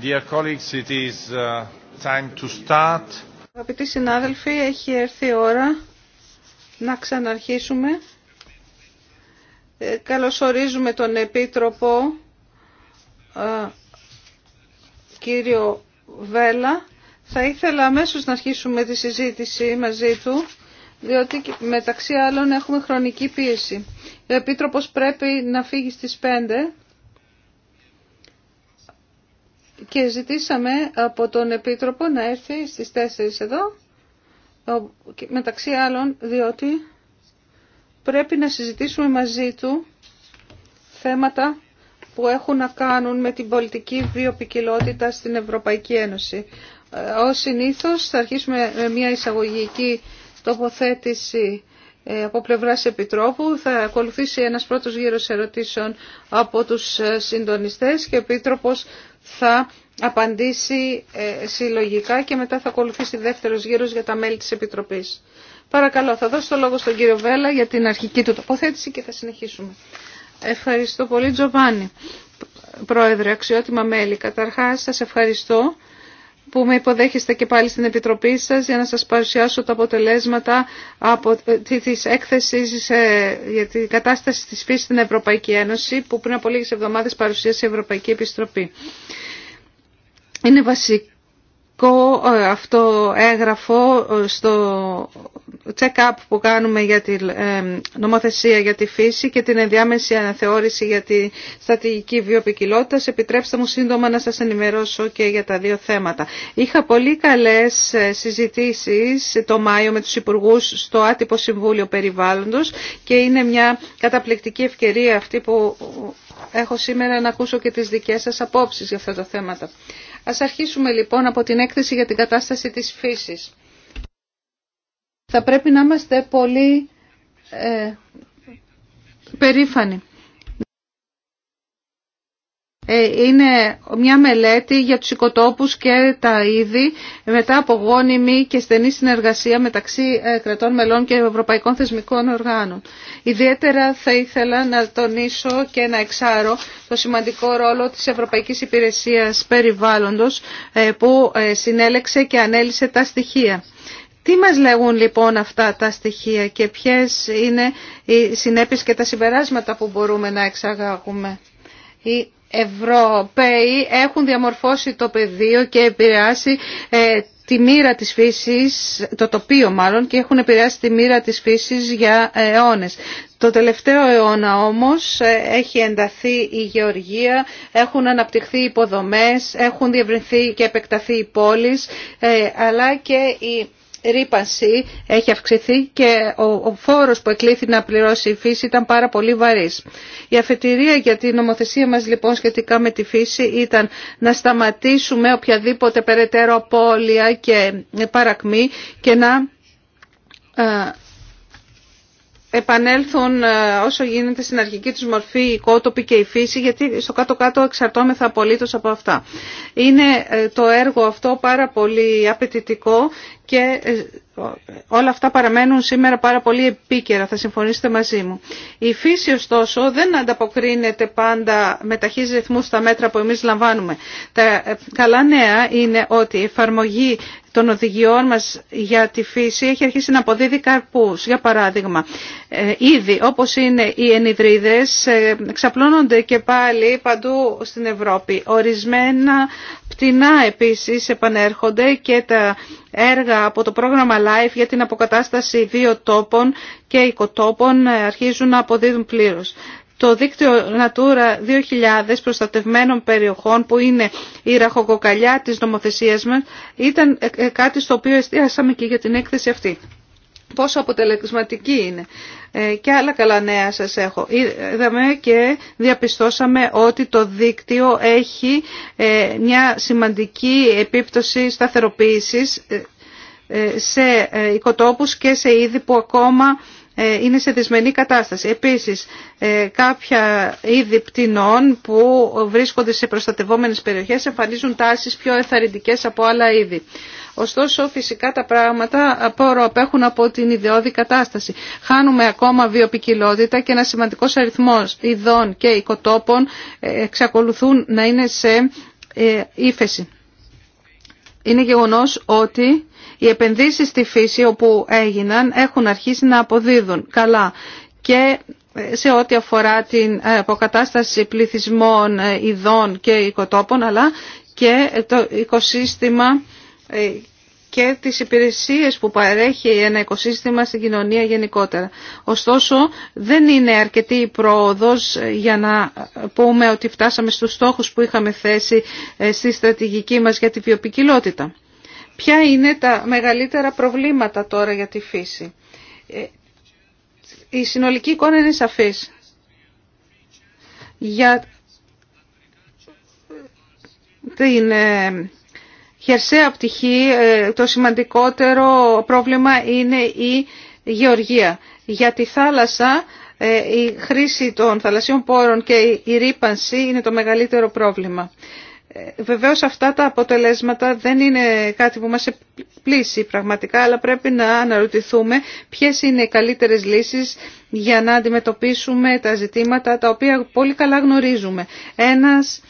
Dear colleagues, uh, to start. Αγαπητοί συνάδελφοι, έχει έρθει η ώρα να ξαναρχίσουμε. Ε, καλωσορίζουμε τον Επίτροπο ε, κύριο Βέλα. Θα ήθελα αμέσω να αρχίσουμε τη συζήτηση μαζί του, διότι μεταξύ άλλων έχουμε χρονική πίεση. Ο Επίτροπος πρέπει να φύγει στις 5 και ζητήσαμε από τον Επίτροπο να έρθει στις 4 εδώ, μεταξύ άλλων διότι πρέπει να συζητήσουμε μαζί του θέματα που έχουν να κάνουν με την πολιτική βιοπικιλότητα στην Ευρωπαϊκή Ένωση. Ε, ως συνήθως θα αρχίσουμε με μια εισαγωγική τοποθέτηση ε, από πλευράς Επιτρόπου. Θα ακολουθήσει ένας πρώτος γύρος ερωτήσεων από τους ε, συντονιστές και ο Επίτροπος θα απαντήσει ε, συλλογικά και μετά θα ακολουθήσει δεύτερος γύρος για τα μέλη της Επιτροπής. Παρακαλώ, θα δώσω το λόγο στον κύριο Βέλα για την αρχική του τοποθέτηση και θα συνεχίσουμε. Ευχαριστώ πολύ Τζοβάνι. Πρόεδρε, αξιότιμα μέλη, καταρχάς σας ευχαριστώ που με υποδέχεστε και πάλι στην Επιτροπή σας για να σας παρουσιάσω τα αποτελέσματα από ε, της έκθεσης ε, για την κατάσταση της φύσης στην Ευρωπαϊκή Ένωση που πριν από λίγες εβδομάδες παρουσίασε η Ευρωπαϊκή Επιστροπή. Είναι βασικό ε, αυτό έγγραφο στο check-up που κάνουμε για τη ε, νομοθεσία για τη φύση και την ενδιάμεση αναθεώρηση για τη στατηγική βιοπικιλότητα. Επιτρέψτε μου σύντομα να σας ενημερώσω και για τα δύο θέματα. Είχα πολύ καλές ε, συζητήσεις το Μάιο με τους Υπουργούς στο Άτυπο Συμβούλιο Περιβάλλοντος και είναι μια καταπληκτική ευκαιρία αυτή που έχω σήμερα να ακούσω και τις δικές σας απόψεις για αυτά τα θέματα. Ας αρχίσουμε λοιπόν από την έκθεση για την κατάσταση της φύσης. Θα πρέπει να είμαστε πολύ ε, περήφανοι. Ε, είναι μια μελέτη για τους οικοτόπους και τα είδη μετά από γόνιμη και στενή συνεργασία μεταξύ ε, κρατών μελών και ευρωπαϊκών θεσμικών οργάνων. Ιδιαίτερα θα ήθελα να τονίσω και να εξάρω το σημαντικό ρόλο της Ευρωπαϊκής Υπηρεσίας Περιβάλλοντος ε, που συνέλεξε και ανέλησε τα στοιχεία. Τι μας λέγουν λοιπόν αυτά τα στοιχεία και ποιες είναι οι συνέπειες και τα συμπεράσματα που μπορούμε να εξαγάγουμε. Οι Ευρωπαίοι έχουν διαμορφώσει το πεδίο και επηρεάσει ε, τη μοίρα της φύσης, το τοπίο μάλλον, και έχουν επηρεάσει τη μοίρα της φύσης για αιώνες. Το τελευταίο αιώνα όμως ε, έχει ενταθεί η γεωργία, έχουν αναπτυχθεί υποδομές, έχουν διευρυνθεί και επεκταθεί οι πόλεις, ε, αλλά και οι ρήπανση έχει αυξηθεί και ο φόρος που εκλήθη να πληρώσει η φύση ήταν πάρα πολύ βαρύς. Η αφετηρία για την νομοθεσία μας λοιπόν σχετικά με τη φύση ήταν να σταματήσουμε οποιαδήποτε περαιτέρω απώλεια και παρακμή και να ε, επανέλθουν ε, όσο γίνεται στην αρχική τους μορφή, οι κότοπη και η φύση, γιατί στο κάτω-κάτω εξαρτώμεθα απολύτως από αυτά. Είναι ε, το έργο αυτό πάρα πολύ απαιτητικό και ε, ε, όλα αυτά παραμένουν σήμερα πάρα πολύ επίκαιρα, θα συμφωνήσετε μαζί μου. Η φύση ωστόσο δεν ανταποκρίνεται πάντα με ταχύ ρυθμού στα μέτρα που εμείς λαμβάνουμε. Τα ε, καλά νέα είναι ότι η εφαρμογή των οδηγιών μας για τη φύση έχει αρχίσει να αποδίδει καρπούς. Για παράδειγμα, ε, ήδη όπως είναι οι ενιδρίδες ξαπλώνονται και πάλι παντού στην Ευρώπη. Ορισμένα Φτηνά επίσης επανέρχονται και τα έργα από το πρόγραμμα LIFE για την αποκατάσταση δύο τόπων και οικοτόπων ε, αρχίζουν να αποδίδουν πλήρως. Το δίκτυο Natura 2000 προστατευμένων περιοχών που είναι η ραχοκοκαλιά της νομοθεσίας μας ήταν ε, ε, κάτι στο οποίο εστιάσαμε και για την έκθεση αυτή πόσο αποτελεσματική είναι. Ε, και άλλα καλά νέα σας έχω. Είδαμε και διαπιστώσαμε ότι το δίκτυο έχει ε, μια σημαντική επίπτωση σταθεροποίησης ε, σε οικοτόπους και σε είδη που ακόμα είναι σε δυσμενή κατάσταση. Επίσης, κάποια είδη πτηνών που βρίσκονται σε προστατευόμενες περιοχές εμφανίζουν τάσεις πιο εθαρρυντικές από άλλα είδη. Ωστόσο φυσικά τα πράγματα απόρο απέχουν από την ιδεώδη κατάσταση. Χάνουμε ακόμα βιοπικιλότητα και ένα σημαντικός αριθμός ειδών και οικοτόπων ε, εξακολουθούν να είναι σε ε, ύφεση. Είναι γεγονός ότι οι επενδύσεις στη φύση όπου έγιναν έχουν αρχίσει να αποδίδουν καλά και ε, σε ό,τι αφορά την αποκατάσταση πληθυσμών ειδών και οικοτόπων αλλά και το οικοσύστημα και τις υπηρεσίες που παρέχει ένα οικοσύστημα στην κοινωνία γενικότερα. Ωστόσο, δεν είναι αρκετή η πρόοδος για να πούμε ότι φτάσαμε στους στόχους που είχαμε θέσει ε, στη στρατηγική μας για τη βιοπικιλότητα. Ποια είναι τα μεγαλύτερα προβλήματα τώρα για τη φύση. Ε, η συνολική εικόνα είναι σαφής. Για την ε, χερσαία πτυχή ε, το σημαντικότερο πρόβλημα είναι η γεωργία. Για τη θάλασσα ε, η χρήση των θαλασσίων πόρων και η ρήπανση είναι το μεγαλύτερο πρόβλημα. Ε, βεβαίως αυτά τα αποτελέσματα δεν είναι κάτι που μας πλήσει πραγματικά, αλλά πρέπει να αναρωτηθούμε ποιες είναι οι καλύτερες λύσεις για να αντιμετωπίσουμε τα ζητήματα τα οποία πολύ καλά γνωρίζουμε. Ένας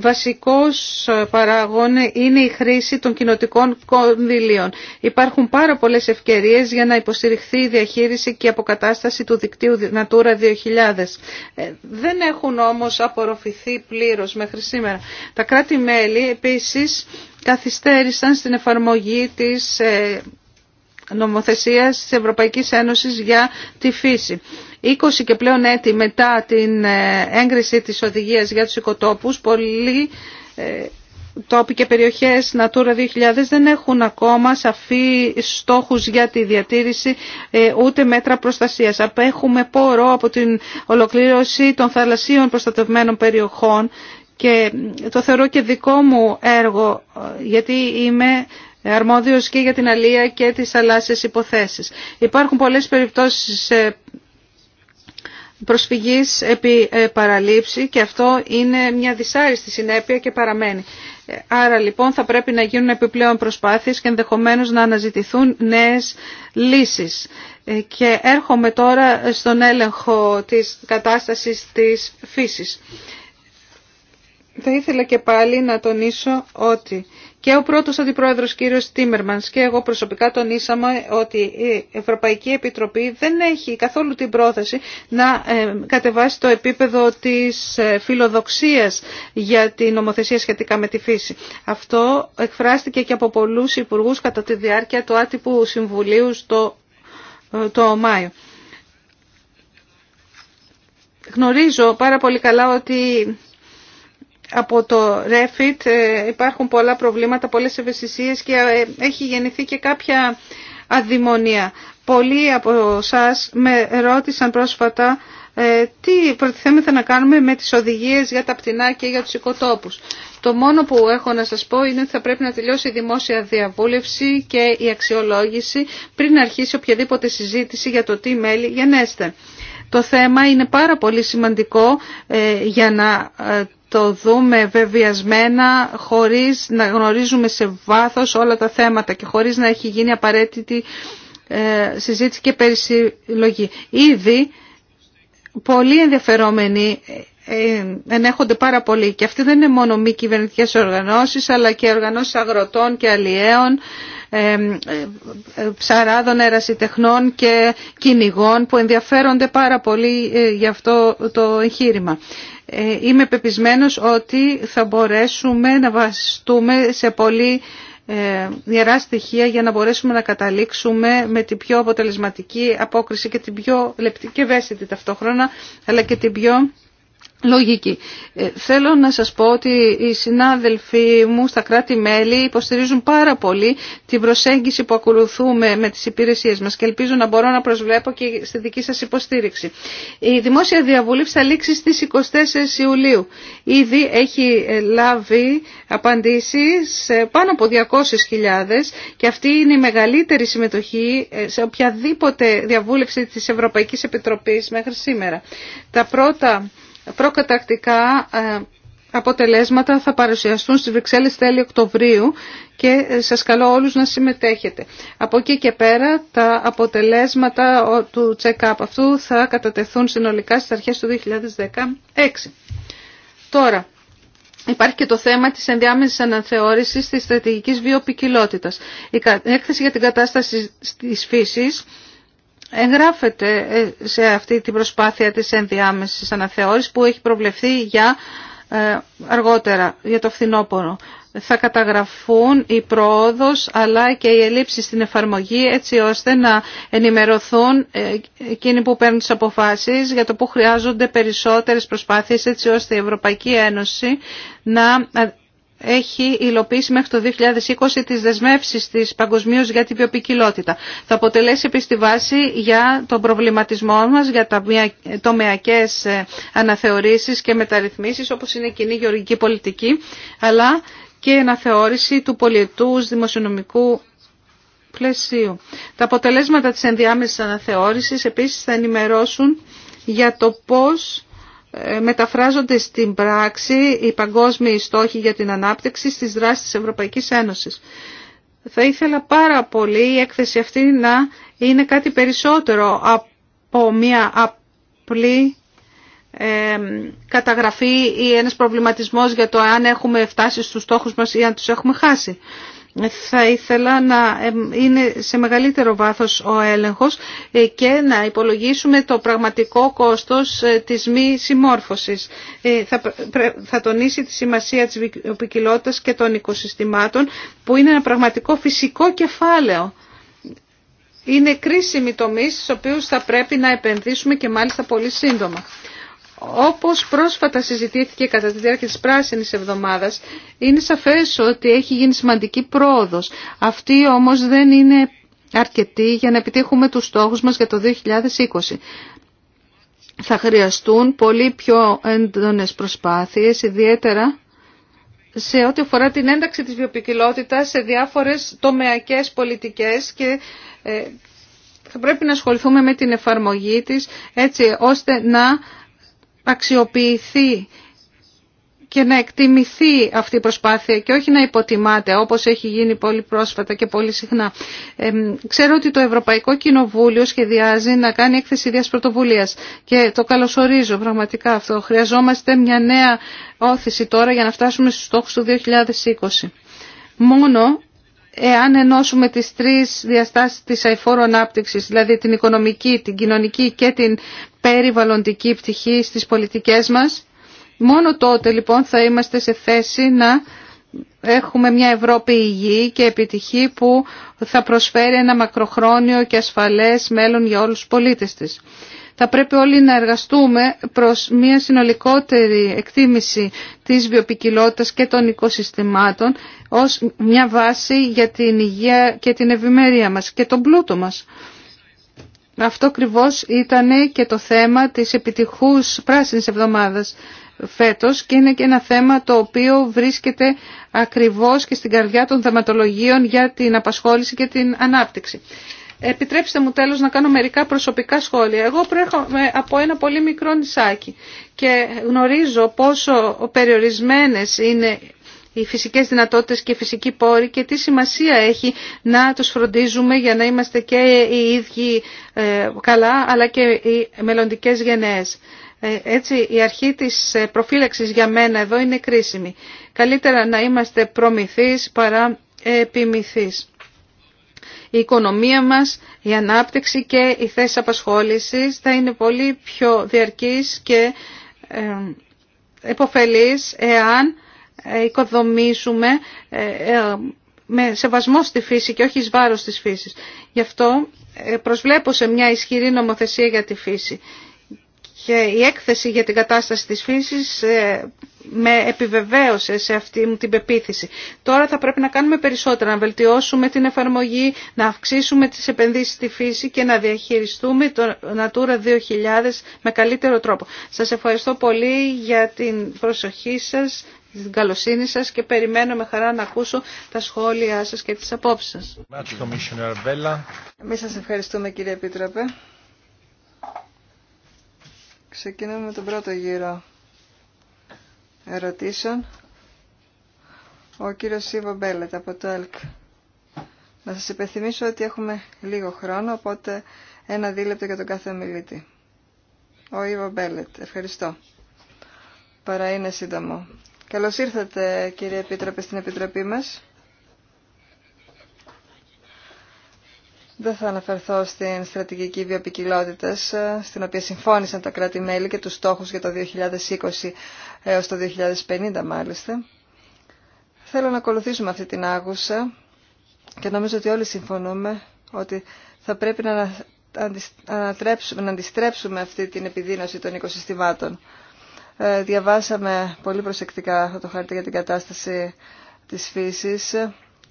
βασικός ε, παράγων είναι η χρήση των κοινοτικών κονδυλίων. Υπάρχουν πάρα πολλές ευκαιρίες για να υποστηριχθεί η διαχείριση και η αποκατάσταση του δικτύου Natura 2000. Ε, δεν έχουν όμως απορροφηθεί πλήρως μέχρι σήμερα. Τα κράτη-μέλη επίσης καθυστέρησαν στην εφαρμογή της ε, νομοθεσίας της Ευρωπαϊκής Ένωσης για τη φύση. 20 και πλέον έτη μετά την ε, έγκριση της οδηγίας για τους οικοτόπους, πολλοί ε, τόποι και περιοχές Natura 2000 δεν έχουν ακόμα σαφή στόχους για τη διατήρηση ε, ούτε μέτρα προστασίας. Απέχουμε πόρο από την ολοκλήρωση των θαλασσίων προστατευμένων περιοχών και το θεωρώ και δικό μου έργο γιατί είμαι αρμόδιος και για την αλία και τις θαλάσσιες υποθέσεις. Υπάρχουν πολλές περιπτώσεις προσφυγής επί ε, παραλήψη και αυτό είναι μια δυσάριστη συνέπεια και παραμένει. Ε, άρα λοιπόν θα πρέπει να γίνουν επιπλέον προσπάθειες και ενδεχομένως να αναζητηθούν νέες λύσεις. Ε, και έρχομαι τώρα στον έλεγχο της κατάστασης της φύσης. Θα ήθελα και πάλι να τονίσω ότι και ο πρώτος αντιπρόεδρος κύριος Τίμερμανς και εγώ προσωπικά τονίσαμε ότι η Ευρωπαϊκή Επιτροπή δεν έχει καθόλου την πρόθεση να ε, κατεβάσει το επίπεδο της ε, φιλοδοξίας για την νομοθεσία σχετικά με τη φύση. Αυτό εκφράστηκε και από πολλούς υπουργούς κατά τη διάρκεια του άτυπου συμβουλίου στο, ε, το Μάιο. Γνωρίζω πάρα πολύ καλά ότι από το Refit ε, υπάρχουν πολλά προβλήματα, πολλές ευαισθησίες και ε, έχει γεννηθεί και κάποια αδημονία. Πολλοί από εσά με ρώτησαν πρόσφατα ε, τι προτιθέμεθα να κάνουμε με τις οδηγίες για τα πτηνά και για τους οικοτόπους. Το μόνο που έχω να σας πω είναι ότι θα πρέπει να τελειώσει η δημόσια διαβούλευση και η αξιολόγηση πριν αρχίσει οποιαδήποτε συζήτηση για το τι μέλη γενέστε. Το θέμα είναι πάρα πολύ σημαντικό για να το δούμε βεβαιασμένα χωρίς να γνωρίζουμε σε βάθος όλα τα θέματα και χωρίς να έχει γίνει απαραίτητη ε, συζήτηση και περισυλλογή. Ήδη πολύ ενδιαφερόμενοι ε, ενέχονται πάρα πολύ και αυτοί δεν είναι μόνο μη κυβερνητικές οργανώσεις αλλά και οργανώσεις αγροτών και αλλιέων, ε, ε, ψαράδων, ερασιτεχνών και κυνηγών που ενδιαφέρονται πάρα πολύ για αυτό το εγχείρημα. Είμαι πεπισμένος ότι θα μπορέσουμε να βαστούμε σε πολύ ιερά στοιχεία για να μπορέσουμε να καταλήξουμε με την πιο αποτελεσματική απόκριση και την πιο λεπτική και ευαίσθητη ταυτόχρονα αλλά και την πιο λογική. Ε, θέλω να σας πω ότι οι συνάδελφοί μου στα κράτη-μέλη υποστηρίζουν πάρα πολύ την προσέγγιση που ακολουθούμε με τις υπηρεσίες μας και ελπίζω να μπορώ να προσβλέπω και στη δική σας υποστήριξη. Η δημόσια διαβούλευση θα λήξει στις 24 Ιουλίου. Ήδη έχει ε, λάβει απαντήσεις πάνω από 200.000 και αυτή είναι η μεγαλύτερη συμμετοχή ε, σε οποιαδήποτε διαβούλευση της Ευρωπαϊκής Επιτροπής μέχρι σήμερα. Τα πρώτα προκατακτικά ε, αποτελέσματα θα παρουσιαστούν στις Βρυξέλλες τέλη Οκτωβρίου και ε, σας καλώ όλους να συμμετέχετε. Από εκεί και πέρα τα αποτελέσματα του check-up αυτού θα κατατεθούν συνολικά στις αρχές του 2016. Τώρα, Υπάρχει και το θέμα της ενδιάμεσης αναθεώρησης της στρατηγικής βιοπικιλότητας. Η έκθεση για την κατάσταση της φύσης εγγράφεται ε, σε αυτή την προσπάθεια της ενδιάμεσης αναθεώρησης που έχει προβλεφθεί για ε, αργότερα, για το φθινόπωρο. Θα καταγραφούν η πρόοδος αλλά και οι ελλείψη στην εφαρμογή έτσι ώστε να ενημερωθούν ε, εκείνοι που παίρνουν τις αποφάσεις για το που χρειάζονται περισσότερες προσπάθειες έτσι ώστε η Ευρωπαϊκή Ένωση να έχει υλοποιήσει μέχρι το 2020 τις δεσμεύσεις της παγκοσμίως για την βιοπικιλότητα. Θα αποτελέσει επίσης τη βάση για τον προβληματισμό μας, για τα τομεακές ε, αναθεωρήσεις και μεταρρυθμίσεις όπως είναι η κοινή γεωργική πολιτική, αλλά και η αναθεώρηση του πολιετούς δημοσιονομικού πλαισίου. Τα αποτελέσματα της ενδιάμεσης αναθεώρησης επίσης θα ενημερώσουν για το πώς ε, μεταφράζονται στην πράξη οι παγκόσμιοι στόχοι για την ανάπτυξη στις δράσεις της Ευρωπαϊκής Ένωσης. Θα ήθελα πάρα πολύ η έκθεση αυτή να είναι κάτι περισσότερο από μια απλή ε, καταγραφή ή ένας προβληματισμός για το αν έχουμε φτάσει στους στόχους μας ή αν τους έχουμε χάσει θα ήθελα να είναι σε μεγαλύτερο βάθος ο έλεγχος ε, και να υπολογίσουμε το πραγματικό κόστος ε, της μη συμμόρφωσης. Ε, θα τονίσει τη σημασία της ποικιλότητας και των οικοσυστημάτων που είναι ένα πραγματικό φυσικό κεφάλαιο. Είναι κρίσιμοι τομή στους οποίους θα πρέπει να επενδύσουμε και μάλιστα πολύ σύντομα. Όπως πρόσφατα συζητήθηκε κατά τη διάρκεια της πράσινης εβδομάδας, είναι σαφές ότι έχει γίνει σημαντική πρόοδος. Αυτή όμως δεν είναι αρκετή για να επιτύχουμε τους στόχους μας για το 2020. Θα χρειαστούν πολύ πιο έντονες προσπάθειες, ιδιαίτερα σε ό,τι αφορά την ένταξη της βιοποικιλότητας σε διάφορες τομεακές πολιτικές και ε, θα πρέπει να ασχοληθούμε με την εφαρμογή της έτσι ώστε να αξιοποιηθεί και να εκτιμηθεί αυτή η προσπάθεια και όχι να υποτιμάται όπως έχει γίνει πολύ πρόσφατα και πολύ συχνά. ξέρω ότι το Ευρωπαϊκό Κοινοβούλιο σχεδιάζει να κάνει έκθεση ιδίας πρωτοβουλίας και το καλωσορίζω πραγματικά αυτό. Χρειαζόμαστε μια νέα όθηση τώρα για να φτάσουμε στους στόχους του 2020. Μόνο εάν ενώσουμε τις τρεις διαστάσεις της αηφόρου ανάπτυξης, δηλαδή την οικονομική, την κοινωνική και την περιβαλλοντική πτυχή στις πολιτικές μας. Μόνο τότε λοιπόν θα είμαστε σε θέση να έχουμε μια Ευρώπη υγιή και επιτυχή που θα προσφέρει ένα μακροχρόνιο και ασφαλές μέλλον για όλους τους πολίτες της. Θα πρέπει όλοι να εργαστούμε προς μια συνολικότερη εκτίμηση της βιοπικιλότητας και των οικοσυστημάτων ως μια βάση για την υγεία και την ευημερία μας και τον πλούτο μας. Αυτό ακριβώ ήταν και το θέμα της επιτυχούς πράσινης εβδομάδας φέτος και είναι και ένα θέμα το οποίο βρίσκεται ακριβώς και στην καρδιά των θεματολογίων για την απασχόληση και την ανάπτυξη. Επιτρέψτε μου τέλος να κάνω μερικά προσωπικά σχόλια. Εγώ προέρχομαι από ένα πολύ μικρό νησάκι και γνωρίζω πόσο περιορισμένες είναι οι φυσικές δυνατότητες και οι φυσικοί πόροι και τι σημασία έχει να τους φροντίζουμε για να είμαστε και οι ίδιοι ε, καλά αλλά και οι μελλοντικές γενναίες. Ε, έτσι η αρχή της ε, προφύλαξης για μένα εδώ είναι κρίσιμη. Καλύτερα να είμαστε προμηθείς παρά επιμηθείς. Η οικονομία μας, η ανάπτυξη και η θέσεις απασχόλησης θα είναι πολύ πιο διαρκής και εποφελής εάν οικοδομήσουμε ε, ε, με σεβασμό στη φύση και όχι εις βάρος της φύσης. Γι' αυτό ε, προσβλέπω σε μια ισχυρή νομοθεσία για τη φύση. Και η έκθεση για την κατάσταση της φύσης με επιβεβαίωσε σε αυτή μου την πεποίθηση. Τώρα θα πρέπει να κάνουμε περισσότερα, να βελτιώσουμε την εφαρμογή, να αυξήσουμε τις επενδύσεις στη φύση και να διαχειριστούμε το Natura 2000 με καλύτερο τρόπο. Σας ευχαριστώ πολύ για την προσοχή σας την καλοσύνη σας και περιμένω με χαρά να ακούσω τα σχόλιά σας και τις απόψεις σας. Εμείς σας ευχαριστούμε κύριε Επίτροπε. Ξεκινούμε με τον πρώτο γύρο ερωτήσεων. Ο κύριος Σίβο Μπέλετ από το ΕΛΚ. Να σας υπενθυμίσω ότι έχουμε λίγο χρόνο, οπότε ένα δίλεπτο για τον κάθε ομιλήτη. Ο Ιβο Μπέλετ, ευχαριστώ. Παρά είναι σύντομο. Καλώς ήρθατε κύριε Επίτροπε στην Επιτροπή μας. Δεν θα αναφερθώ στην στρατηγική βιοπικιλότητα, στην οποία συμφώνησαν τα κράτη-μέλη και τους στόχους για το 2020 έως το 2050 μάλιστα. Θέλω να ακολουθήσουμε αυτή την άγουσα και νομίζω ότι όλοι συμφωνούμε ότι θα πρέπει να, να αντιστρέψουμε αυτή την επιδείνωση των οικοσυστημάτων. Ε, διαβάσαμε πολύ προσεκτικά το χάρτη για την κατάσταση της φύσης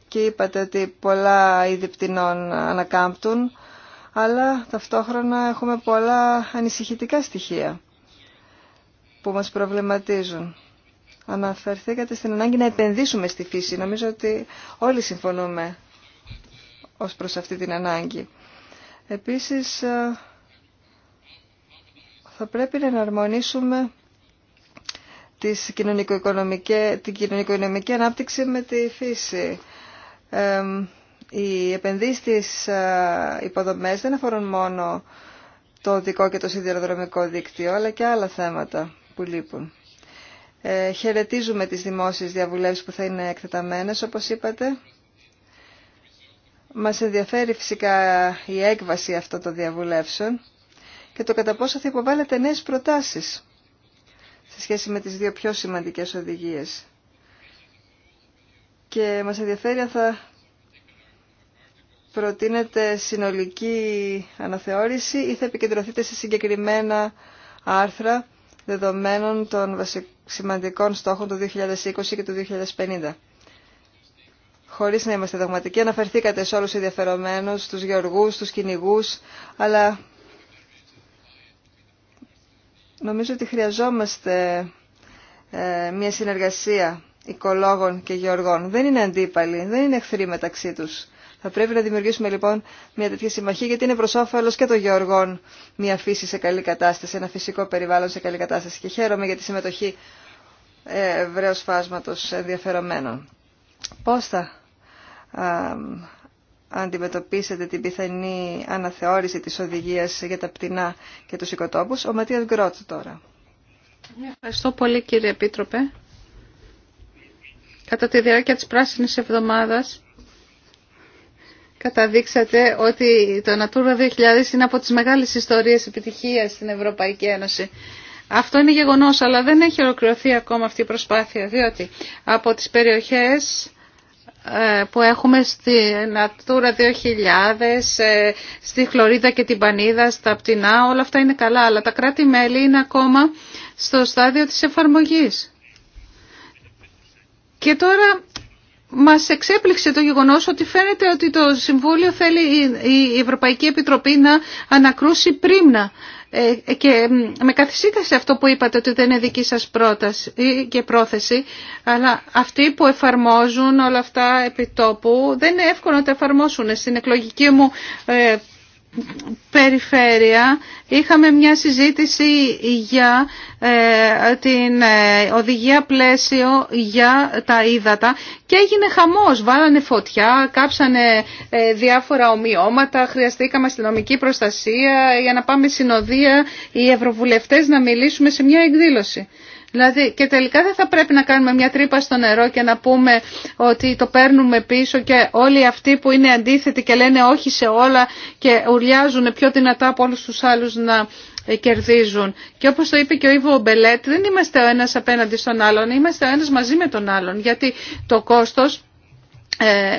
και είπατε ότι πολλά είδη πτηνών ανακάμπτουν, αλλά ταυτόχρονα έχουμε πολλά ανησυχητικά στοιχεία που μας προβληματίζουν. Αναφερθήκατε στην ανάγκη να επενδύσουμε στη φύση. Νομίζω ότι όλοι συμφωνούμε ως προς αυτή την ανάγκη. Επίσης, ε, θα πρέπει να εναρμονίσουμε τις την κοινωνικο-οικονομική ανάπτυξη με τη φύση. οι επενδύσεις στις ε, υποδομές δεν αφορούν μόνο το οδικό και το σιδηροδρομικό δίκτυο, αλλά και άλλα θέματα που λείπουν. Ε, χαιρετίζουμε τις δημόσιες διαβουλεύσεις που θα είναι εκτεταμένες, όπως είπατε. Μας ενδιαφέρει φυσικά η έκβαση αυτών των διαβουλεύσεων και το κατά πόσο θα υποβάλλετε νέες προτάσεις σε σχέση με τις δύο πιο σημαντικές οδηγίες. Και μας ενδιαφέρει αν θα προτείνετε συνολική αναθεώρηση ή θα επικεντρωθείτε σε συγκεκριμένα άρθρα δεδομένων των σημαντικών στόχων του 2020 και του 2050. Χωρίς να είμαστε δογματικοί, αναφερθήκατε σε όλους τους ενδιαφερομένους, τους γεωργούς, τους κυνηγού, αλλά Νομίζω ότι χρειαζόμαστε ε, μια συνεργασία οικολόγων και γεωργών. Δεν είναι αντίπαλοι, δεν είναι εχθροί μεταξύ τους. Θα πρέπει να δημιουργήσουμε λοιπόν μια τέτοια συμμαχία γιατί είναι προ όφελο και των γεωργών μια φύση σε καλή κατάσταση, ένα φυσικό περιβάλλον σε καλή κατάσταση. Και χαίρομαι για τη συμμετοχή βρέω ε, φάσματο ενδιαφερομένων. Πώς θα αντιμετωπίσετε την πιθανή αναθεώρηση της οδηγίας για τα πτηνά και τους οικοτόπους. Ο Ματίας Γκρότ τώρα. Ευχαριστώ πολύ κύριε Επίτροπε. Κατά τη διάρκεια της πράσινης εβδομάδας καταδείξατε ότι το Natura 2000 είναι από τις μεγάλες ιστορίες επιτυχίας στην Ευρωπαϊκή Ένωση. Αυτό είναι γεγονός, αλλά δεν έχει ολοκληρωθεί ακόμα αυτή η προσπάθεια, διότι από τις περιοχές ε, που έχουμε στη Natura 2000, ε, στη Χλωρίδα και την Πανίδα, στα Πτηνά, όλα αυτά είναι καλά, αλλά τα κράτη-μέλη είναι ακόμα στο στάδιο της εφαρμογής. Και τώρα μας εξέπληξε το γεγονός ότι φαίνεται ότι το Συμβούλιο θέλει η Ευρωπαϊκή Επιτροπή να ανακρούσει πρίμνα ε, και με σε αυτό που είπατε ότι δεν είναι δική σας πρόταση και πρόθεση, αλλά αυτοί που εφαρμόζουν όλα αυτά επί τόπου δεν είναι εύκολο να τα εφαρμόσουν. Στην εκλογική μου ε, περιφέρεια είχαμε μια συζήτηση για ε, την ε, οδηγία πλαίσιο για τα ύδατα και έγινε χαμός. Βάλανε φωτιά, κάψανε ε, διάφορα ομοιώματα, χρειαστήκαμε αστυνομική προστασία για να πάμε συνοδεία οι ευρωβουλευτές να μιλήσουμε σε μια εκδήλωση. Δηλαδή και τελικά δεν θα πρέπει να κάνουμε μια τρύπα στο νερό και να πούμε ότι το παίρνουμε πίσω και όλοι αυτοί που είναι αντίθετοι και λένε όχι σε όλα και ουρλιάζουν πιο δυνατά από όλους τους άλλους να ε, κερδίζουν. Και όπως το είπε και ο Ιβο Μπελέτ, δεν είμαστε ο ένας απέναντι στον άλλον, είμαστε ο ένας μαζί με τον άλλον, γιατί το κόστος ε,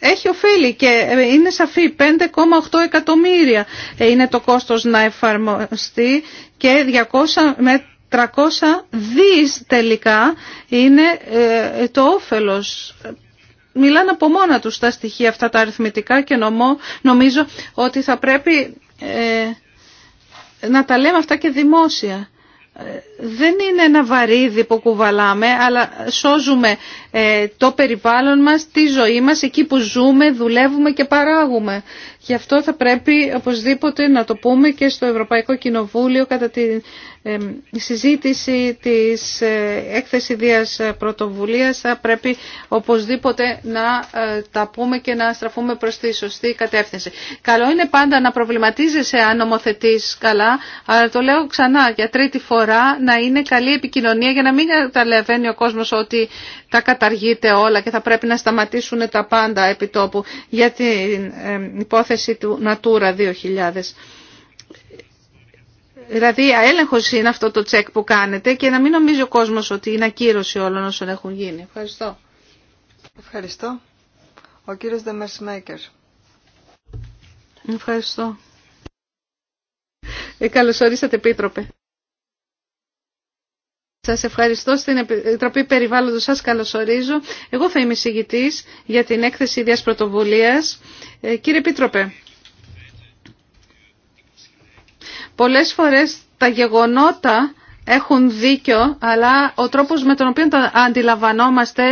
έχει οφείλει και ε, είναι σαφή 5,8 εκατομμύρια ε, είναι το κόστος να εφαρμοστεί και 200 με 300 δις τελικά είναι ε, το όφελος. Μιλάνε από μόνα τους τα στοιχεία αυτά τα αριθμητικά και νομώ, νομίζω ότι θα πρέπει ε, να τα λέμε αυτά και δημόσια. Ε, δεν είναι ένα βαρύδι που κουβαλάμε, αλλά σώζουμε το περιβάλλον μας, τη ζωή μας, εκεί που ζούμε, δουλεύουμε και παράγουμε. Γι' αυτό θα πρέπει οπωσδήποτε να το πούμε και στο Ευρωπαϊκό Κοινοβούλιο κατά τη συζήτηση της ε, έκθεση Δίας Πρωτοβουλίας θα πρέπει οπωσδήποτε να ε, τα πούμε και να στραφούμε προς τη σωστή κατεύθυνση. Καλό είναι πάντα να προβληματίζεσαι αν νομοθετείς καλά, αλλά το λέω ξανά για τρίτη φορά να είναι καλή επικοινωνία για να μην καταλαβαίνει ο κόσμος ότι τα καταργείται όλα και θα πρέπει να σταματήσουν τα πάντα επί τόπου για την υπόθεση του Natura 2000. Δηλαδή αέλεγχος είναι αυτό το τσεκ που κάνετε και να μην νομίζει ο κόσμο ότι είναι ακύρωση όλων όσων έχουν γίνει. Ευχαριστώ. Ευχαριστώ. Ο κύριο Δεμερσμέκερ. Ευχαριστώ. Ε, ορίσατε, Επίτροπε. Σας ευχαριστώ στην Επιτροπή Περιβάλλοντος. Σας καλωσορίζω. Εγώ θα είμαι συγητής για την έκθεση ίδιας πρωτοβουλίας. Ε, κύριε Επίτροπε, πολλές φορές τα γεγονότα έχουν δίκιο, αλλά ο τρόπος με τον οποίο τα αντιλαμβανόμαστε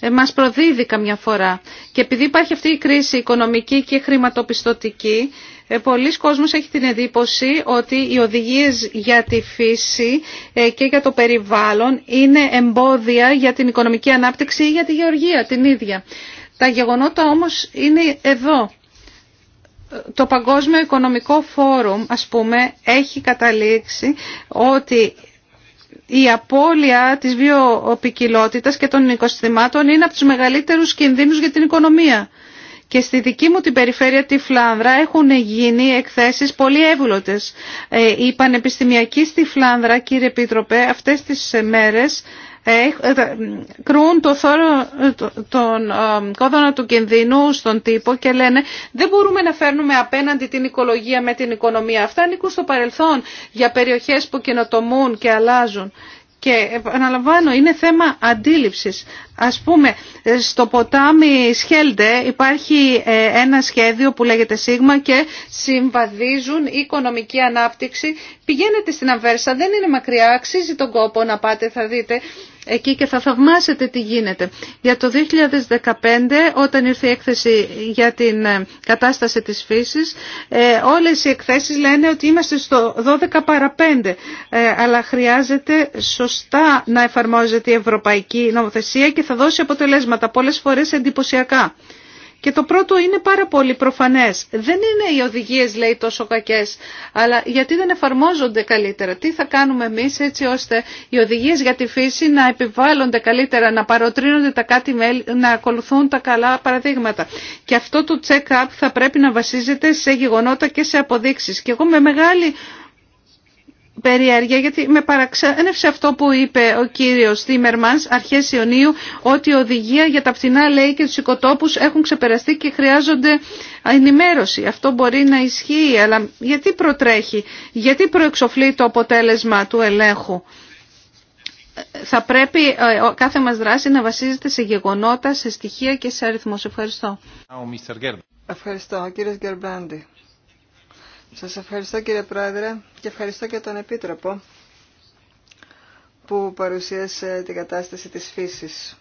ε, μας προδίδει καμιά φορά. Και επειδή υπάρχει αυτή η κρίση οικονομική και χρηματοπιστωτική, ε, πολλοί κόσμος έχει την εντύπωση ότι οι οδηγίες για τη φύση ε, και για το περιβάλλον είναι εμπόδια για την οικονομική ανάπτυξη ή για τη γεωργία την ίδια. Τα γεγονότα όμως είναι εδώ. Το Παγκόσμιο Οικονομικό Φόρουμ, ας πούμε, έχει καταλήξει ότι η απώλεια της βιοποικιλότητας και των οικοστημάτων είναι από τους μεγαλύτερους κινδύνους για την οικονομία. Και στη δική μου την περιφέρεια, τη Φλάνδρα, έχουν γίνει εκθέσεις πολύ εύγλωτες. Οι ε, πανεπιστημιακοί στη Φλάνδρα, κύριε Επίτροπε, αυτές τις μέρες ε, ε, κρούν το θόρο, τον κόδωνα του κινδύνου στον τύπο και λένε δεν μπορούμε να φέρνουμε απέναντι την οικολογία με την οικονομία. Αυτά ανήκουν στο παρελθόν για περιοχές που κοινοτομούν και αλλάζουν. Και επαναλαμβάνω, είναι θέμα αντίληψης. Ας πούμε, στο ποτάμι Σχέλντε υπάρχει ε, ένα σχέδιο που λέγεται ΣΥΓΜΑ και συμβαδίζουν οικονομική ανάπτυξη. Πηγαίνετε στην Αμβέρσα, δεν είναι μακριά, αξίζει τον κόπο να πάτε, θα δείτε εκεί και θα θαυμάσετε τι γίνεται. Για το 2015, όταν ήρθε η έκθεση για την ε, κατάσταση της φύσης, ε, όλες οι εκθέσεις λένε ότι είμαστε στο 12 παρα 5, αλλά χρειάζεται σωστά να εφαρμόζεται η ευρωπαϊκή νομοθεσία θα δώσει αποτελέσματα, πολλές φορές εντυπωσιακά. Και το πρώτο είναι πάρα πολύ προφανές. Δεν είναι οι οδηγίες λέει τόσο κακές, αλλά γιατί δεν εφαρμόζονται καλύτερα. Τι θα κάνουμε εμείς έτσι ώστε οι οδηγίες για τη φύση να επιβάλλονται καλύτερα, να παροτρύνονται τα κάτι μέλη, να ακολουθούν τα καλά παραδείγματα. Και αυτό το check-up θα πρέπει να βασίζεται σε γεγονότα και σε αποδείξεις. Και εγώ με μεγάλη περιέργεια γιατί με παραξένευσε αυτό που είπε ο κύριος Τίμερμανς αρχές Ιωνίου ότι η οδηγία για τα πτηνά λέει και τους οικοτόπους έχουν ξεπεραστεί και χρειάζονται ενημέρωση. Αυτό μπορεί να ισχύει αλλά γιατί προτρέχει, γιατί προεξοφλεί το αποτέλεσμα του ελέγχου. Θα πρέπει ε, κάθε μας δράση να βασίζεται σε γεγονότα, σε στοιχεία και σε αριθμούς. Ευχαριστώ. Ευχαριστώ. Κύριος Γκερμπράντη. Σας ευχαριστώ κύριε Πρόεδρε και ευχαριστώ και τον Επίτροπο που παρουσίασε την κατάσταση της φύσης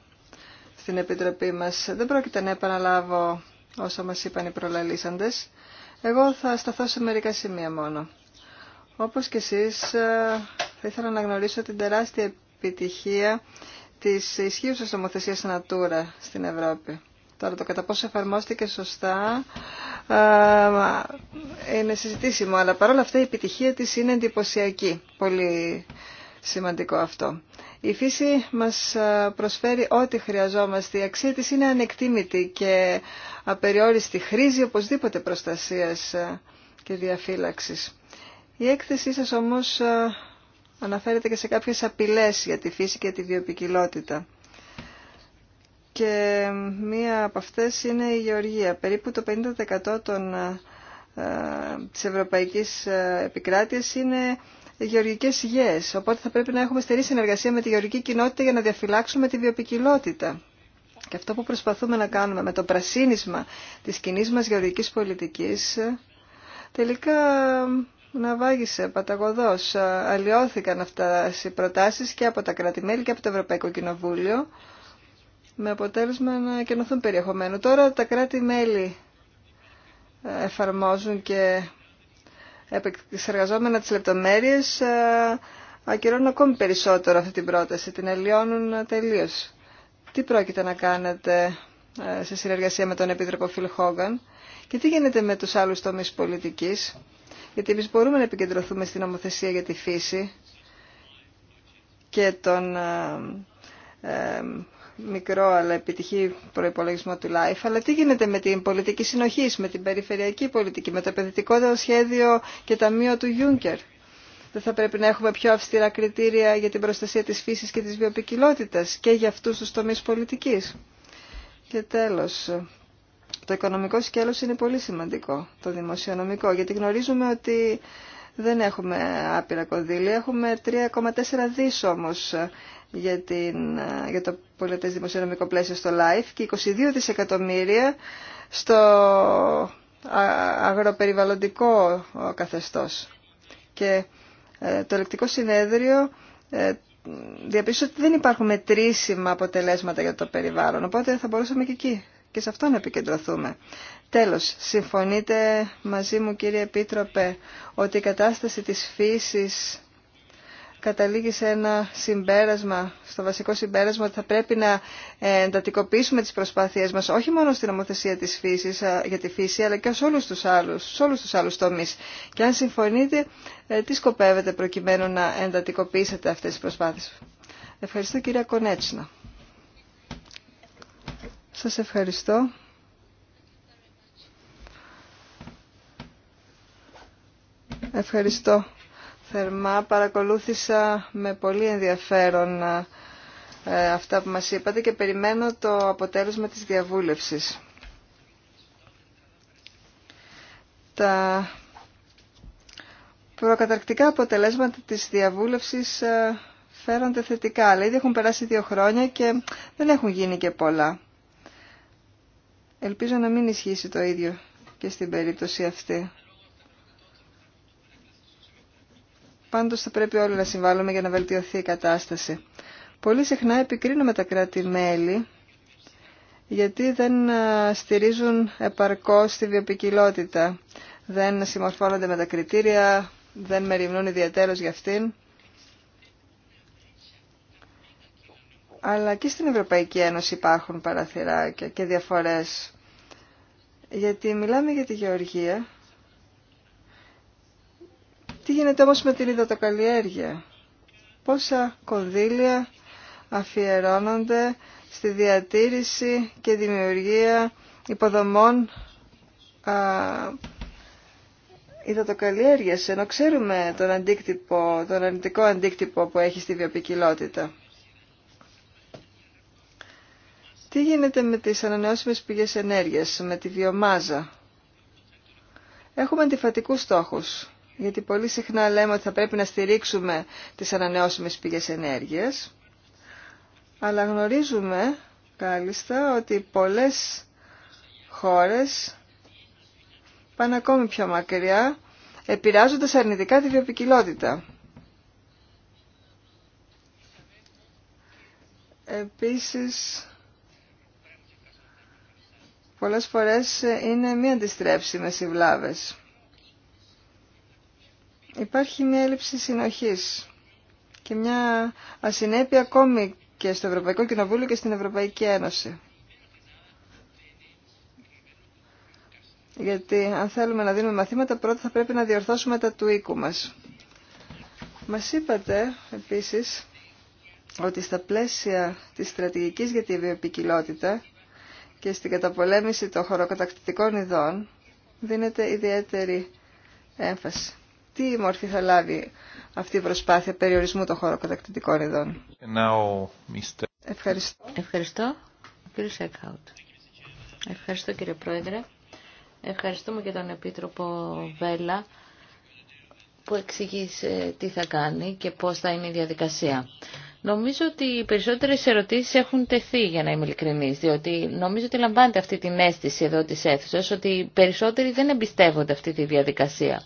στην Επιτροπή μας. Δεν πρόκειται να επαναλάβω όσα μας είπαν οι προλαλήσαντες. Εγώ θα σταθώ σε μερικά σημεία μόνο. Όπως και εσείς, ε, θα ήθελα να γνωρίσω την τεράστια επιτυχία της ισχύουσας νομοθεσίας Natura στην Ευρώπη. Αλλά το κατά πόσο εφαρμόστηκε σωστά ε, είναι συζητήσιμο, αλλά παρόλα αυτά η επιτυχία της είναι εντυπωσιακή. Πολύ σημαντικό αυτό. Η φύση μας ε, προσφέρει ό,τι χρειαζόμαστε. Η αξία της είναι ανεκτήμητη και απεριόριστη. χρήση οπωσδήποτε προστασίας ε, και διαφύλαξης. Η έκθεσή σας όμως αναφέρεται και σε κάποιες απειλές για τη φύση και τη βιοπικιλότητα και μία από αυτές είναι η γεωργία. Περίπου το 50% των, ε, της ευρωπαϊκής ε, επικράτειας είναι γεωργικές υγιές. Οπότε θα πρέπει να έχουμε στερή συνεργασία με τη γεωργική κοινότητα για να διαφυλάξουμε τη βιοπικιλότητα. Και αυτό που προσπαθούμε να κάνουμε με το πρασίνισμα της κοινή μας γεωργικής πολιτικής τελικά ε, να βάγισε παταγωδός. Αλλιώθηκαν αυτές οι προτάσεις και από τα κράτη-μέλη και από το Ευρωπαϊκό Κοινοβούλιο με αποτέλεσμα να κενωθούν περιεχομένου. Τώρα τα κράτη-μέλη ε, εφαρμόζουν και επεξεργαζόμενα τις λεπτομέρειες ε, ακυρώνουν ακόμη περισσότερο αυτή την πρόταση, την αλλοιώνουν τελείως. Τι πρόκειται να κάνετε ε, σε συνεργασία με τον Επίτροπο Φιλ Χόγκαν και τι γίνεται με τους άλλους τομείς πολιτικής, γιατί εμείς μπορούμε να επικεντρωθούμε στην νομοθεσία για τη φύση και τον μικρό αλλά επιτυχή προπολογισμό του LIFE, αλλά τι γίνεται με την πολιτική συνοχή, με την περιφερειακή πολιτική, με το επενδυτικό σχέδιο και ταμείο του Juncker. Δεν θα πρέπει να έχουμε πιο αυστηρά κριτήρια για την προστασία της φύσης και της βιοπικιλότητας και για αυτούς τους τομείς πολιτικής. Και τέλος, το οικονομικό σκέλος είναι πολύ σημαντικό, το δημοσιονομικό, γιατί γνωρίζουμε ότι δεν έχουμε άπειρα κονδύλια, έχουμε 3,4 δις όμως για, την, ε, για το πολιτές δημοσιονομικό πλαίσιο στο LIFE και 22 δισεκατομμύρια στο αγροπεριβαλλοντικό ε, καθεστώς. Και ε, το ελεκτικό συνέδριο διαπίστωσε ότι δεν υπάρχουν μετρήσιμα αποτελέσματα για το περιβάλλον, οπότε θα μπορούσαμε και εκεί και σε αυτό να επικεντρωθούμε. Τέλος, συμφωνείτε μαζί μου κύριε Επίτροπε ότι η κατάσταση της φύσης καταλήγει σε ένα συμπέρασμα, στο βασικό συμπέρασμα ότι θα πρέπει να ε, εντατικοποιήσουμε τις προσπάθειές μας όχι μόνο στην νομοθεσία της φύσης, για τη φύση αλλά και σε όλους τους άλλους, σε όλους τους άλλους τομείς. Και αν συμφωνείτε, ε, τι σκοπεύετε προκειμένου να εντατικοποιήσετε αυτές τις προσπάθειες. Ευχαριστώ κυρία Κονέτσινα. Σας ευχαριστώ. Ευχαριστώ θερμά. Παρακολούθησα με πολύ ενδιαφέρον ε, αυτά που μας είπατε και περιμένω το αποτέλεσμα της διαβούλευσης. Τα προκαταρκτικά αποτελέσματα της διαβούλευσης ε, φέρονται θετικά, αλλά ήδη έχουν περάσει δύο χρόνια και δεν έχουν γίνει και πολλά. Ελπίζω να μην ισχύσει το ίδιο και στην περίπτωση αυτή. Πάντως θα πρέπει όλοι να συμβάλλουμε για να βελτιωθεί η κατάσταση. Πολύ συχνά επικρίνουμε τα κράτη-μέλη γιατί δεν στηρίζουν επαρκώς τη βιοπικιλότητα. Δεν συμμορφώνονται με τα κριτήρια, δεν μεριμνούν ιδιαίτερως για αυτήν. Αλλά και στην Ευρωπαϊκή Ένωση υπάρχουν παραθυράκια και διαφορές. Γιατί μιλάμε για τη γεωργία τι γίνεται όμως με την υδατοκαλλιέργεια. Πόσα κονδύλια αφιερώνονται στη διατήρηση και δημιουργία υποδομών α, υδατοκαλλιέργειας, ενώ ξέρουμε τον, αντίκτυπο, τον αρνητικό αντίκτυπο που έχει στη βιοπικιλότητα. Τι γίνεται με τις ανανεώσιμες πηγές ενέργειας, με τη βιομάζα. Έχουμε αντιφατικούς στόχους γιατί πολύ συχνά λέμε ότι θα πρέπει να στηρίξουμε τις ανανεώσιμες πηγές ενέργειας, αλλά γνωρίζουμε κάλλιστα ότι πολλές χώρες πάνε ακόμη πιο μακριά, επηρεάζοντας αρνητικά τη βιοπικιλότητα. Επίσης, πολλές φορές είναι μη αντιστρέψιμες οι βλάβες υπάρχει μια έλλειψη συνοχής και μια ασυνέπεια ακόμη και στο Ευρωπαϊκό Κοινοβούλιο και στην Ευρωπαϊκή Ένωση. Γιατί αν θέλουμε να δίνουμε μαθήματα, πρώτα θα πρέπει να διορθώσουμε τα του οίκου μας. Μας είπατε επίσης ότι στα πλαίσια της στρατηγικής για τη βιοπικιλότητα και στην καταπολέμηση των χωροκατακτητικών ειδών δίνεται ιδιαίτερη έμφαση τι μορφή θα λάβει αυτή η προσπάθεια περιορισμού των χώρων κατακτητικών ειδών. Ευχαριστώ. Ευχαριστώ. Κύριε Ευχαριστώ κύριε Πρόεδρε. Ευχαριστούμε και τον Επίτροπο Βέλα που εξηγήσε τι θα κάνει και πώς θα είναι η διαδικασία. Νομίζω ότι οι περισσότερες ερωτήσεις έχουν τεθεί, για να είμαι ειλικρινής, διότι νομίζω ότι λαμβάνετε αυτή την αίσθηση εδώ της αίθουσας, ότι οι περισσότεροι δεν εμπιστεύονται αυτή τη διαδικασία.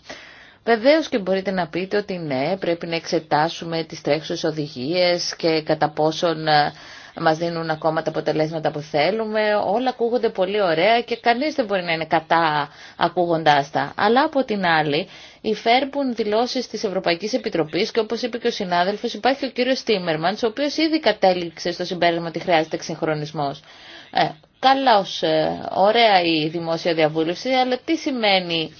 Βεβαίως και μπορείτε να πείτε ότι ναι, πρέπει να εξετάσουμε τις τρέχουσες οδηγίες και κατά πόσον ε, μας δίνουν ακόμα τα αποτελέσματα που θέλουμε. Όλα ακούγονται πολύ ωραία και κανείς δεν μπορεί να είναι κατά ακούγοντάς τα. Αλλά από την άλλη υφέρπουν δηλώσεις της Ευρωπαϊκής Επιτροπής και όπως είπε και ο συνάδελφος υπάρχει ο κύριος Τίμερμαντς ο οποίος ήδη κατέληξε στο συμπέρασμα ότι χρειάζεται εξυγχρονισμός. Ε, καλώς, ε, ωραία η δημόσια διαβούλευση, αλλά τι σημαίνει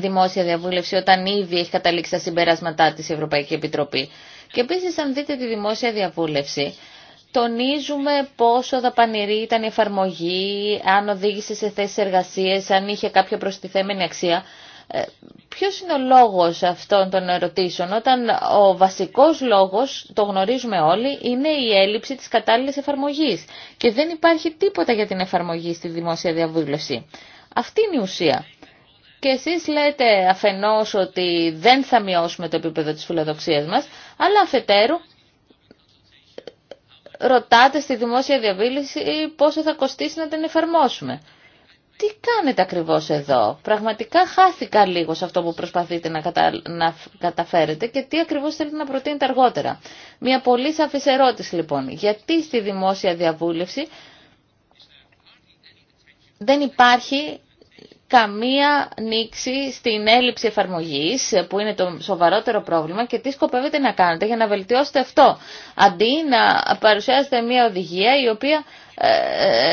δημόσια διαβούλευση όταν ήδη έχει καταλήξει τα συμπεράσματά της η Ευρωπαϊκή Επιτροπή. Και επίσης αν δείτε τη δημόσια διαβούλευση, τονίζουμε πόσο δαπανηρή ήταν η εφαρμογή, αν οδήγησε σε θέσεις εργασίες, αν είχε κάποια προστιθέμενη αξία. Ε, Ποιο είναι ο λόγο αυτών των ερωτήσεων, όταν ο βασικό λόγο, το γνωρίζουμε όλοι, είναι η έλλειψη τη κατάλληλη εφαρμογή και δεν υπάρχει τίποτα για την εφαρμογή στη δημόσια διαβούλευση. Αυτή είναι η ουσία. Και εσείς λέτε αφενός ότι δεν θα μειώσουμε το επίπεδο της φιλοδοξίας μας, αλλά αφετέρου ρωτάτε στη δημόσια διαβίληση πόσο θα κοστίσει να την εφαρμόσουμε. Τι κάνετε ακριβώς εδώ. Πραγματικά χάθηκα λίγο σε αυτό που προσπαθείτε να, να καταφέρετε και τι ακριβώς θέλετε να προτείνετε αργότερα. Μια πολύ σαφής ερώτηση λοιπόν. Γιατί στη δημόσια διαβούλευση δεν υπάρχει καμία νήξη στην έλλειψη εφαρμογής που είναι το σοβαρότερο πρόβλημα και τι σκοπεύετε να κάνετε για να βελτιώσετε αυτό αντί να παρουσιάσετε μια οδηγία η οποία ε,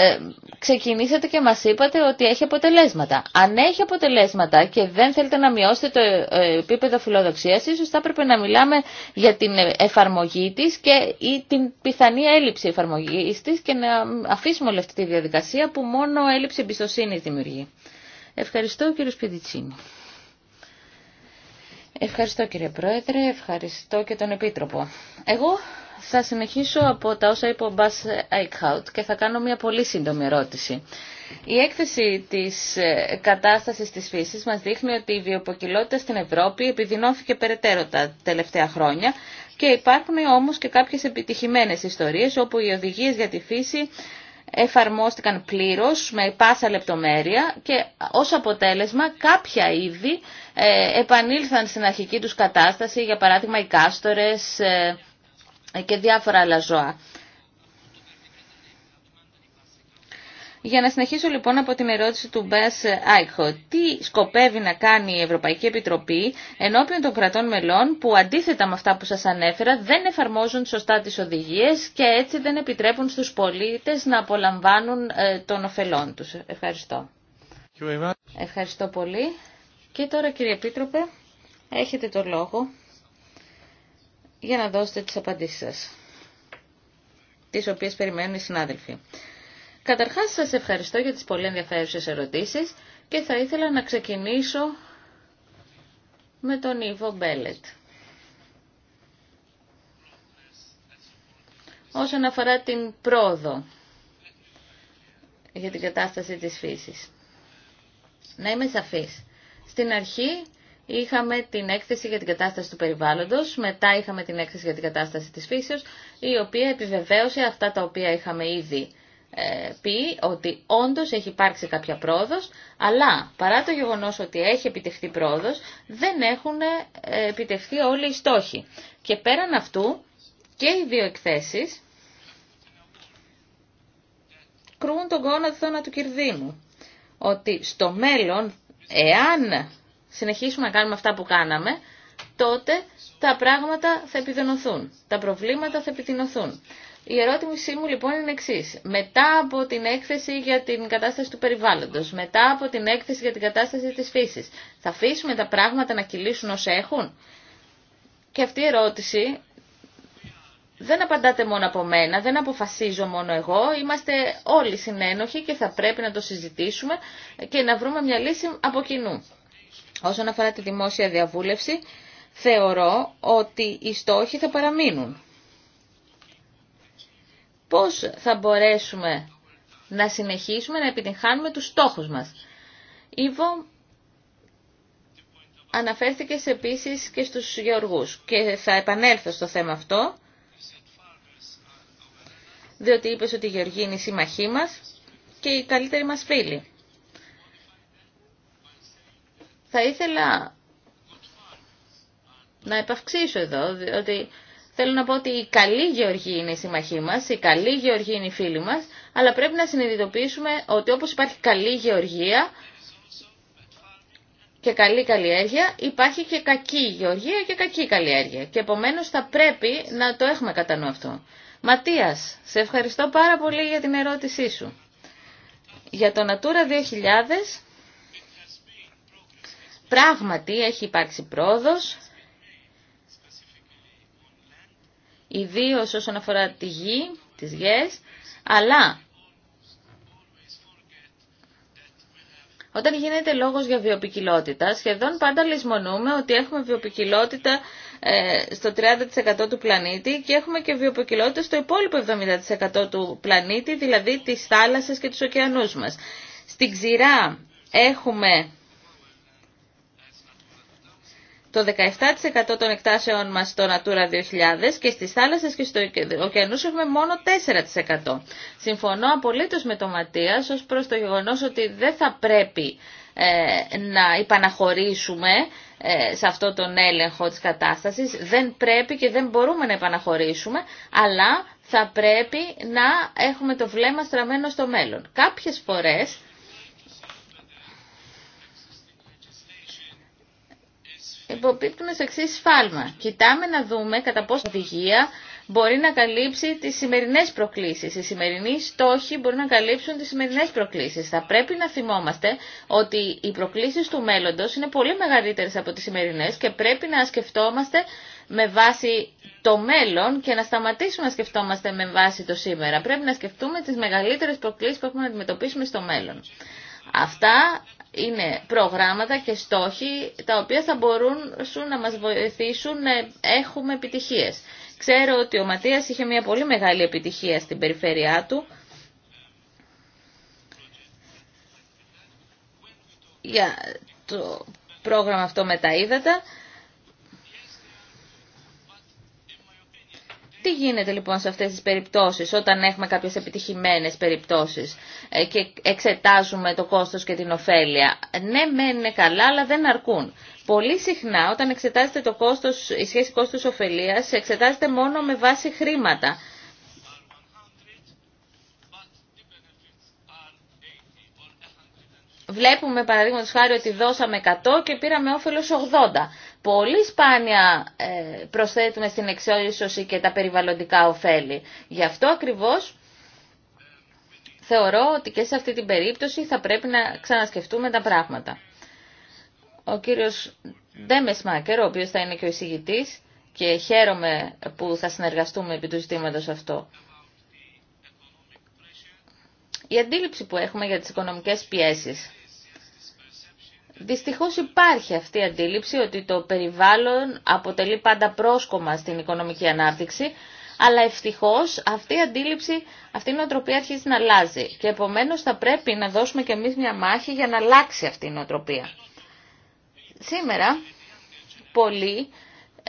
ε, ξεκινήσατε και μας είπατε ότι έχει αποτελέσματα. Αν έχει αποτελέσματα και δεν θέλετε να μειώσετε το ε, επίπεδο φιλοδοξίας, ίσως θα έπρεπε να μιλάμε για την εφαρμογή της και ή την πιθανή έλλειψη εφαρμογής της και να αφήσουμε όλη αυτή τη διαδικασία που μόνο έλλειψη εμπιστοσύνη δημιουργεί. Ευχαριστώ κύριο Σπιντιτσίνη. Ευχαριστώ κύριε Πρόεδρε, ευχαριστώ και τον Επίτροπο. Εγώ θα συνεχίσω από τα όσα είπε ο Μπάς Αικχάουτ και θα κάνω μια πολύ σύντομη ερώτηση. Η έκθεση της ε, κατάστασης της φύσης μας δείχνει ότι η βιοποκυλότητα στην Ευρώπη επιδεινώθηκε περαιτέρω τα τελευταία χρόνια και υπάρχουν όμως και κάποιες επιτυχημένες ιστορίες όπου οι οδηγίες για τη φύση εφαρμόστηκαν πλήρως με πάσα λεπτομέρεια και ως αποτέλεσμα κάποια είδη ε, επανήλθαν στην αρχική τους κατάσταση, για παράδειγμα οι κάστορες ε, και διάφορα άλλα ζώα. Για να συνεχίσω λοιπόν από την ερώτηση του Μπέας Άικχο. Τι σκοπεύει να κάνει η Ευρωπαϊκή Επιτροπή ενώπιον των κρατών μελών που αντίθετα με αυτά που σας ανέφερα δεν εφαρμόζουν σωστά τις οδηγίες και έτσι δεν επιτρέπουν στους πολίτες να απολαμβάνουν ε, των ωφελών τους. Ευχαριστώ. Ευχαριστώ πολύ. Και τώρα κύριε Επίτροπε, έχετε το λόγο για να δώσετε τις απαντήσεις σας, τις οποίες περιμένουν οι συνάδελφοι. Καταρχάς σας ευχαριστώ για τις πολύ ενδιαφέρουσες ερωτήσεις και θα ήθελα να ξεκινήσω με τον Ιβο Μπέλετ. Όσον αφορά την πρόοδο για την κατάσταση της φύσης. Να είμαι σαφής. Στην αρχή είχαμε την έκθεση για την κατάσταση του περιβάλλοντος, μετά είχαμε την έκθεση για την κατάσταση της φύσης, η οποία επιβεβαίωσε αυτά τα οποία είχαμε ήδη ε, πει ότι όντως έχει υπάρξει κάποια πρόοδος, αλλά παρά το γεγονός ότι έχει επιτευχθεί πρόοδος, δεν έχουν ε, επιτευχθεί όλοι οι στόχοι. Και πέραν αυτού και οι δύο εκθέσεις κρούν τον γόνατο του κυρδίνου. Ότι στο μέλλον, εάν συνεχίσουμε να κάνουμε αυτά που κάναμε, τότε τα πράγματα θα επιδεινωθούν, τα προβλήματα θα επιδεινωθούν. Η ερώτησή μου λοιπόν είναι εξή. Μετά από την έκθεση για την κατάσταση του περιβάλλοντος, μετά από την έκθεση για την κατάσταση της φύσης, θα αφήσουμε τα πράγματα να κυλήσουν ως έχουν. Και αυτή η ερώτηση δεν απαντάτε μόνο από μένα, δεν αποφασίζω μόνο εγώ, είμαστε όλοι συνένοχοι και θα πρέπει να το συζητήσουμε και να βρούμε μια λύση από κοινού. Όσον αφορά τη δημόσια διαβούλευση, θεωρώ ότι οι στόχοι θα παραμείνουν πώς θα μπορέσουμε να συνεχίσουμε να επιτυγχάνουμε τους στόχους μας. Ήβο, αναφέρθηκε επίσης και στους γεωργούς και θα επανέλθω στο θέμα αυτό, διότι είπε ότι οι γεωργοί είναι η σύμμαχοί μας και η καλύτερη μας φίλη. Θα ήθελα να επαυξήσω εδώ, διότι Θέλω να πω ότι η καλή γεωργία είναι η συμμαχή μας, η καλή γεωργία είναι η φίλη μας, αλλά πρέπει να συνειδητοποιήσουμε ότι όπως υπάρχει καλή γεωργία και καλή καλλιέργεια, υπάρχει και κακή γεωργία και κακή καλλιέργεια. Και επομένως θα πρέπει να το έχουμε κατά νου αυτό. Ματίας, σε ευχαριστώ πάρα πολύ για την ερώτησή σου. Για το Natura 2000, πράγματι έχει υπάρξει πρόοδος, ιδίως όσον αφορά τη γη, τις γης, αλλά Όταν γίνεται λόγος για βιοπικιλότητα, σχεδόν πάντα λησμονούμε ότι έχουμε βιοπικιλότητα ε, στο 30% του πλανήτη και έχουμε και βιοπικιλότητα στο υπόλοιπο 70% του πλανήτη, δηλαδή τις θάλασσες και τους ωκεανούς μας. Στην ξηρά έχουμε το 17% των εκτάσεων μας στο Natura 2000 και στις θάλασσες και στο ωκεανούς έχουμε μόνο 4%. Συμφωνώ απολύτως με τον Ματίας ως προς το γεγονός ότι δεν θα πρέπει ε, να υπαναχωρήσουμε ε, σε αυτό τον έλεγχο της κατάστασης. Δεν πρέπει και δεν μπορούμε να υπαναχωρήσουμε, αλλά θα πρέπει να έχουμε το βλέμμα στραμμένο στο μέλλον. Κάποιες φορές υποπίπτουν σε εξή σφάλμα. Κοιτάμε να δούμε κατά πόσο οδηγία μπορεί να καλύψει τις σημερινές προκλήσεις. Οι σημερινοί στόχοι μπορεί να καλύψουν τις σημερινές προκλήσεις. Θα πρέπει να θυμόμαστε ότι οι προκλήσεις του μέλλοντος είναι πολύ μεγαλύτερες από τις σημερινές και πρέπει να σκεφτόμαστε με βάση το μέλλον και να σταματήσουμε να σκεφτόμαστε με βάση το σήμερα. Πρέπει να σκεφτούμε τις μεγαλύτερες προκλήσεις που έχουμε να αντιμετωπίσουμε στο μέλλον. Αυτά είναι προγράμματα και στόχοι τα οποία θα μπορούν σου να μας βοηθήσουν να έχουμε επιτυχίες. Ξέρω ότι ο Ματίας είχε μια πολύ μεγάλη επιτυχία στην περιφέρειά του για το πρόγραμμα αυτό με τα ύδατα Τι γίνεται λοιπόν σε αυτές τις περιπτώσεις όταν έχουμε κάποιες επιτυχημένες περιπτώσεις ε, και εξετάζουμε το κόστος και την ωφέλεια. Ναι, μένουν καλά, αλλά δεν αρκούν. Πολύ συχνά όταν εξετάζεται το κόστος, η σχέση κόστος-οφελίας εξετάζεται μόνο με βάση χρήματα. Βλέπουμε παραδείγματος χάρη ότι δώσαμε 100 και πήραμε όφελος 80 πολύ σπάνια ε, προσθέτουμε στην εξόρισωση και τα περιβαλλοντικά ωφέλη. Γι' αυτό ακριβώς θεωρώ ότι και σε αυτή την περίπτωση θα πρέπει να ξανασκεφτούμε τα πράγματα. Ο κύριος Ντέμες Μάκερ, ο οποίος θα είναι και ο εισηγητής, και χαίρομαι που θα συνεργαστούμε επί του ζητήματος αυτό. Η αντίληψη που έχουμε για τις οικονομικές πιέσεις Δυστυχώς υπάρχει αυτή η αντίληψη ότι το περιβάλλον αποτελεί πάντα πρόσκομα στην οικονομική ανάπτυξη, αλλά ευτυχώς αυτή η αντίληψη, αυτή η νοοτροπία αρχίζει να αλλάζει και επομένως θα πρέπει να δώσουμε και εμείς μια μάχη για να αλλάξει αυτή η νοοτροπία. Σήμερα πολλοί,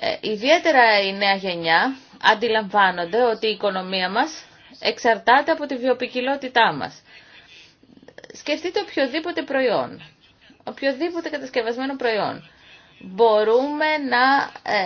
ε, ιδιαίτερα η νέα γενιά, αντιλαμβάνονται ότι η οικονομία μας εξαρτάται από τη βιοπικιλότητά μας. Σκεφτείτε οποιοδήποτε προϊόν οποιοδήποτε κατασκευασμένο προϊόν. Μπορούμε να ε,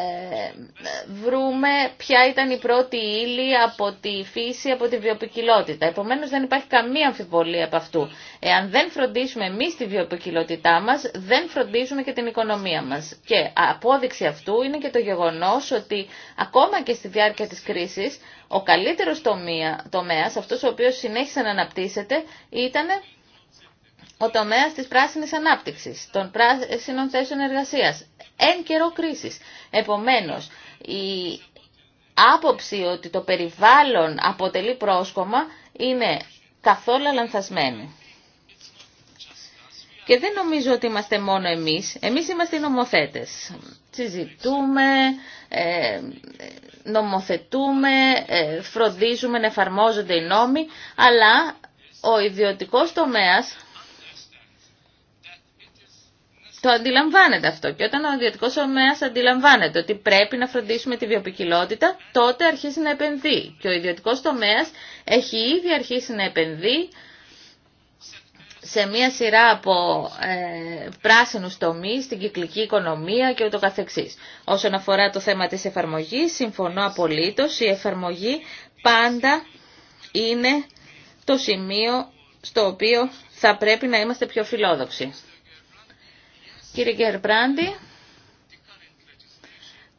βρούμε ποια ήταν η πρώτη ύλη από τη φύση, από τη βιοποικιλότητα. Επομένως δεν υπάρχει καμία αμφιβολία από αυτού. Εάν δεν φροντίσουμε εμείς τη βιοποικιλότητά μας, δεν φροντίζουμε και την οικονομία μας. Και απόδειξη αυτού είναι και το γεγονός ότι ακόμα και στη διάρκεια της κρίσης, ο καλύτερος τομέα, τομέας, αυτός ο οποίος συνέχισε να αναπτύσσεται, ήταν ο τομέας της πράσινης ανάπτυξης, των πράσινων θέσεων εργασίας, εν καιρό κρίσης. Επομένως, η άποψη ότι το περιβάλλον αποτελεί πρόσκομα είναι καθόλου λανθασμένη. Και δεν νομίζω ότι είμαστε μόνο εμείς. Εμείς είμαστε οι νομοθέτες. Συζητούμε, ε, νομοθετούμε, ε, φροντίζουμε να εφαρμόζονται οι νόμοι, αλλά ο ιδιωτικός τομέας το αντιλαμβάνεται αυτό και όταν ο ιδιωτικό τομέα αντιλαμβάνεται ότι πρέπει να φροντίσουμε τη βιοπικιλότητα, τότε αρχίζει να επενδύει. Και ο ιδιωτικό τομέα έχει ήδη αρχίσει να επενδύει σε μία σειρά από ε, πράσινους τομείς, στην κυκλική οικονομία και ούτω καθεξής. Όσον αφορά το θέμα της εφαρμογής, συμφωνώ απολύτως, η εφαρμογή πάντα είναι το σημείο στο οποίο θα πρέπει να είμαστε πιο φιλόδοξοι. Κύριε Γκερμπράντι,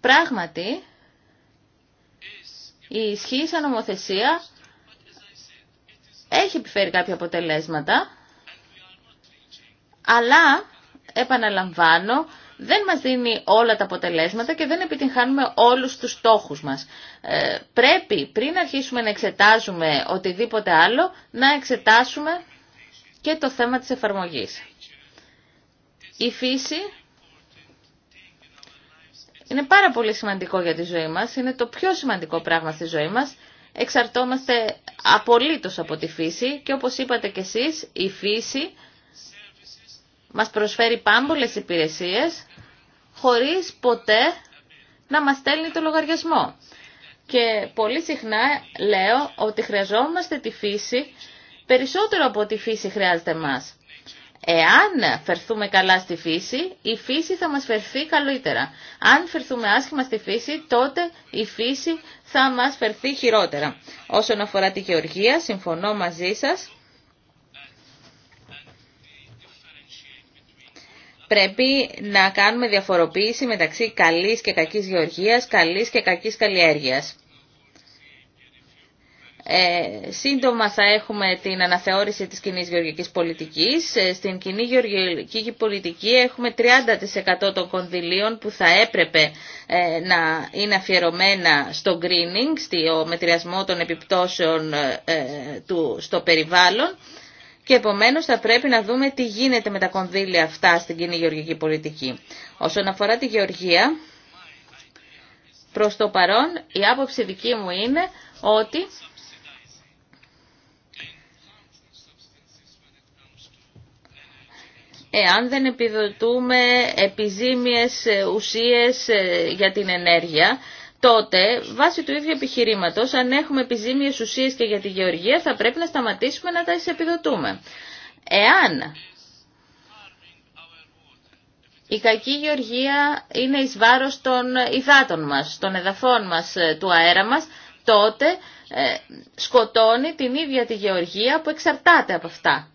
πράγματι η ισχύησα νομοθεσία έχει επιφέρει κάποια αποτελέσματα, αλλά, επαναλαμβάνω, δεν μας δίνει όλα τα αποτελέσματα και δεν επιτυγχάνουμε όλους τους στόχους μας. Ε, πρέπει πριν αρχίσουμε να εξετάζουμε οτιδήποτε άλλο, να εξετάσουμε και το θέμα της εφαρμογής. Η φύση είναι πάρα πολύ σημαντικό για τη ζωή μας, είναι το πιο σημαντικό πράγμα στη ζωή μας. Εξαρτώμαστε απολύτως από τη φύση και όπως είπατε κι εσείς, η φύση μας προσφέρει πάμπολες υπηρεσίες χωρίς ποτέ να μας στέλνει το λογαριασμό. Και πολύ συχνά λέω ότι χρειαζόμαστε τη φύση περισσότερο από ότι η φύση χρειάζεται μας. Εάν φερθούμε καλά στη φύση, η φύση θα μας φερθεί καλύτερα. Αν φερθούμε άσχημα στη φύση, τότε η φύση θα μας φερθεί χειρότερα. Όσον αφορά τη γεωργία, συμφωνώ μαζί σας. πρέπει να κάνουμε διαφοροποίηση μεταξύ καλής και κακής γεωργίας, καλής και κακής καλλιέργειας. Ε, σύντομα θα έχουμε την αναθεώρηση της κοινή γεωργικής πολιτικής. Ε, στην κοινή γεωργική πολιτική έχουμε 30% των κονδυλίων που θα έπρεπε ε, να είναι αφιερωμένα στο greening, στο μετριασμό των επιπτώσεων ε, του, στο περιβάλλον. Και επομένως θα πρέπει να δούμε τι γίνεται με τα κονδύλια αυτά στην κοινή γεωργική πολιτική. Όσον αφορά τη γεωργία, προς το παρόν η άποψη δική μου είναι ότι εάν δεν επιδοτούμε επιζήμιες ε, ουσίες ε, για την ενέργεια, τότε βάσει του ίδιου επιχειρήματος, αν έχουμε επιζήμιες ουσίες και για τη γεωργία, θα πρέπει να σταματήσουμε να τα επιδοτούμε. Εάν η κακή γεωργία είναι εις βάρος των υδάτων μας, των εδαφών μας, ε, του αέρα μας, τότε σκοτώνει την ίδια τη γεωργία που εξαρτάται από αυτά.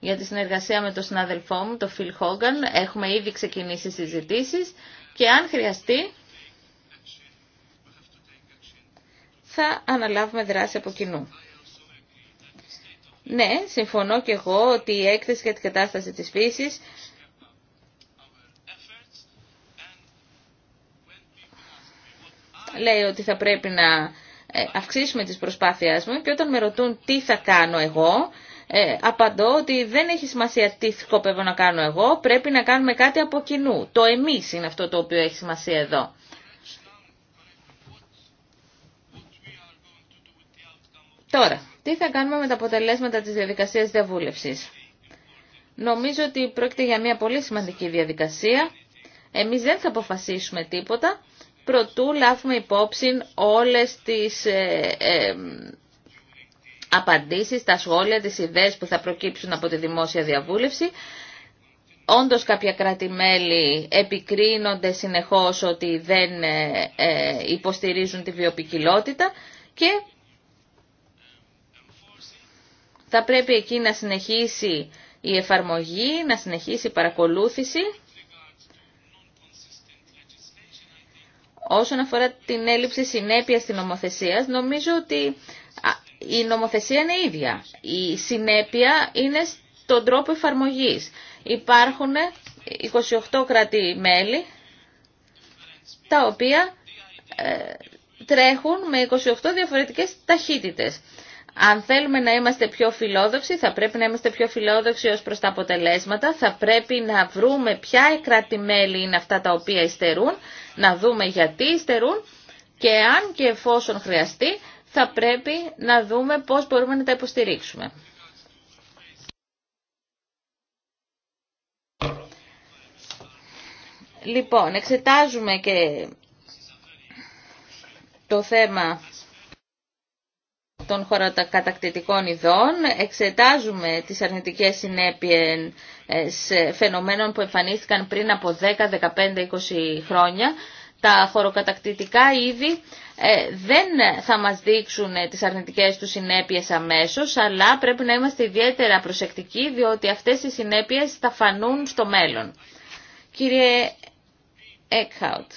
για τη συνεργασία με τον συνάδελφό μου, τον Φιλ Χόγκαν. Έχουμε ήδη ξεκινήσει συζητήσεις και αν χρειαστεί θα αναλάβουμε δράση από κοινού. Ναι, συμφωνώ και εγώ ότι η έκθεση για την κατάσταση της φύσης λέει ότι θα πρέπει να ε, αυξήσουμε τις προσπάθειές μου και όταν με ρωτούν τι θα κάνω εγώ, ε, απαντώ ότι δεν έχει σημασία τι σκοπεύω να κάνω εγώ, πρέπει να κάνουμε κάτι από κοινού. Το εμείς είναι αυτό το οποίο έχει σημασία εδώ. Τώρα, τι θα κάνουμε με τα αποτελέσματα της διαδικασίας διαβούλευσης. Νομίζω ότι πρόκειται για μια πολύ σημαντική διαδικασία. Εμείς δεν θα αποφασίσουμε τίποτα, προτού λάβουμε υπόψη όλες τις ε, ε, απαντήσει τα σχόλια, τις ιδέες που θα προκύψουν από τη δημόσια διαβούλευση. Όντως κάποια κράτη-μέλη επικρίνονται συνεχώς ότι δεν ε, ε, υποστηρίζουν τη βιοπικιλότητα και θα πρέπει εκεί να συνεχίσει η εφαρμογή, να συνεχίσει η παρακολούθηση. Όσον αφορά την έλλειψη συνέπειας στην νομοθεσία, νομίζω ότι η νομοθεσία είναι ίδια. Η συνέπεια είναι στον τρόπο εφαρμογής. Υπάρχουν 28 κράτη-μέλη τα οποία ε, τρέχουν με 28 διαφορετικές ταχύτητες. Αν θέλουμε να είμαστε πιο φιλόδοξοι, θα πρέπει να είμαστε πιο φιλόδοξοι ως προς τα αποτελέσματα, θα πρέπει να βρούμε ποια κράτη-μέλη είναι αυτά τα οποία υστερούν, να δούμε γιατί υστερούν και αν και εφόσον χρειαστεί θα πρέπει να δούμε πώς μπορούμε να τα υποστηρίξουμε. Λοιπόν, εξετάζουμε και το θέμα των χωροκατακτητικών ειδών, εξετάζουμε τις αρνητικές συνέπειες ε, φαινομένων που εμφανίστηκαν πριν από 10, 15, 20 χρόνια τα χωροκατακτητικά είδη ε, δεν θα μας δείξουν ε, τις αρνητικές του συνέπειες αμέσως, αλλά πρέπει να είμαστε ιδιαίτερα προσεκτικοί, διότι αυτές οι συνέπειες θα φανούν στο μέλλον. Κύριε Εκχάουτ.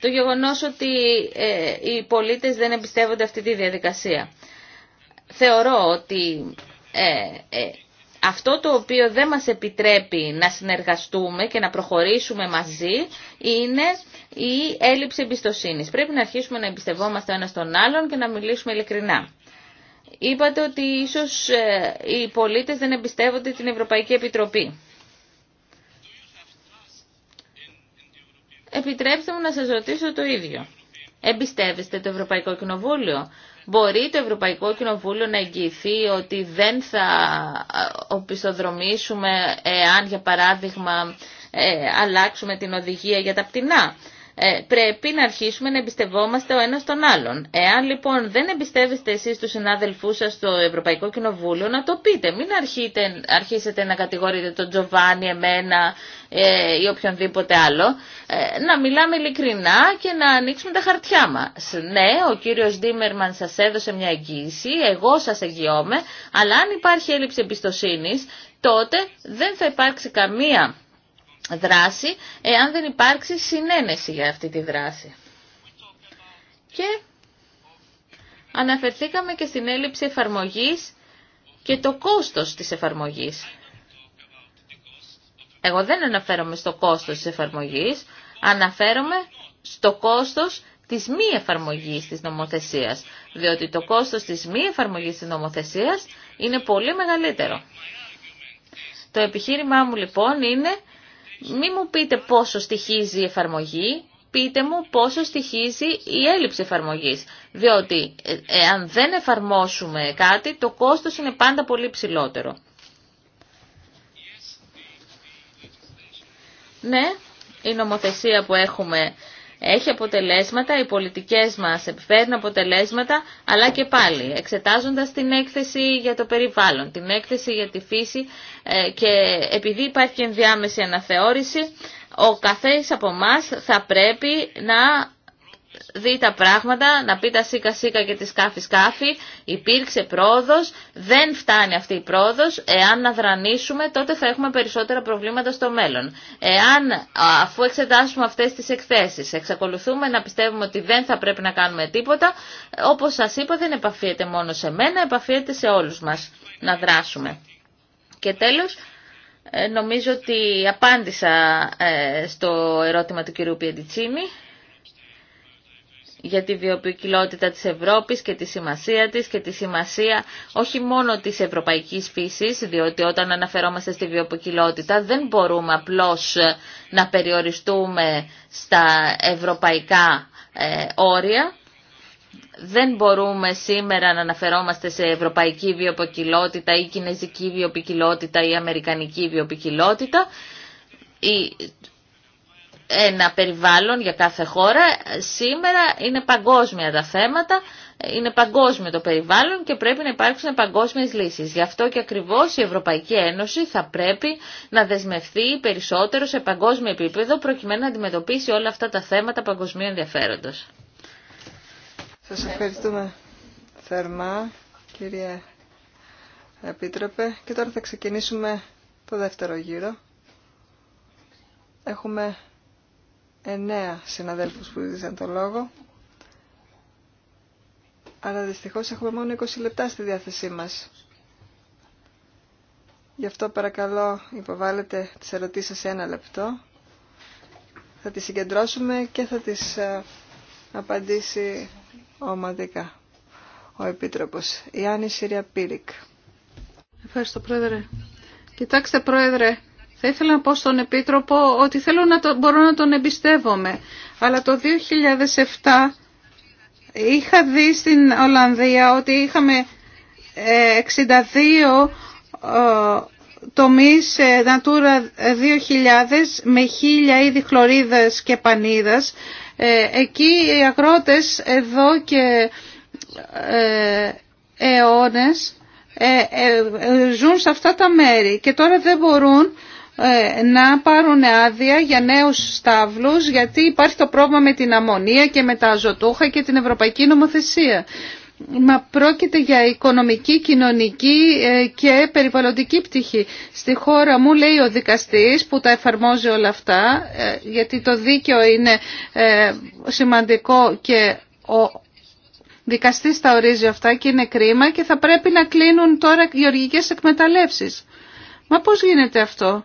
Το γεγονός ότι ε, οι πολίτες δεν εμπιστεύονται αυτή τη διαδικασία. Θεωρώ ότι αυτό το οποίο δεν μας επιτρέπει να συνεργαστούμε και να προχωρήσουμε μαζί είναι η έλλειψη εμπιστοσύνης. Πρέπει να αρχίσουμε να εμπιστευόμαστε ο ένας τον άλλον και να μιλήσουμε ειλικρινά. Είπατε ότι ίσως ε, οι πολίτες δεν εμπιστεύονται την Ευρωπαϊκή Επιτροπή. Επιτρέψτε μου να σας ρωτήσω το ίδιο. Εμπιστεύεστε το Ευρωπαϊκό Κοινοβούλιο μπορεί το Ευρωπαϊκό Κοινοβούλιο να εγγυηθεί ότι δεν θα οπισθοδρομήσουμε εάν για παράδειγμα ε, αλλάξουμε την οδηγία για τα πτηνά. Ε, πρέπει να αρχίσουμε να εμπιστευόμαστε ο ένας τον άλλον. Εάν λοιπόν δεν εμπιστεύεστε εσείς τους συνάδελφούς σας στο Ευρωπαϊκό Κοινοβούλιο, να το πείτε. Μην αρχίσετε να κατηγορείτε τον Τζοβάνι, εμένα ε, ή οποιονδήποτε άλλο. Ε, να μιλάμε ειλικρινά και να ανοίξουμε τα χαρτιά μας. Ναι, ο κύριος Ντίμερμαν σας έδωσε μια εγγύηση, εγώ σας εγγυώμαι, αλλά αν υπάρχει έλλειψη εμπιστοσύνης, τότε δεν θα υπάρξει καμία δράση εάν δεν υπάρξει συνένεση για αυτή τη δράση. Και αναφερθήκαμε και στην έλλειψη εφαρμογής και το κόστος της εφαρμογής. Εγώ δεν αναφέρομαι στο κόστος της εφαρμογής, αναφέρομαι στο κόστος της μη εφαρμογής της νομοθεσίας, διότι το κόστος της μη εφαρμογής της νομοθεσίας είναι πολύ μεγαλύτερο. Το επιχείρημά μου λοιπόν είναι μη μου πείτε πόσο στοιχίζει η εφαρμογή, πείτε μου πόσο στοιχίζει η έλλειψη εφαρμογής. Διότι αν ε, δεν εφαρμόσουμε κάτι, το κόστος είναι πάντα πολύ ψηλότερο. Ναι, η νομοθεσία που έχουμε έχει αποτελέσματα, οι πολιτικές μας επιφέρουν αποτελέσματα, αλλά και πάλι εξετάζοντας την έκθεση για το περιβάλλον, την έκθεση για τη φύση ε, και επειδή υπάρχει ενδιάμεση αναθεώρηση, ο καθένας από εμά θα πρέπει να δει τα πράγματα, να πει τα σίκα σίκα και τη σκάφη σκάφη, υπήρξε πρόοδος, δεν φτάνει αυτή η πρόοδος, εάν να δρανίσουμε τότε θα έχουμε περισσότερα προβλήματα στο μέλλον. Εάν αφού εξετάσουμε αυτές τις εκθέσεις, εξακολουθούμε να πιστεύουμε ότι δεν θα πρέπει να κάνουμε τίποτα, όπως σας είπα δεν επαφίεται μόνο σε μένα, επαφίεται σε όλους μας να δράσουμε. Και τέλος, ε, νομίζω ότι απάντησα ε, στο ερώτημα του κυρίου Πιεντιτσίνη για τη βιοποικιλότητα της Ευρώπης και τη σημασία της και τη σημασία όχι μόνο της ευρωπαϊκής φύσης, διότι όταν αναφερόμαστε στη βιοποικιλότητα δεν μπορούμε απλώς ε, να περιοριστούμε στα ευρωπαϊκά ε, όρια. Δεν μπορούμε σήμερα να αναφερόμαστε σε ευρωπαϊκή βιοποικιλότητα ή κινέζικη βιοποικιλότητα ή αμερικανική βιοποικιλότητα. η κινεζικη βιοποικιλοτητα η αμερικανικη βιοποικιλοτητα ένα περιβάλλον για κάθε χώρα. Σήμερα είναι παγκόσμια τα θέματα, είναι παγκόσμιο το περιβάλλον και πρέπει να υπάρξουν παγκόσμιες λύσεις. Γι' αυτό και ακριβώς η Ευρωπαϊκή Ένωση θα πρέπει να δεσμευτεί περισσότερο σε παγκόσμιο επίπεδο προκειμένου να αντιμετωπίσει όλα αυτά τα θέματα παγκοσμίου ενδιαφέροντος. Σας ευχαριστούμε θερμά, κύριε Επίτροπε. Και τώρα θα ξεκινήσουμε το δεύτερο γύρο. Έχουμε εννέα συναδέλφους που ζήτησαν το λόγο. Αλλά δυστυχώς έχουμε μόνο 20 λεπτά στη διάθεσή μας. Γι' αυτό παρακαλώ υποβάλλετε τις ερωτήσεις σε ένα λεπτό. Θα τις συγκεντρώσουμε και θα τις ε, απαντήσει ομαδικά ο Επίτροπος Ιάννη Συριαπήρικ. Ευχαριστώ Πρόεδρε. Κοιτάξτε Πρόεδρε, θα ήθελα να πω στον Επίτροπο ότι θέλω να το, μπορώ να τον εμπιστεύομαι. Αλλά το 2007 είχα δει στην Ολλανδία ότι είχαμε 62 ε, ε, τομείς ε, Natura 2000 με χίλια είδη χλωρίδας και πανίδας. Εκεί οι αγρότες εδώ και αιώνες ζουν σε αυτά τα μέρη και τώρα δεν μπορούν ε, να πάρουν άδεια για νέους στάβλους γιατί υπάρχει το πρόβλημα με την αμμονία και με τα αζωτούχα και την ευρωπαϊκή νομοθεσία. Μα πρόκειται για οικονομική, κοινωνική ε, και περιβαλλοντική πτυχή. Στη χώρα μου λέει ο δικαστής που τα εφαρμόζει όλα αυτά, ε, γιατί το δίκαιο είναι σημαντικό και ο δικαστής τα ορίζει αυτά και είναι κρίμα και θα πρέπει να κλείνουν τώρα γεωργικές εκμεταλλεύσεις. Μα πώς γίνεται αυτό.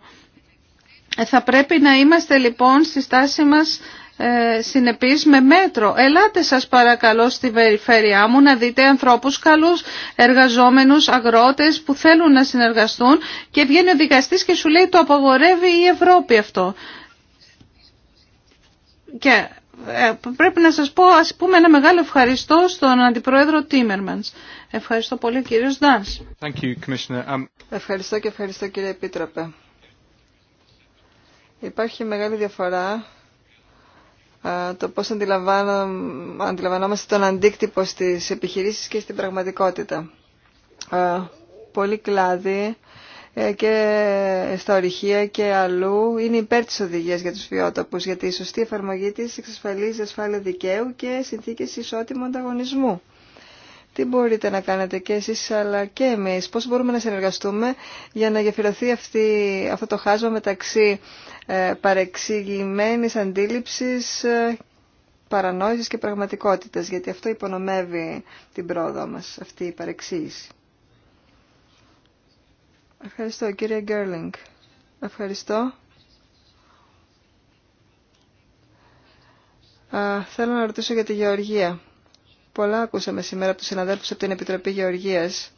Θα πρέπει να είμαστε λοιπόν στη στάση μας ε, συνεπής με μέτρο. Ελάτε σας παρακαλώ στη περιφέρειά μου να δείτε ανθρώπους καλούς, εργαζόμενους, αγρότες που θέλουν να συνεργαστούν και βγαίνει ο δικαστής και σου λέει το απαγορεύει η Ευρώπη αυτό. Και ε, πρέπει να σας πω ας πούμε ένα μεγάλο ευχαριστώ στον Αντιπρόεδρο Τίμερμανς. Ευχαριστώ πολύ κύριο Ντάνς. Um, ευχαριστώ και ευχαριστώ κύριε Επίτροπε. Υπάρχει μεγάλη διαφορά το πώς αντιλαμβανόμαστε τον αντίκτυπο στις επιχειρήσεις και στην πραγματικότητα. Πολλοί κλάδι ε, και στα ορυχεία και αλλού είναι υπέρ της οδηγίας για τους βιότοπους, γιατί η σωστή εφαρμογή της εξασφαλίζει ασφάλεια δικαίου και συνθήκες ισότιμου ανταγωνισμού. Τι μπορείτε να κάνετε και εσείς αλλά και εμείς, πώς μπορούμε να συνεργαστούμε για να γεφυρωθεί αυτή, αυτό το χάσμα μεταξύ ε, παρεξηγημένης αντίληψης, ε, παρανόησης και πραγματικότητας, γιατί αυτό υπονομεύει την πρόοδο μας, αυτή η παρεξήγηση. Ευχαριστώ, κύριε Γκέρλινγκ. Ευχαριστώ. Α, θέλω να ρωτήσω για τη Γεωργία. Πολλά ακούσαμε σήμερα από τους συναδέλφους από την Επιτροπή Γεωργίας.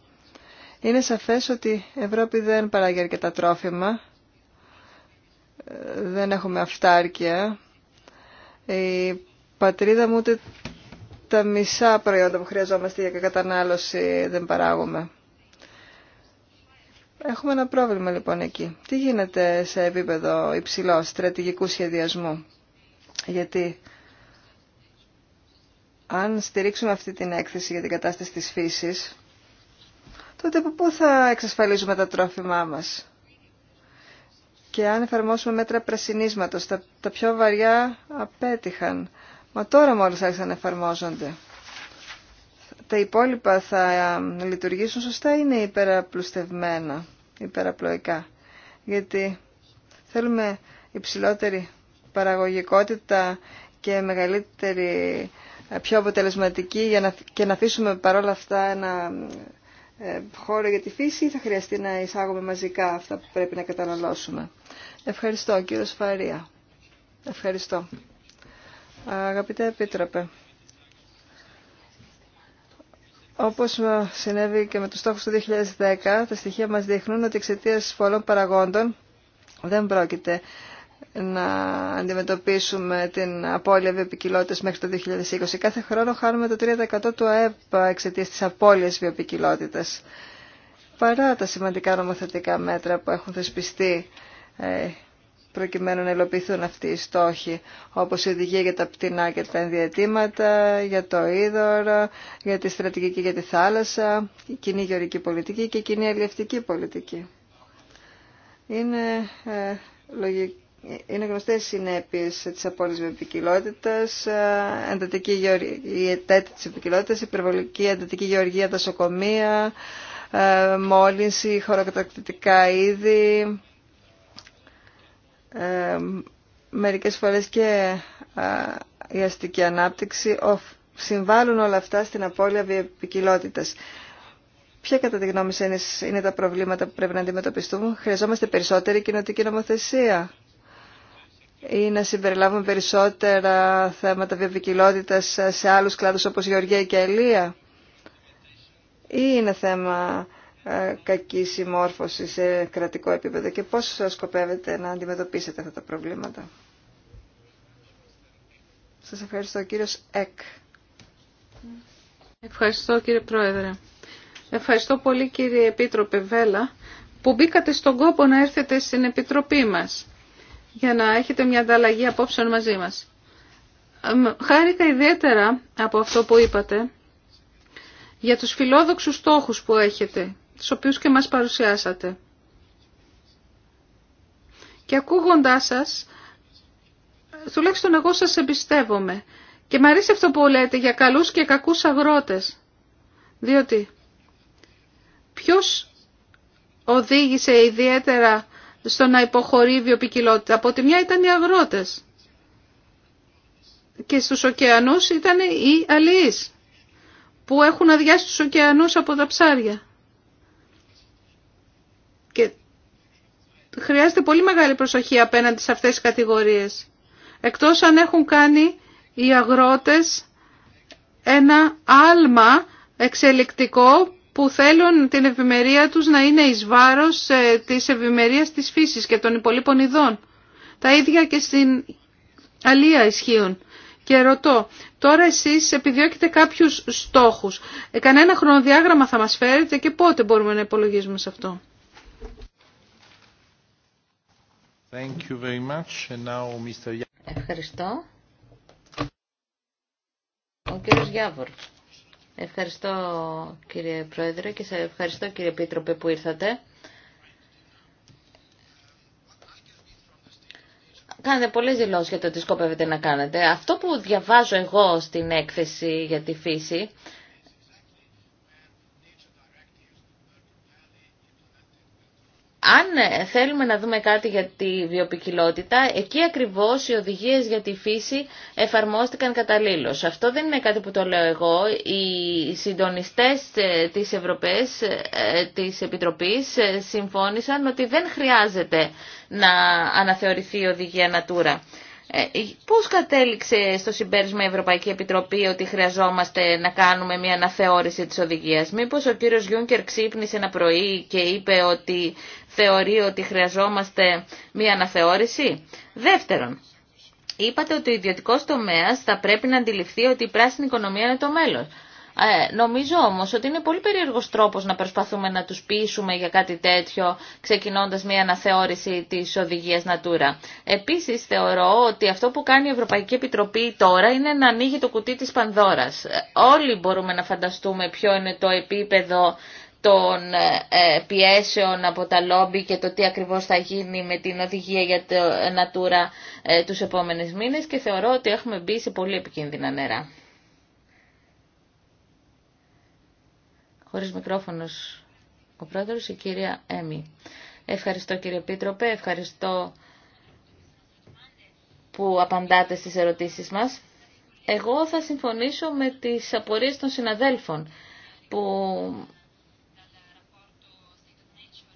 Είναι σαφές ότι η Ευρώπη δεν παράγει αρκετά τρόφιμα δεν έχουμε αυτάρκεια. Η πατρίδα μου ούτε τα μισά προϊόντα που χρειαζόμαστε για κατανάλωση δεν παράγουμε. Έχουμε ένα πρόβλημα λοιπόν εκεί. Τι γίνεται σε επίπεδο υψηλό στρατηγικού σχεδιασμού. Γιατί αν στηρίξουμε αυτή την έκθεση για την κατάσταση της φύσης, τότε από πού θα εξασφαλίζουμε τα τρόφιμά μας και αν εφαρμόσουμε μέτρα πρασινίσματος. Τα, πιο βαριά απέτυχαν. Μα τώρα μόλις άρχισαν να εφαρμόζονται. Τα υπόλοιπα θα λειτουργήσουν σωστά είναι υπεραπλουστευμένα, υπεραπλοϊκά. Γιατί θέλουμε υψηλότερη παραγωγικότητα και μεγαλύτερη, ε, πιο αποτελεσματική για να, και να αφήσουμε παρόλα αυτά ένα ε, χώρο για τη φύση ή θα χρειαστεί να εισάγουμε μαζικά αυτά που πρέπει να καταναλώσουμε. Ευχαριστώ κύριο Σφαρία. Ευχαριστώ. Αγαπητέ Επίτροπε, όπως συνέβη και με τους στόχους του 2010, τα στοιχεία μας δείχνουν ότι εξαιτία πολλών παραγόντων δεν πρόκειται να αντιμετωπίσουμε την απώλεια βιοπικιλότητας μέχρι το 2020. Κάθε χρόνο χάνουμε το 3% του ΑΕΠ εξαιτία τη απώλειας βιοπικιλότητας. Παρά τα σημαντικά νομοθετικά μέτρα που έχουν θεσπιστεί ε, προκειμένου να υλοποιηθούν αυτοί οι στόχοι, όπως η οδηγία για τα πτηνά και τα ενδιατήματα, για το είδωρο, για τη στρατηγική για τη θάλασσα, η κοινή γεωρική πολιτική και η κοινή αλληλευτική πολιτική. Είναι ε, λογική είναι γνωστές οι συνέπειες της ε, η η εντατική γεωργία, η υπερβολική εντατική γεωργία, δασοκομεία, ε, μόλυνση, χωροκατακτητικά είδη, ε, μερικές φορές και η αστική ανάπτυξη, συμβάλλουν όλα αυτά στην απώλεια βιοπικιλότητας. Ποια κατά τη γνώμη σας είναι τα προβλήματα που πρέπει να αντιμετωπιστούν. Χρειαζόμαστε περισσότερη κοινοτική νομοθεσία ή να συμπεριλάβουμε περισσότερα θέματα βιοποικιλότητας σε άλλους κλάδους όπως Γεωργία και Ελία ή είναι θέμα ε, κακή συμμόρφωση σε κρατικό επίπεδο και πώς σκοπεύετε να αντιμετωπίσετε αυτά τα προβλήματα. Σας ευχαριστώ κύριος Εκ. Ευχαριστώ κύριε Πρόεδρε. Ευχαριστώ πολύ κύριε Επίτροπε Βέλα που μπήκατε στον κόπο να έρθετε στην Επιτροπή μας για να έχετε μια ανταλλαγή απόψεων μαζί μας. Χάρηκα ιδιαίτερα από αυτό που είπατε για τους φιλόδοξους στόχους που έχετε, τους οποίους και μας παρουσιάσατε. Και ακούγοντάς σας, τουλάχιστον εγώ σας εμπιστεύομαι. Και μ' αρέσει αυτό που λέτε για καλούς και κακούς αγρότες. Διότι ποιος οδήγησε ιδιαίτερα στο να υποχωρεί η βιοπικιλότητα. Από τη μια ήταν οι αγρότες και στους ωκεανούς ήταν οι αλείς που έχουν αδειάσει τους ωκεανούς από τα ψάρια. Και χρειάζεται πολύ μεγάλη προσοχή απέναντι σε αυτές τις κατηγορίες. Εκτός αν έχουν κάνει οι αγρότες ένα άλμα εξελικτικό που θέλουν την ευημερία τους να είναι εις βάρος ε, της ευημερίας της φύσης και των υπολείπων ειδών. Τα ίδια και στην αλία ισχύουν. Και ρωτώ, τώρα εσείς επιδιώκετε κάποιους στόχους. Ε, κανένα χρονοδιάγραμμα θα μας φέρετε και πότε μπορούμε να υπολογίζουμε σε αυτό. Thank you very much. And now, Mr. Ευχαριστώ. Ο κύριος Ευχαριστώ κύριε Πρόεδρε και σε ευχαριστώ κύριε Επίτροπε που ήρθατε. Κάνετε πολλέ δηλώσει για το τι σκοπεύετε να κάνετε. Αυτό που διαβάζω εγώ στην έκθεση για τη φύση θέλουμε να δούμε κάτι για τη βιοπικιλότητα, εκεί ακριβώς οι οδηγίες για τη φύση εφαρμόστηκαν καταλήλως. Αυτό δεν είναι κάτι που το λέω εγώ. Οι συντονιστές ε, της Ευρωπαίας ε, της Επιτροπής ε, συμφώνησαν ότι δεν χρειάζεται να αναθεωρηθεί η οδηγία Natura. Ε, ε, πώς κατέληξε στο συμπέρασμα η Ευρωπαϊκή Επιτροπή ότι χρειαζόμαστε να κάνουμε μια αναθεώρηση της οδηγίας. Μήπως ο κύριος Γιούνκερ ξύπνησε ένα πρωί και είπε ότι θεωρεί ότι χρειαζόμαστε μια αναθεώρηση. Δεύτερον, είπατε ότι ο ιδιωτικός τομέας θα πρέπει να αντιληφθεί ότι η πράσινη οικονομία είναι το μέλλον. Ε, νομίζω όμως ότι είναι πολύ περίεργος τρόπος να προσπαθούμε να τους πείσουμε για κάτι τέτοιο, ξεκινώντας μια αναθεώρηση της οδηγίας Natura. Επίσης θεωρώ ότι αυτό που κάνει η Ευρωπαϊκή Επιτροπή τώρα είναι να ανοίγει το κουτί της Πανδώρας. Ε, όλοι μπορούμε να φανταστούμε ποιο είναι το επίπεδο των ε, ε, πιέσεων από τα λόμπι και το τι ακριβώς θα γίνει με την οδηγία για το Natura τους επόμενες μήνες και θεωρώ ότι έχουμε μπει σε πολύ επικίνδυνα νερά. Χωρίς μικρόφωνος ο πρόεδρος, η κυρία Έμι. Ευχαριστώ κύριε Πίτροπε, ευχαριστώ που απαντάτε στις ερωτήσεις μας. Εγώ θα συμφωνήσω με τις απορίες των συναδέλφων που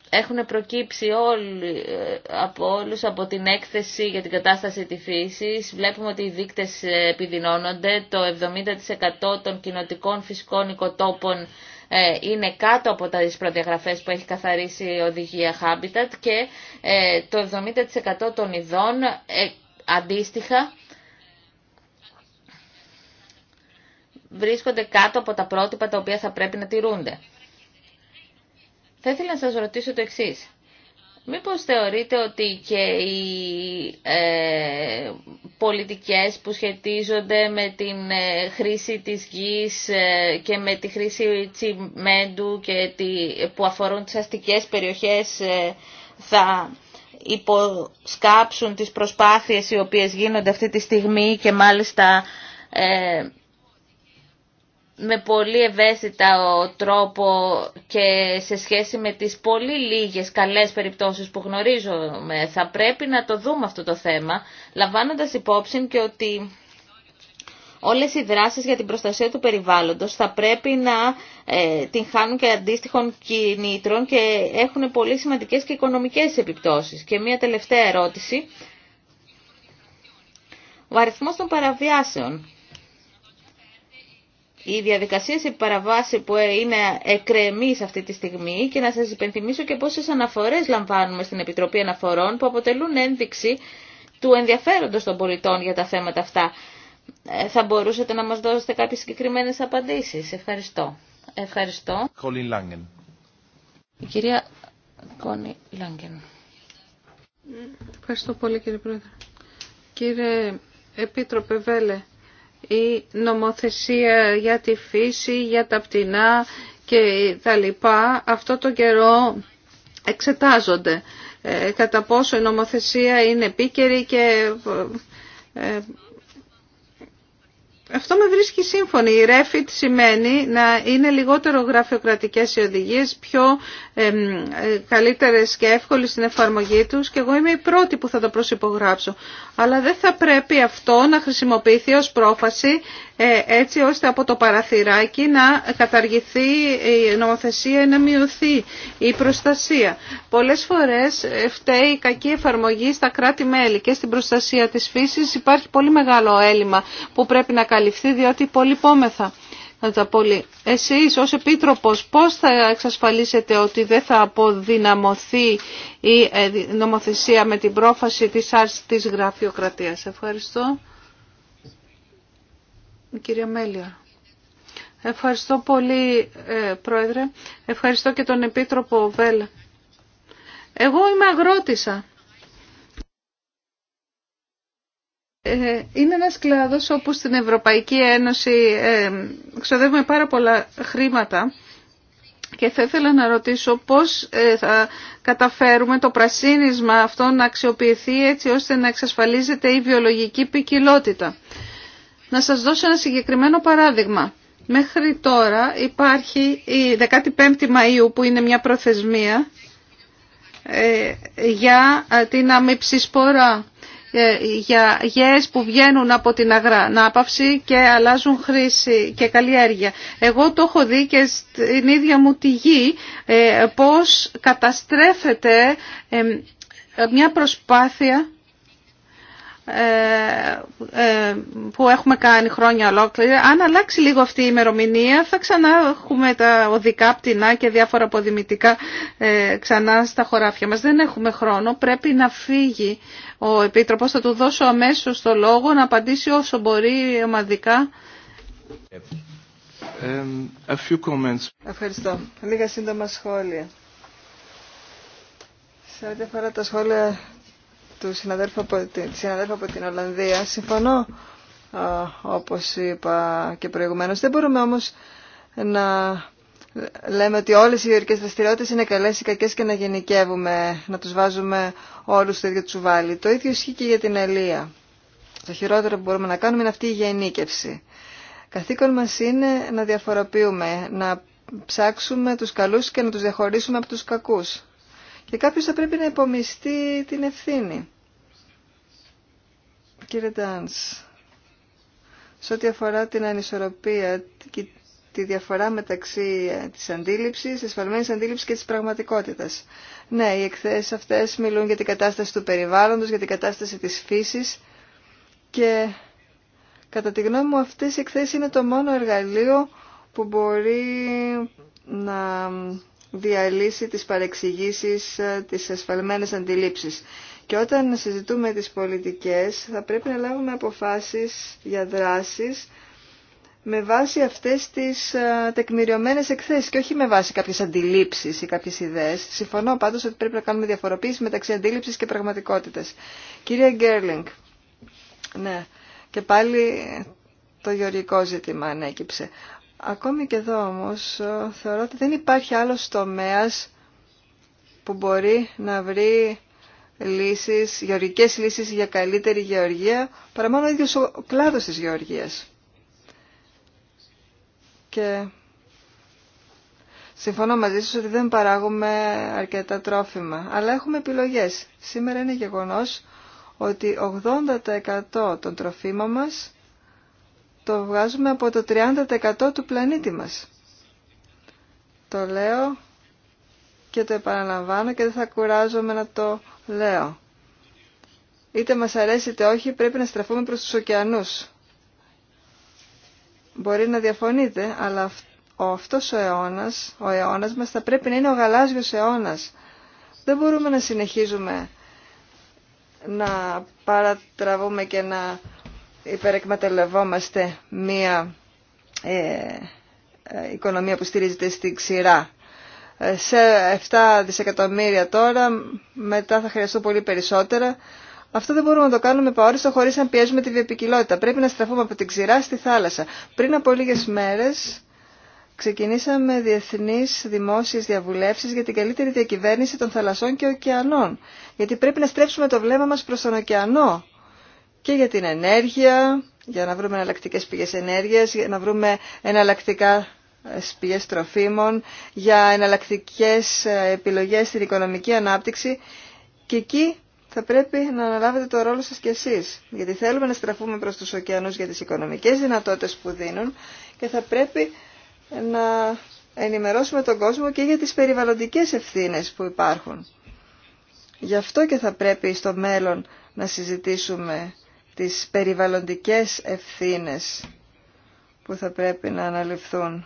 έχουν προκύψει όλοι, ε, από όλους από την έκθεση για την κατάσταση της φύσης. Βλέπουμε ότι οι δείκτες επιδεινώνονται. Το 70% των κοινοτικών φυσικών οικοτόπων ε, είναι κάτω από τις προδιαγραφές που έχει καθαρίσει η οδηγία Habitat και ε, το 70% των ειδών ε, αντίστοιχα βρίσκονται κάτω από τα πρότυπα τα οποία θα πρέπει να τηρούνται. Θα ήθελα να σας ρωτήσω το εξής. Μήπως θεωρείτε ότι και οι ε, πολιτικές που σχετίζονται με την ε, χρήση της γης ε, και με τη χρήση τσιμέντου και τη, που αφορούν τις αστικές περιοχές ε, θα υποσκάψουν τις προσπάθειες οι οποίες γίνονται αυτή τη στιγμή και μάλιστα με πολύ ευαίσθητα τρόπο και σε σχέση με τις πολύ λίγες καλές περιπτώσεις που γνωρίζουμε. Θα πρέπει να το δούμε αυτό το θέμα, λαμβάνοντας υπόψη και ότι όλες οι δράσεις για την προστασία του περιβάλλοντος θα πρέπει να ε, την χάνουν και αντίστοιχων κινήτρων και έχουν πολύ σημαντικές και οικονομικές επιπτώσεις. Και μία τελευταία ερώτηση. Ο αριθμός των παραβιάσεων οι διαδικασίε επί παραβάση που είναι εκρεμείς αυτή τη στιγμή και να σας υπενθυμίσω και πόσε αναφορές λαμβάνουμε στην Επιτροπή Αναφορών που αποτελούν ένδειξη του ενδιαφέροντος των πολιτών για τα θέματα αυτά. Ε, θα μπορούσατε να μας δώσετε κάποιες συγκεκριμένες απαντήσεις. Ευχαριστώ. Ευχαριστώ. Colin Η κυρία Κόνι Λάγκεν. Ευχαριστώ πολύ κύριε Πρόεδρε. Κύριε Επίτροπε Βέλε, η νομοθεσία για τη φύση, για τα πτηνά και τα λοιπά, αυτό το καιρό εξετάζονται. Ε, κατά πόσο η νομοθεσία είναι επίκαιρη και ε, ε, αυτό με βρίσκει σύμφωνη. Η REFIT σημαίνει να είναι λιγότερο γραφειοκρατικές οι οδηγίες, πιο ε, καλύτερες και εύκολες στην εφαρμογή τους και εγώ είμαι η πρώτη που θα το προσυπογράψω. Αλλά δεν θα πρέπει αυτό να χρησιμοποιηθεί ως πρόφαση ε, έτσι ώστε από το παραθυράκι να καταργηθεί η νομοθεσία ή να μειωθεί η προστασία. Πολλές φορές ε, φταίει η κακή εφαρμογή στα κράτη-μέλη και στην προστασία της φύσης υπάρχει πολύ μεγάλο έλλειμμα που πρέπει να καλυφθεί διότι πολύ πόμεθα. πολύ. Εσείς ως Επίτροπος πώς θα εξασφαλίσετε ότι δεν θα αποδυναμωθεί η ε, νομοθεσία με την πρόφαση της άρσης της γραφειοκρατίας. Ευχαριστώ κυρία Μέλια. Ευχαριστώ πολύ, ε, Πρόεδρε. Ευχαριστώ και τον Επίτροπο Βέλα. Εγώ είμαι αγρότησα. Ε, είναι ένας κλάδος όπου στην Ευρωπαϊκή Ένωση ε, ξοδεύουμε πάρα πολλά χρήματα και θα ήθελα να ρωτήσω πώς θα καταφέρουμε το πρασίνισμα αυτό να αξιοποιηθεί έτσι ώστε να εξασφαλίζεται η βιολογική ποικιλότητα. Να σας δώσω ένα συγκεκριμένο παράδειγμα. Μέχρι τώρα υπάρχει η 15η Μαΐου που είναι μια προθεσμία ε, για ε, την αμυψισπορά ε, για γέες που βγαίνουν από την αγρανάπαυση και αλλάζουν χρήση και καλλιέργεια. Εγώ το έχω δει και στην ίδια μου τη γη πώς καταστρέφεται μια προσπάθεια ε, ε, που έχουμε κάνει χρόνια ολόκληρη. Αν αλλάξει λίγο αυτή η ημερομηνία θα ξανά έχουμε τα οδικά πτηνά και διάφορα αποδημητικά ε, ξανά στα χωράφια μας. Δεν έχουμε χρόνο, πρέπει να φύγει ο Επίτροπος. Θα του δώσω αμέσως το λόγο να απαντήσει όσο μπορεί ομαδικά. A Ευχαριστώ. Λίγα σύντομα σχόλια. Σε ό,τι αφορά τα σχόλια του συναδέλφου από την, συναδέλφου από την Ολλανδία. Συμφωνώ, όπως είπα και προηγουμένως. Δεν μπορούμε όμως να λέμε ότι όλες οι ιερικές δραστηριότητες είναι καλές ή κακές και να γενικεύουμε, να τους βάζουμε όλους στο ίδιο τσουβάλι. Το ίδιο ισχύει και για την Ελία. Το χειρότερο που μπορούμε να κάνουμε είναι αυτή η γενίκευση. Καθήκον μας είναι να διαφοροποιούμε, να ψάξουμε τους καλούς και να τους διαχωρίσουμε από τους κακούς και κάποιος θα πρέπει να υπομειστεί την ευθύνη. Κύριε Ντάνς, σε ό,τι αφορά την ανισορροπία και τη διαφορά μεταξύ ε, της αντίληψης, της φαλμένης αντίληψης και της πραγματικότητας. Ναι, οι εκθέσεις αυτές μιλούν για την κατάσταση του περιβάλλοντος, για την κατάσταση της φύσης και κατά τη γνώμη μου αυτές οι εκθέσεις είναι το μόνο εργαλείο που μπορεί να διαλύσει τις παρεξηγήσεις, ε, τις ασφαλμένες αντιλήψεις. Και όταν συζητούμε τις πολιτικές θα πρέπει να λάβουμε αποφάσεις για δράσεις με βάση αυτές τις ε, τεκμηριωμένες εκθέσεις και όχι με βάση κάποιες αντιλήψεις ή κάποιες ιδέες. Συμφωνώ πάντως ότι πρέπει να κάνουμε διαφοροποίηση μεταξύ αντίληψης και πραγματικότητας. Κυρία Γκέρλινγκ, ναι, και πάλι το γεωργικό ζήτημα ανέκυψε. Ακόμη και εδώ όμως ε, θεωρώ ότι δεν υπάρχει άλλος τομέας που μπορεί να βρει λύσεις, γεωργικές λύσεις για καλύτερη γεωργία παρά μόνο ο ίδιος ο κλάδος της γεωργίας. Και συμφωνώ μαζί σας ότι δεν παράγουμε αρκετά τρόφιμα, αλλά έχουμε επιλογές. Σήμερα είναι γεγονός ότι 80% των τροφίμων μας το βγάζουμε από το 30% του πλανήτη μας. Το λέω και το επαναλαμβάνω και δεν θα κουράζομαι να το λέω. Είτε μας αρέσει είτε όχι πρέπει να στραφούμε προς τους ωκεανούς. Μπορεί να διαφωνείτε, αλλά ο αυτός ο αιώνας, ο αιώνας μας θα πρέπει να είναι ο γαλάζιος αιώνας. Δεν μπορούμε να συνεχίζουμε να παρατραβούμε και να υπερεκμεταλλευόμαστε μία ε, ε, οικονομία που στηρίζεται στην ξηρά. Ε, σε 7 δισεκατομμύρια τώρα, μετά θα χρειαστούν πολύ περισσότερα. Αυτό δεν μπορούμε να το κάνουμε παόριστο χωρίς να πιέζουμε τη βιοπικιλότητα. Πρέπει να στραφούμε από την ξηρά στη θάλασσα. Πριν από λίγες μέρες ξεκινήσαμε διεθνείς δημόσιες διαβουλεύσεις για την καλύτερη διακυβέρνηση των θαλασσών και ωκεανών. Γιατί πρέπει να στρέψουμε το βλέμμα μας προς τον ωκεανό και για την ενέργεια, για να βρούμε εναλλακτικέ πηγές ενέργειας, για να βρούμε εναλλακτικά ε, πηγές τροφίμων, για εναλλακτικές ε, επιλογές στην οικονομική ανάπτυξη και εκεί θα πρέπει να αναλάβετε το ρόλο σας κι εσείς, γιατί θέλουμε να στραφούμε προς τους ωκεανούς για τις οικονομικές δυνατότητες που δίνουν και θα πρέπει να ενημερώσουμε τον κόσμο και για τις περιβαλλοντικές ευθύνες που υπάρχουν. Γι' αυτό και θα πρέπει στο μέλλον να συζητήσουμε τις περιβαλλοντικές ευθύνες που θα πρέπει να αναλυφθούν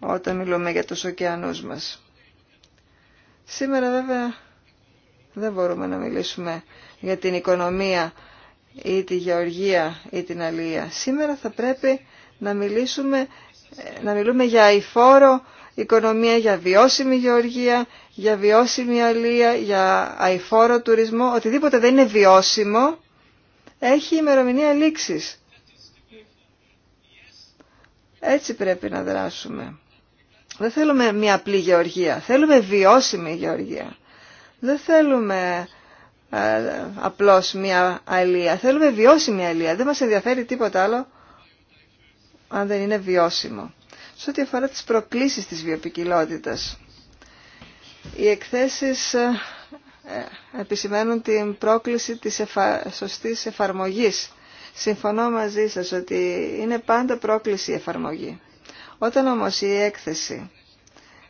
όταν μιλούμε για τους ωκεανούς μας. Σήμερα βέβαια δεν μπορούμε να μιλήσουμε για την οικονομία ή τη γεωργία ή την αλληλεία. Σήμερα θα πρέπει να, μιλήσουμε, να μιλούμε για αηφόρο οικονομία, για βιώσιμη γεωργία, για βιώσιμη αλία, για αηφόρο τουρισμό. Οτιδήποτε δεν είναι βιώσιμο έχει ημερομηνία λήξης. Έτσι πρέπει να δράσουμε. Δεν θέλουμε μια απλή γεωργία. Θέλουμε βιώσιμη γεωργία. Δεν θέλουμε ε, απλώς μια αλία. Θέλουμε βιώσιμη αλία. Δεν μας ενδιαφέρει τίποτα άλλο αν δεν είναι βιώσιμο. Σε ό,τι αφορά τις προκλήσεις της βιοπικιλότητας. Οι εκθέσεις ε, ε, επισημαίνουν την πρόκληση της εφα... σωστής εφαρμογής. Συμφωνώ μαζί σας ότι είναι πάντα πρόκληση η εφαρμογή. Όταν όμως η έκθεση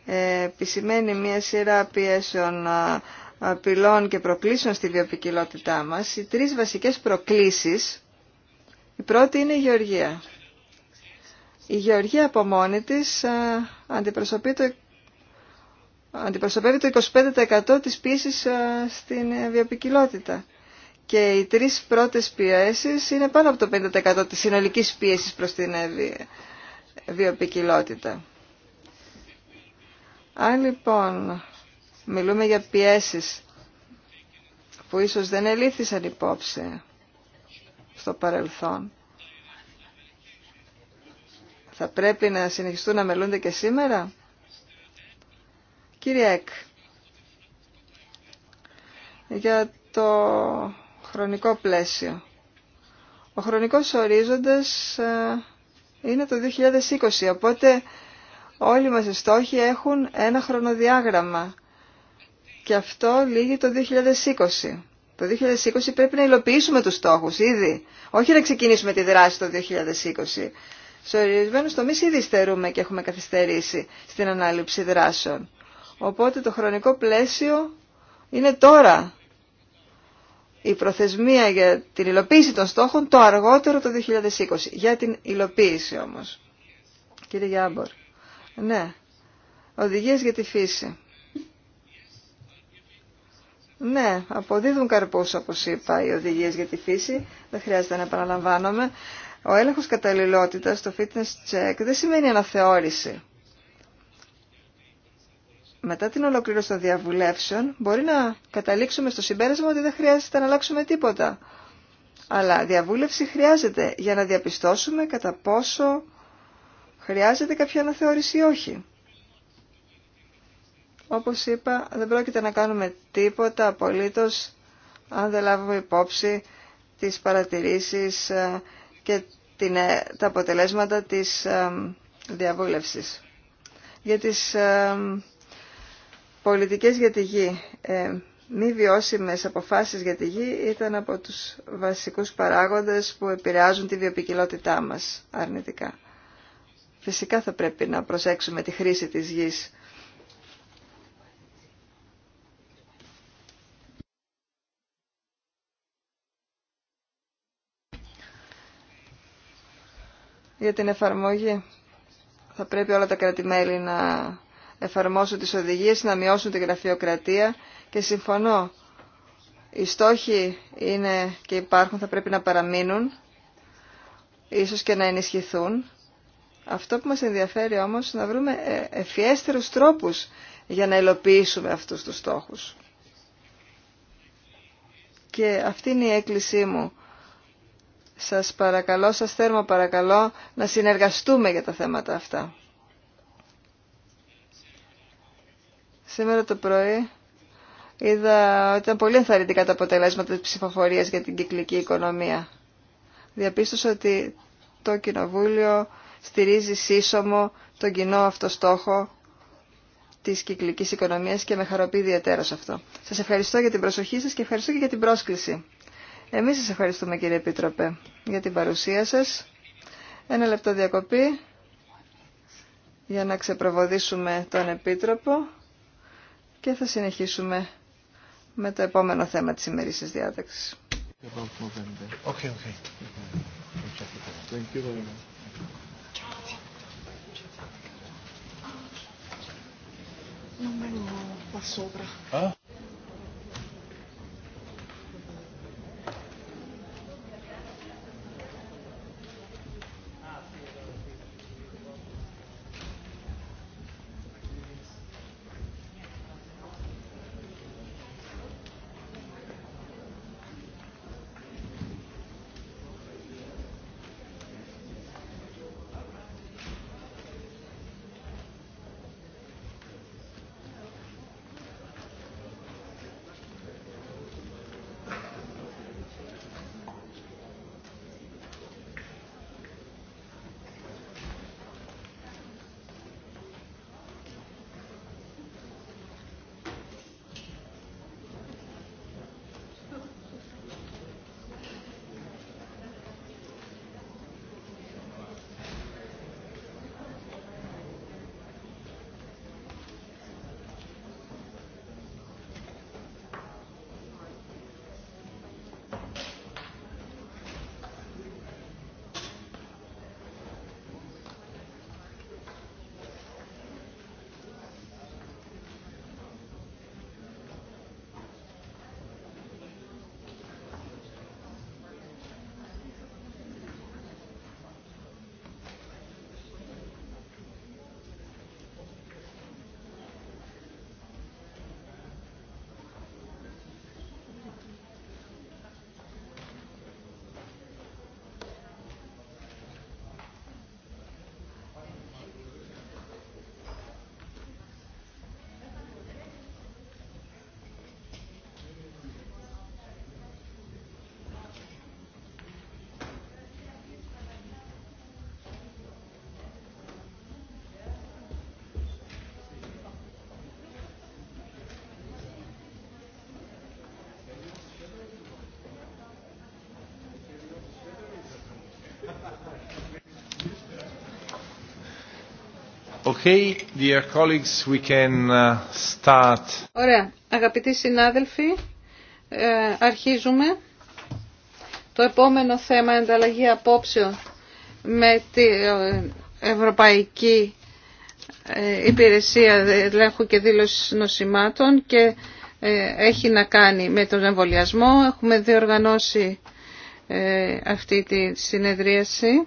ε, επισημαίνει μια σειρά πιέσεων απειλών και προκλήσεων στη βιοπικιλότητά μας, οι τρεις βασικές προκλήσεις, η πρώτη είναι η γεωργία. Η γεωργία από μόνη της αντιπροσωπεί το αντιπροσωπεύει το 25% της πίεσης ε, στην ε, βιοπικιλότητα. Και οι τρεις πρώτες πιέσεις είναι πάνω από το 50% της συνολικής πίεσης προς την ε, βιοπικιλότητα. Αν λοιπόν μιλούμε για πιέσεις που ίσως δεν ελήφθησαν υπόψη στο παρελθόν, θα πρέπει να συνεχιστούν να μελούνται και σήμερα Κύριε Εκ, για το χρονικό πλαίσιο. Ο χρονικός ορίζοντας ε, είναι το 2020, οπότε όλοι μας οι στόχοι έχουν ένα χρονοδιάγραμμα και αυτό λύγει το 2020. Το 2020 πρέπει να υλοποιήσουμε τους στόχους ήδη, όχι να ξεκινήσουμε τη δράση το 2020. Σε ορισμένου τομεί ήδη στερούμε και έχουμε καθυστερήσει στην ανάληψη δράσεων. Οπότε το χρονικό πλαίσιο είναι τώρα. Η προθεσμία για την υλοποίηση των στόχων το αργότερο το 2020. Για την υλοποίηση όμως. Κύριε Γιάμπορ. Ναι. Οδηγίες για τη φύση. Ναι, αποδίδουν καρπούς όπως είπα οι οδηγίες για τη φύση. Δεν χρειάζεται να επαναλαμβάνομαι. Ο έλεγχος καταλληλότητας, το fitness check, δεν σημαίνει αναθεώρηση μετά την ολοκλήρωση των διαβουλεύσεων μπορεί να καταλήξουμε στο συμπέρασμα ότι δεν χρειάζεται να αλλάξουμε τίποτα. Αλλά διαβούλευση χρειάζεται για να διαπιστώσουμε κατά πόσο χρειάζεται κάποια αναθεώρηση ή όχι. Όπως είπα, δεν πρόκειται να κάνουμε τίποτα απολύτως αν δεν λάβουμε υπόψη τις παρατηρήσεις ε, και ε, τα αποτελέσματα της ε, διαβούλευσης. Για τις πολιτικές για τη γη, ε, μη βιώσιμες αποφάσεις για τη γη ήταν από τους βασικούς παράγοντες που επηρεάζουν τη βιοπικιλότητά μας αρνητικά. Φυσικά θα πρέπει να προσέξουμε τη χρήση της γης. Για την εφαρμογή θα πρέπει όλα τα κρατημέλη να εφαρμόσουν τις οδηγίες, να μειώσουν τη γραφειοκρατία και συμφωνώ. Οι στόχοι είναι και υπάρχουν, θα πρέπει να παραμείνουν, ίσως και να ενισχυθούν. Αυτό που μας ενδιαφέρει όμως να βρούμε ε, ευφιέστερους τρόπους για να υλοποιήσουμε αυτούς τους στόχους. Και αυτή είναι η έκκλησή μου. Σας παρακαλώ, σας θέρμα παρακαλώ να συνεργαστούμε για τα θέματα αυτά. Σήμερα το πρωί είδα ότι ήταν πολύ ενθαρρυντικά τα αποτελέσματα της ψηφοφορίας για την κυκλική οικονομία. Διαπίστωσα ότι το Κοινοβούλιο στηρίζει σύσσωμο τον κοινό αυτό στόχο της κυκλικής οικονομίας και με χαροποιεί ιδιαίτερα σε αυτό. Σας ευχαριστώ για την προσοχή σας και ευχαριστώ και για την πρόσκληση. Εμείς σας ευχαριστούμε κύριε Επίτροπε για την παρουσία σας. Ένα λεπτό διακοπή για να ξεπροβοδίσουμε τον Επίτροπο και θα συνεχίσουμε με το επόμενο θέμα της ημερήσης διάταξης. Okay, okay. Thank you very much. Non me lo sopra. Ah? Okay, dear we uh, start. Ωραία. Αγαπητοί συνάδελφοι, ε, αρχίζουμε. Το επόμενο θέμα ανταλλαγή απόψεων με την ε, Ευρωπαϊκή ε, Υπηρεσία Ελέγχου και Δήλωση Νοσημάτων και έχει να κάνει με τον εμβολιασμό. Έχουμε διοργανώσει αυτή τη συνεδρίαση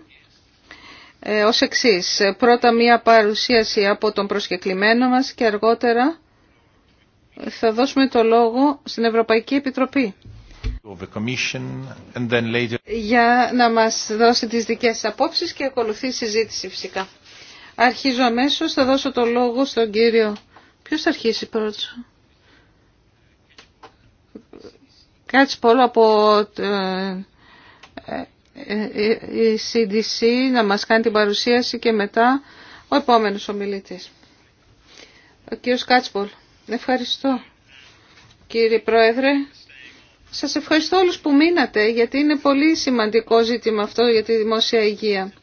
ε, ως εξής. Πρώτα μία παρουσίαση από τον προσκεκλημένο μας και αργότερα θα δώσουμε το λόγο στην Ευρωπαϊκή Επιτροπή για να μας δώσει τις δικές απόψεις και ακολουθεί η συζήτηση φυσικά. Αρχίζω αμέσως, θα δώσω το λόγο στον κύριο. Ποιος θα αρχίσει πρώτος. Κάτσε πολλό από ε, ε, ε, ε, η CDC να μας κάνει την παρουσίαση και μετά ο επόμενος ομιλητής. Ο κύριος Κάτσπολ. Ευχαριστώ. Κύριε Πρόεδρε, σας ευχαριστώ όλους που μείνατε γιατί είναι πολύ σημαντικό ζήτημα αυτό για τη δημόσια υγεία.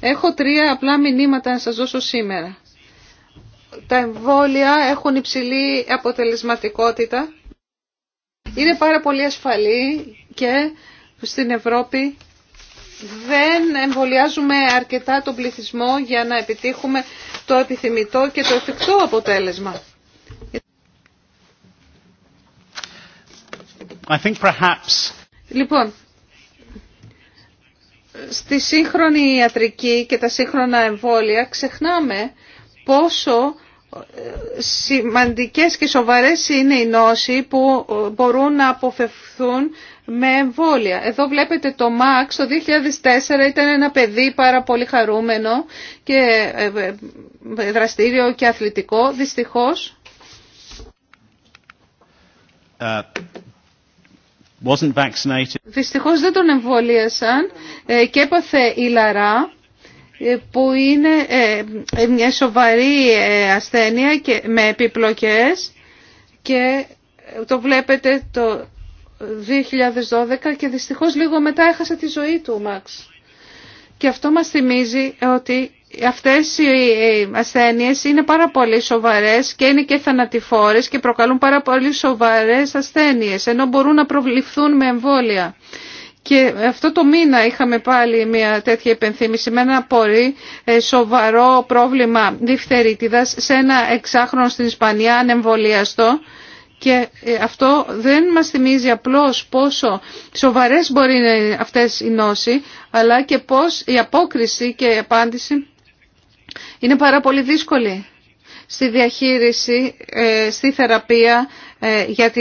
Έχω τρία απλά μηνύματα να σας δώσω σήμερα. Τα εμβόλια έχουν υψηλή αποτελεσματικότητα. Είναι πάρα πολύ ασφαλή και στην Ευρώπη δεν εμβολιάζουμε αρκετά τον πληθυσμό για να επιτύχουμε το επιθυμητό και το εφικτό αποτέλεσμα. Λοιπόν, στη σύγχρονη ιατρική και τα σύγχρονα εμβόλια ξεχνάμε πόσο ε, σημαντικές και σοβαρές είναι οι νόσοι που μπορούν να αποφευθούν με εμβόλια. Εδώ βλέπετε το Μαξ το 2004 ήταν ένα παιδί πάρα πολύ χαρούμενο και ε, ε, ε, δραστήριο και αθλητικό. Δυστυχώς uh, Δυστυχώς δεν τον εμβολίασαν και έπαθε η Λαρά που είναι μια σοβαρή ασθένεια και με επιπλοκές και το βλέπετε το 2012 και δυστυχώς λίγο μετά έχασε τη ζωή του ο Μαξ. Και αυτό μας θυμίζει ότι αυτές οι ασθένειες είναι πάρα πολύ σοβαρές και είναι και θανατηφόρες και προκαλούν πάρα πολύ σοβαρές ασθένειες ενώ μπορούν να προβληφθούν με εμβόλια. Και αυτό το μήνα είχαμε πάλι μια τέτοια υπενθύμηση με ένα πολύ ε, σοβαρό πρόβλημα διφθερίτιδας σε ένα εξάχρονο στην Ισπανία ανεμβολιαστό και ε, αυτό δεν μας θυμίζει απλώς πόσο σοβαρές μπορεί να είναι αυτές οι νόσοι, αλλά και πώς η απόκριση και η απάντηση είναι πάρα πολύ δύσκολη στη διαχείριση, ε, στη θεραπεία ε, για τη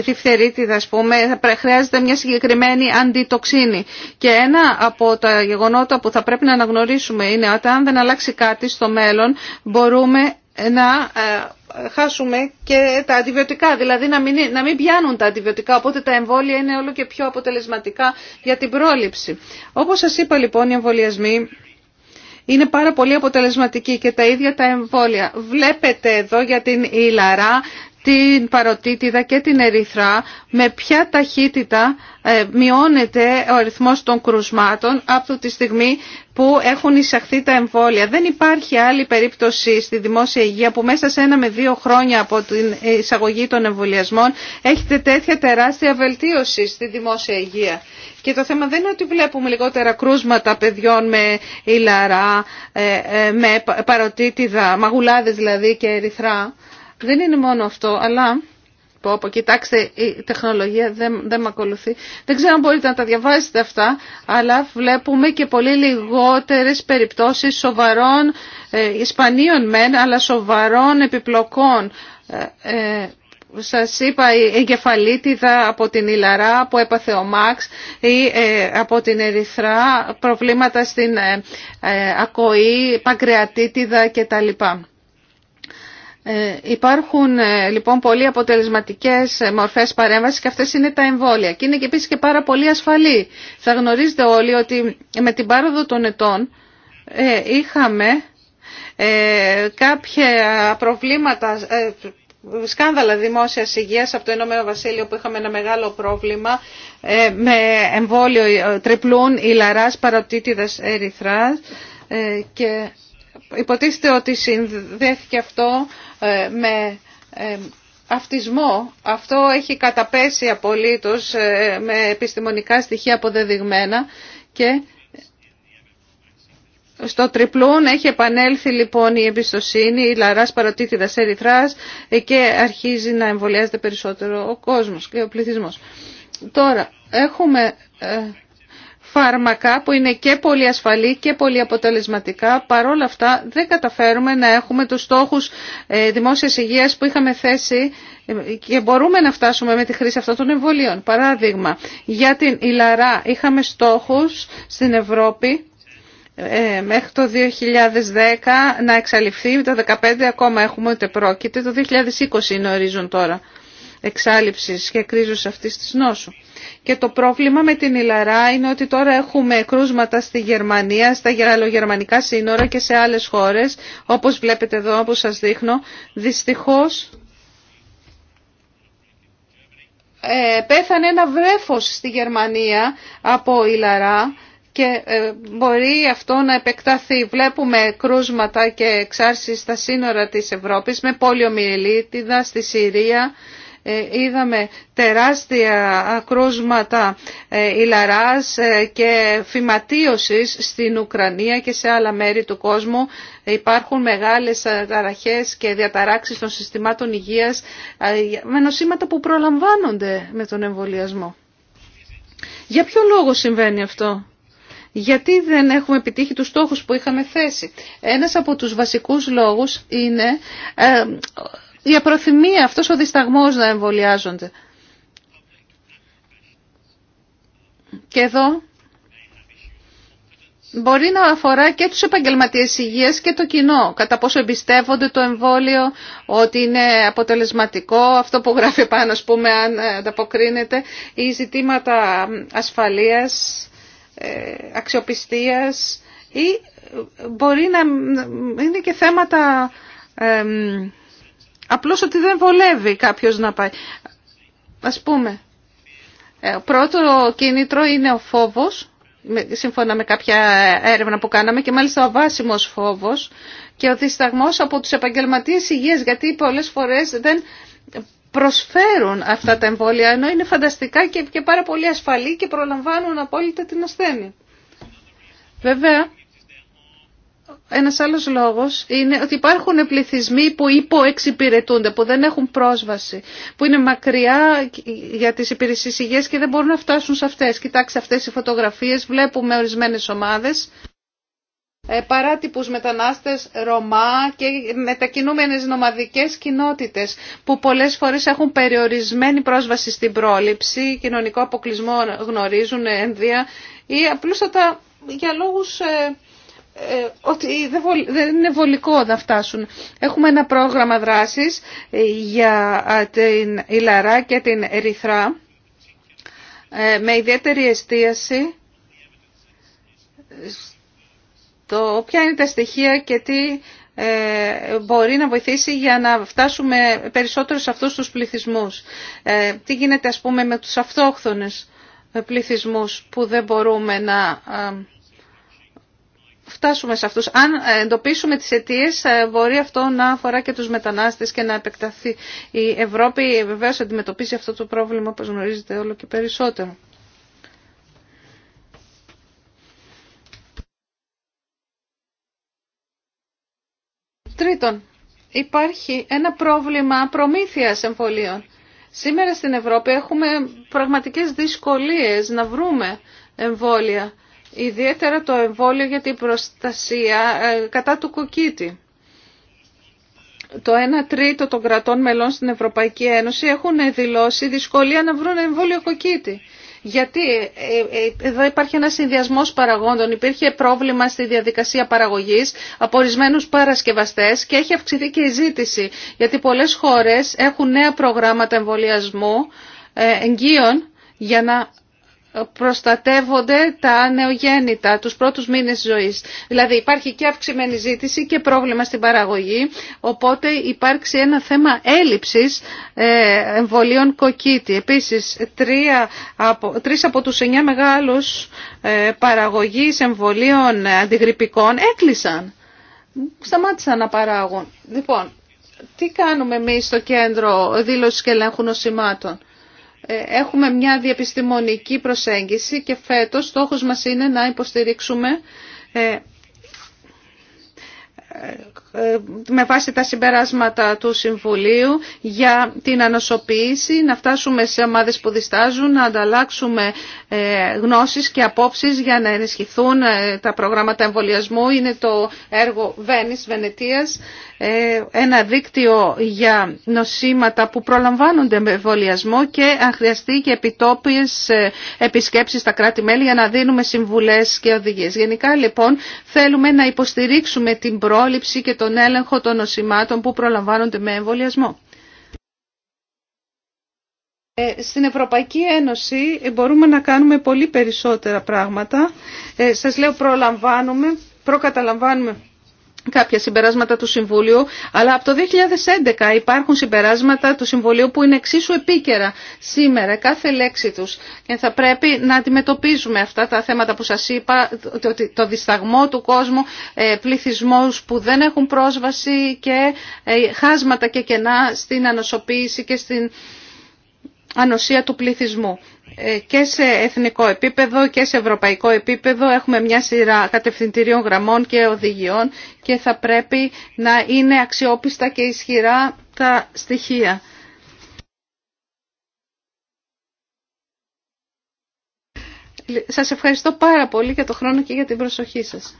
διφθερίτιδα, ας πούμε, χρειάζεται μια συγκεκριμένη αντιτοξίνη. Και ένα από τα γεγονότα που θα πρέπει να αναγνωρίσουμε είναι ότι αν δεν αλλάξει κάτι στο μέλλον, μπορούμε να ε, χάσουμε και τα αντιβιωτικά, δηλαδή να μην, να μην πιάνουν τα αντιβιωτικά, οπότε τα εμβόλια είναι όλο και πιο αποτελεσματικά για την πρόληψη. Όπως σας είπα λοιπόν οι εμβολιασμοί είναι πάρα πολύ αποτελεσματικοί και τα ίδια τα εμβόλια. Βλέπετε εδώ για την Ιλαρά την παροτίτιδα και την ερυθρά, με ποια ταχύτητα ε, μειώνεται ο αριθμός των κρουσμάτων από τη στιγμή που έχουν εισαχθεί τα εμβόλια. Δεν υπάρχει άλλη περίπτωση στη δημόσια υγεία που μέσα σε ένα με δύο χρόνια από την εισαγωγή των εμβολιασμών έχετε τέτοια τεράστια βελτίωση στη δημόσια υγεία. Και το θέμα δεν είναι ότι βλέπουμε λιγότερα κρούσματα παιδιών με ηλαρά, ε, ε, με παροτίτιδα, μαγουλάδες δηλαδή και ερυθρά δεν είναι μόνο αυτό, αλλά... Πω, πω, κοιτάξτε, η τεχνολογία δεν, δεν με Δεν ξέρω αν μπορείτε να τα διαβάσετε αυτά, αλλά βλέπουμε και πολύ λιγότερες περιπτώσεις σοβαρών, ε, Ισπανίων μεν, αλλά σοβαρών επιπλοκών. Ε, ε, σας είπα η εγκεφαλίτιδα από την Ιλαρά που έπαθε ο Μάξ ή ε, από την Ερυθρά, προβλήματα στην ακοή, παγκρεατίτιδα κτλ. Ε, υπάρχουν ε, λοιπόν πολύ αποτελεσματικές ε, μορφές παρέμβασης και αυτές είναι τα εμβόλια και είναι και επίσης και πάρα πολύ ασφαλή. Θα γνωρίζετε όλοι ότι με την πάροδο των ετών είχαμε κάποια προβλήματα, σκάνδαλα δημόσιας υγείας από το Ηνωμένο Βασίλειο που είχαμε ένα μεγάλο πρόβλημα με εμβόλιο τριπλούν ηλαράς παρατήτηδας ερυθράς και υποτίθεται ότι συνδέθηκε αυτό ε, με ε, αυτισμό. Αυτό έχει καταπέσει απολύτως ε, με επιστημονικά στοιχεία αποδεδειγμένα και στο τριπλούν έχει επανέλθει λοιπόν η εμπιστοσύνη, η λαράς παροτίτιδας ερυθράς και αρχίζει να εμβολιάζεται περισσότερο ο κόσμος και ο πληθυσμός. Τώρα έχουμε φάρμακα που είναι και πολύ ασφαλή και πολύ αποτελεσματικά. Παρόλα αυτά δεν καταφέρουμε να έχουμε τους στόχους ε, δημόσιας υγείας που είχαμε θέσει ε, και μπορούμε να φτάσουμε με τη χρήση αυτών των εμβολίων. Παράδειγμα, για την Ιλαρά είχαμε στόχους στην Ευρώπη ε, μέχρι το 2010 να εξαλειφθεί, το 2015 ακόμα έχουμε ούτε πρόκειται, το 2020 είναι ο ορίζον τώρα εξάλληψης και κρίση αυτής της νόσου. Και το πρόβλημα με την Ιλαρά είναι ότι τώρα έχουμε κρούσματα στη Γερμανία, στα γαλλογερμανικά σύνορα και σε άλλες χώρες, όπως βλέπετε εδώ, όπως σας δείχνω. Δυστυχώς ε, πέθανε ένα βρέφος στη Γερμανία από Ιλαρά και ε, μπορεί αυτό να επεκταθεί. Βλέπουμε κρούσματα και εξάρσεις στα σύνορα της Ευρώπης με πόλιο στη Συρία ε, είδαμε τεράστια κρούσματα ε, ηλαράς ε, και φυματίωσης στην Ουκρανία και σε άλλα μέρη του κόσμου. Υπάρχουν μεγάλες ταραχές και διαταράξεις των συστημάτων υγείας με νοσήματα που προλαμβάνονται με τον εμβολιασμό. Για ποιο λόγο συμβαίνει αυτό. Γιατί δεν έχουμε επιτύχει τους στόχους που είχαμε θέσει. Ένας από τους βασικούς λόγους είναι η απροθυμία, αυτός ο δισταγμός να εμβολιάζονται. Και εδώ μπορεί να αφορά και τους επαγγελματίες υγείας και το κοινό. Κατά πόσο εμπιστεύονται το εμβόλιο, ότι είναι αποτελεσματικό, αυτό που γράφει πάνω, ας πούμε, αν ανταποκρίνεται, ή ζητήματα ασφαλείας, ε, αξιοπιστίας, ή μπορεί να είναι και θέματα Απλώς ότι δεν βολεύει κάποιος να πάει. Ας πούμε, ε, πρώτο κίνητρο είναι ο φόβος, σύμφωνα με κάποια έρευνα που κάναμε και μάλιστα ο βάσιμος φόβος και ο δισταγμός από τους επαγγελματίες υγείας, γιατί πολλές φορές δεν προσφέρουν αυτά τα εμβόλια, ενώ είναι φανταστικά και, και πάρα πολύ ασφαλή και προλαμβάνουν απόλυτα την ασθένεια. Βέβαια, ένα άλλος λόγος είναι ότι υπάρχουν πληθυσμοί που υποεξυπηρετούνται, που δεν έχουν πρόσβαση, που είναι μακριά για τις υπηρεσίες υγείας και δεν μπορούν να φτάσουν σε αυτές. Κοιτάξτε αυτές οι φωτογραφίες, βλέπουμε ορισμένες ομάδες, ε, παράτυπους μετανάστες Ρωμά και μετακινούμενες νομαδικές κοινότητες που πολλές φορές έχουν περιορισμένη πρόσβαση στην πρόληψη, κοινωνικό αποκλεισμό γνωρίζουν, ένδια ή απλούστατα για λόγους ε, ε, ότι δεν είναι βολικό να φτάσουν. Έχουμε ένα πρόγραμμα δράσης ε, για την Ιλαρά και την Ερυθρά ε, με ιδιαίτερη εστίαση το ποια είναι τα στοιχεία και τι μπορεί να βοηθήσει για να φτάσουμε περισσότερο σε αυτούς τους πληθυσμούς. Τι γίνεται ας πούμε με τους αυτόχθονες πληθυσμούς που δεν μπορούμε να φτάσουμε σε αυτούς. Αν ε, εντοπίσουμε τις αιτίε, ε, μπορεί αυτό να αφορά και τους μετανάστες και να επεκταθεί. Η Ευρώπη βεβαίω αντιμετωπίζει αυτό το πρόβλημα, όπως γνωρίζετε, όλο και περισσότερο. Τρίτον, υπάρχει ένα πρόβλημα προμήθειας εμβολίων. Σήμερα στην Ευρώπη έχουμε πραγματικές δυσκολίες να βρούμε εμβόλια ιδιαίτερα το εμβόλιο για την προστασία ε, κατά του κοκκίτη. Το 1 τρίτο των κρατών μελών στην Ευρωπαϊκή Ένωση έχουν δηλώσει δυσκολία να βρουν εμβόλιο κοκκίτη. Γιατί ε, ε, εδώ υπάρχει ένα συνδυασμό παραγόντων. Υπήρχε πρόβλημα στη διαδικασία παραγωγή από ορισμένου παρασκευαστέ και έχει αυξηθεί και η ζήτηση. Γιατί πολλέ χώρε έχουν νέα προγράμματα εμβολιασμού εγγύων για να προστατεύονται τα νεογέννητα τους πρώτους μήνες ζωής. Δηλαδή υπάρχει και αυξημένη ζήτηση και πρόβλημα στην παραγωγή, οπότε υπάρξει ένα θέμα έλλειψης ε, εμβολίων κοκκίτη. Επίσης, τρία από, τρεις από τους εννιά μεγάλους ε, παραγωγείς εμβολίων αντιγρυπικών έκλεισαν. Σταμάτησαν να παράγουν. Λοιπόν, τι κάνουμε εμείς στο κέντρο δήλωσης και ελέγχου νοσημάτων. Ε, έχουμε μια διαπιστημονική προσέγγιση και φέτος στόχος μας είναι να υποστηρίξουμε ε, ε, ε, με βάση τα συμπεράσματα του Συμβουλίου για την ανοσοποίηση, να φτάσουμε σε ομάδες που διστάζουν, να ανταλλάξουμε ε, γνώσεις και απόψεις για να ενισχυθούν ε, τα προγράμματα εμβολιασμού. Είναι το έργο Βένης, Βενετίας, ένα δίκτυο για νοσήματα που προλαμβάνονται με εμβολιασμό και αν χρειαστεί και επιτόπιες επισκέψεις στα κράτη-μέλη για να δίνουμε συμβουλές και οδηγίες. Γενικά λοιπόν θέλουμε να υποστηρίξουμε την πρόληψη τον έλεγχο των νοσημάτων που προλαμβάνονται με εμβολιασμό. Ε, στην Ευρωπαϊκή Ένωση μπορούμε να κάνουμε πολύ περισσότερα πράγματα. Ε, σας λέω προλαμβάνουμε, προκαταλαμβάνουμε κάποια συμπεράσματα του Συμβουλίου, αλλά από το 2011 υπάρχουν συμπεράσματα του Συμβουλίου που είναι εξίσου επίκαιρα σήμερα, κάθε λέξη τους. Και θα πρέπει να αντιμετωπίζουμε αυτά τα θέματα που σας είπα, το, δισταγμό του κόσμου, ε, πληθυσμούς που δεν έχουν πρόσβαση και ε, χάσματα και κενά στην ανοσοποίηση και στην ανοσία του πληθυσμού. Ε, και σε εθνικό επίπεδο και σε ευρωπαϊκό επίπεδο έχουμε μια σειρά κατευθυντηρίων γραμμών και οδηγιών και θα πρέπει να είναι αξιόπιστα και ισχυρά τα στοιχεία. Σας ευχαριστώ πάρα πολύ για το χρόνο και για την προσοχή σας.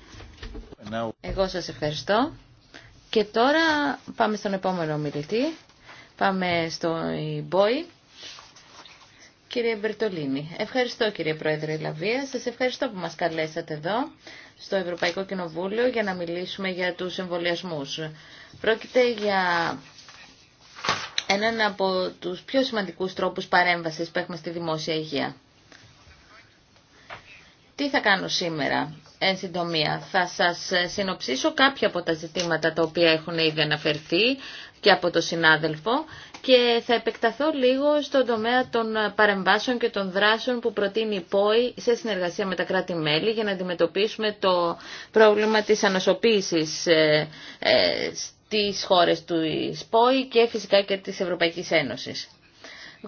Εγώ σας ευχαριστώ. Και τώρα πάμε στον επόμενο μιλητή. Πάμε στο Μπόι Κύριε Μπερτολίνη, ευχαριστώ κύριε Πρόεδρε Λαβία. Σας ευχαριστώ που μας καλέσατε εδώ στο Ευρωπαϊκό Κοινοβούλιο για να μιλήσουμε για τους εμβολιασμού. Πρόκειται για έναν από τους πιο σημαντικούς τρόπους παρέμβασης που έχουμε στη δημόσια υγεία. Τι θα κάνω σήμερα, εν συντομία. Θα σας συνοψίσω κάποια από τα ζητήματα τα οποία έχουν ήδη αναφερθεί και από το συνάδελφο και θα επεκταθώ λίγο στον τομέα των παρεμβάσεων και των δράσεων που προτείνει η ΠΟΗ σε συνεργασία με τα κράτη-μέλη για να αντιμετωπίσουμε το πρόβλημα της ανοσοποίησης ε, ε, στις χώρες του ΠΟΗ και φυσικά και της Ευρωπαϊκής Ένωσης.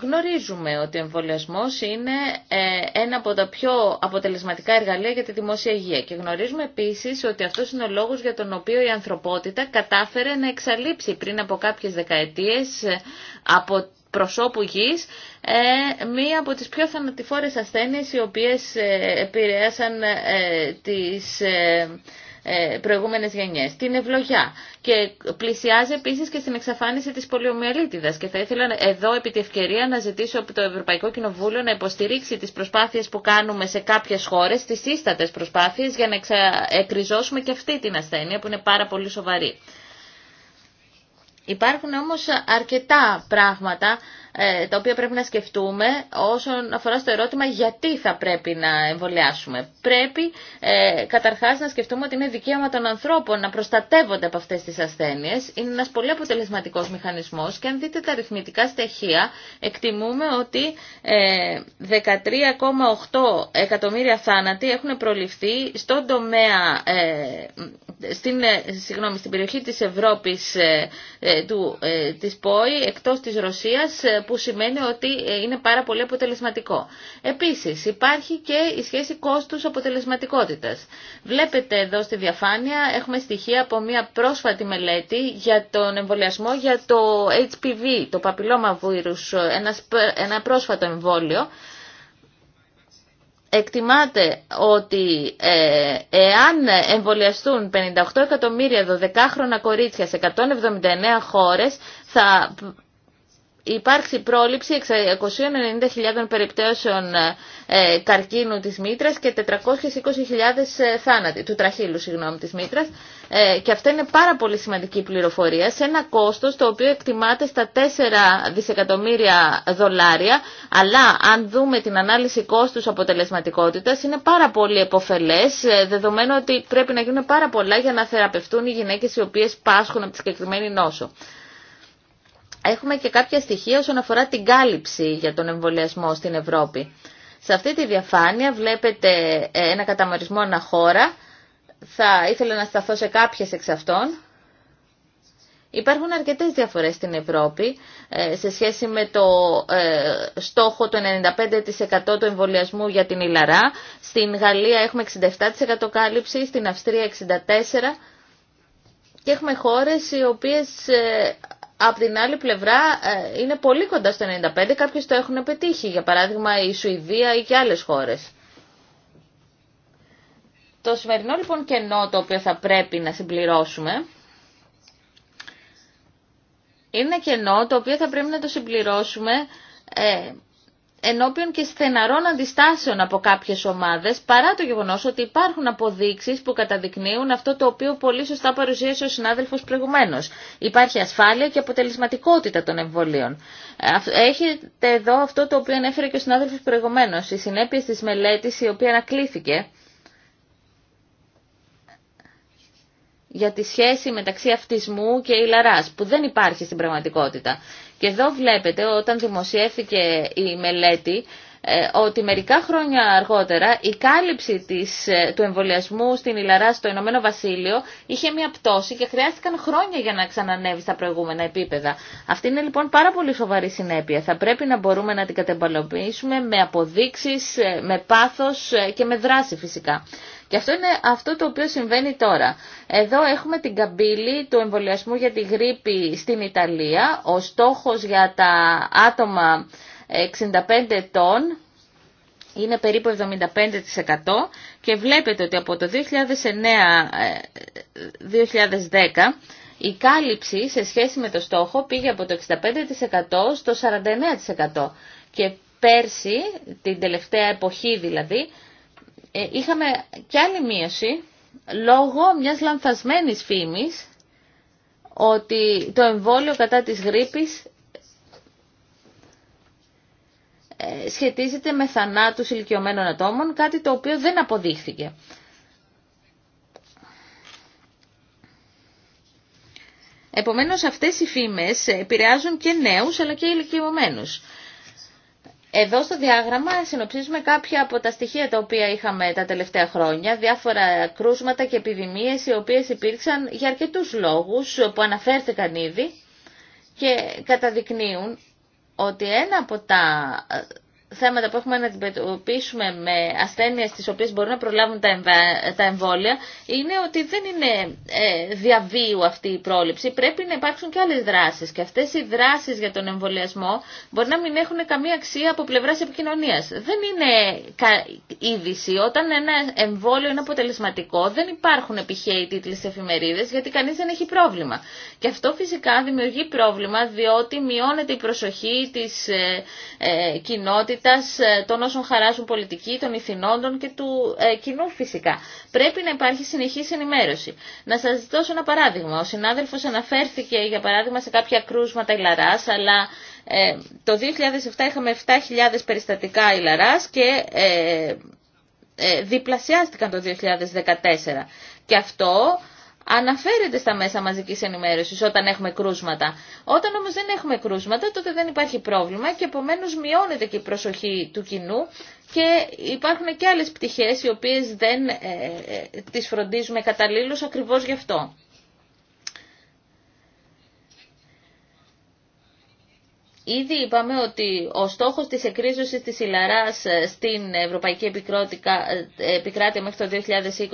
Γνωρίζουμε ότι ο εμβολιασμό είναι ε, ένα από τα πιο αποτελεσματικά εργαλεία για τη δημόσια υγεία και γνωρίζουμε επίση ότι αυτό είναι ο λόγο για τον οποίο η ανθρωπότητα κατάφερε να εξαλείψει πριν από κάποιε δεκαετίε ε, από προσώπου γης ε, μία από τις πιο θανατηφόρες ασθένειες οι οποίες επηρέασαν ε, τις ε, προηγούμενες γενιές, την ευλογιά. Και πλησιάζει επίσης και στην εξαφάνιση της πολιομιαλίτιδας. Και θα ήθελα εδώ επί τη ευκαιρία να ζητήσω από το Ευρωπαϊκό Κοινοβούλιο να υποστηρίξει τις προσπάθειες που κάνουμε σε κάποιες χώρες, τις σύστατες προσπάθειες για να εξα... εκριζώσουμε και αυτή την ασθένεια που είναι πάρα πολύ σοβαρή. Υπάρχουν όμως αρκετά πράγματα ε, τα οποία πρέπει να σκεφτούμε όσον αφορά στο ερώτημα γιατί θα πρέπει να εμβολιάσουμε. Πρέπει ε, καταρχάς να σκεφτούμε ότι είναι δικαίωμα των ανθρώπων να προστατεύονται από αυτές τις ασθένειες. Είναι ένας πολύ αποτελεσματικός μηχανισμός και αν δείτε τα αριθμητικά στοιχεία εκτιμούμε ότι 13,8 ε, εκατομμύρια θάνατοι έχουν προληφθεί στον τομέα, ε, στην, συγγνώμη, στην περιοχή της Ευρώπης του, της ΠΟΗ της Ρωσίας που σημαίνει ότι ε, είναι πάρα πολύ αποτελεσματικό. Επίσης υπάρχει και η σχέση κόστους αποτελεσματικότητας. Βλέπετε εδώ στη διαφάνεια έχουμε στοιχεία από μια πρόσφατη μελέτη για τον εμβολιασμό για το HPV, το παπιλώμα βούρους, ένα πρόσφατο εμβόλιο εκτιμάται ότι ε, εάν εμβολιαστούν 58 εκατομμύρια 12χρονα κορίτσια σε 179 χώρες θα υπάρξει πρόληψη 690.000 περιπτώσεων ε, ε, καρκίνου της μήτρας και 420.000 ε, θάνατοι, του τραχύλου συγγνώμη, της μήτρας και αυτό είναι πάρα πολύ σημαντική πληροφορία σε ένα κόστος το οποίο εκτιμάται στα 4 δισεκατομμύρια δολάρια αλλά αν δούμε την ανάλυση κόστους αποτελεσματικότητας είναι πάρα πολύ επωφελές δεδομένου ότι πρέπει να γίνουν πάρα πολλά για να θεραπευτούν οι γυναίκες οι οποίες πάσχουν από τη συγκεκριμένη νόσο έχουμε και κάποια στοιχεία όσον αφορά την κάλυψη για τον εμβολιασμό στην Ευρώπη. Σε αυτή τη διαφάνεια βλέπετε ε, ένα καταμερισμό αναχώρα. Θα ήθελα να σταθώ σε κάποιες εξ αυτών. Υπάρχουν αρκετές διαφορές στην Ευρώπη ε, σε σχέση με το ε, στόχο του 95% του εμβολιασμού για την Ιλαρά. Στην Γαλλία έχουμε 67% κάλυψη, στην Αυστρία 64% και έχουμε χώρες οι οποίες Απ' την άλλη πλευρά ε, είναι πολύ κοντά στο 95, κάποιες το έχουν πετύχει, για παράδειγμα η Σουηδία ή και άλλες χώρες. Το σημερινό λοιπόν κενό το οποίο θα πρέπει να συμπληρώσουμε είναι κενό το οποίο θα πρέπει να το συμπληρώσουμε ε, ενώπιον και στεναρών αντιστάσεων από κάποιες ομάδες, παρά το γεγονός ότι υπάρχουν αποδείξεις που καταδεικνύουν αυτό το οποίο πολύ σωστά παρουσίασε ο συνάδελφος προηγουμένως. Υπάρχει ασφάλεια και αποτελεσματικότητα των εμβολίων. Ε, έχετε εδώ αυτό το οποίο ανέφερε και ο συνάδελφος προηγουμένως, οι συνέπειε της μελέτης η οποία ανακλήθηκε. για τη σχέση μεταξύ αυτισμού και ηλαράς, που δεν υπάρχει στην πραγματικότητα. Και εδώ βλέπετε όταν δημοσιεύθηκε η μελέτη ε, ότι μερικά χρόνια αργότερα η κάλυψη της, ε, του εμβολιασμού στην Ιλαρά στο Ηνωμένο Βασίλειο είχε μια πτώση και χρειάστηκαν χρόνια για να ξανανεύει στα προηγούμενα επίπεδα. Αυτή είναι λοιπόν πάρα πολύ σοβαρή συνέπεια. Θα πρέπει να μπορούμε να την κατεμπαλοποιήσουμε με αποδείξεις, ε, με πάθος και με δράση φυσικά. Και αυτό είναι αυτό το οποίο συμβαίνει τώρα. Εδώ έχουμε την καμπύλη του εμβολιασμού για τη γρήπη στην Ιταλία. Ο στόχος για τα άτομα 65 ετών είναι περίπου 75% και βλέπετε ότι από το 2009-2010 ε, ε, η κάλυψη σε σχέση με το στόχο πήγε από το 65% στο 49%. Και πέρσι, την τελευταία εποχή δηλαδή, ε, είχαμε και άλλη μείωση λόγω μιας λανθασμένης φήμης ότι το εμβόλιο κατά της γρήπης ε, σχετίζεται με θανάτους ηλικιωμένων ατόμων, κάτι το οποίο δεν αποδείχθηκε. Επομένως αυτές οι φήμες επηρεάζουν και νέους αλλά και ηλικιωμένους. Εδώ στο διάγραμμα συνοψίζουμε κάποια από τα στοιχεία τα οποία είχαμε τα τελευταία χρόνια, διάφορα κρούσματα και επιδημίες οι οποίες υπήρξαν για αρκετούς λόγους που αναφέρθηκαν ήδη και καταδεικνύουν ότι ένα από τα θέματα που έχουμε να αντιμετωπίσουμε με ασθένειες τις οποίες μπορούν να προλάβουν τα εμβόλια είναι ότι δεν είναι ε, διαβίου αυτή η πρόληψη. Πρέπει να υπάρξουν και άλλες δράσεις και αυτές οι δράσεις για τον εμβολιασμό μπορεί να μην έχουν καμία αξία από πλευράς επικοινωνίας. Δεν είναι είδηση. Όταν ένα εμβόλιο είναι αποτελεσματικό δεν υπάρχουν επιχαίοι τίτλοι σε εφημερίδες γιατί κανείς δεν έχει πρόβλημα. Και αυτό φυσικά δημιουργεί πρόβλημα διότι μειώνεται η προσοχή της ε, ε ποιότητας ε, των όσων χαράζουν πολιτική, των ηθινόντων και του ε, κοινού φυσικά. Πρέπει να υπάρχει συνεχής ενημέρωση. Να σας δώσω ένα παράδειγμα. Ο συνάδελφος αναφέρθηκε για παράδειγμα σε κάποια κρούσματα ηλαράς, αλλά ε, το 2007 είχαμε 7.000 περιστατικά ηλαράς και ε, διπλασιάστηκαν το 2014. Και αυτό αναφέρεται στα μέσα μαζικής ενημέρωσης όταν έχουμε κρούσματα. Όταν όμως δεν έχουμε κρούσματα τότε δεν υπάρχει πρόβλημα και επομένως μειώνεται και η προσοχή του κοινού και υπάρχουν και άλλες πτυχές οι οποίες δεν ε, ε, ε τις φροντίζουμε καταλήλως ακριβώς γι' αυτό. Ήδη είπαμε ότι ο στόχος της εκρίζωσης της ηλαράς ε, στην Ευρωπαϊκή Επικράτεια μέχρι το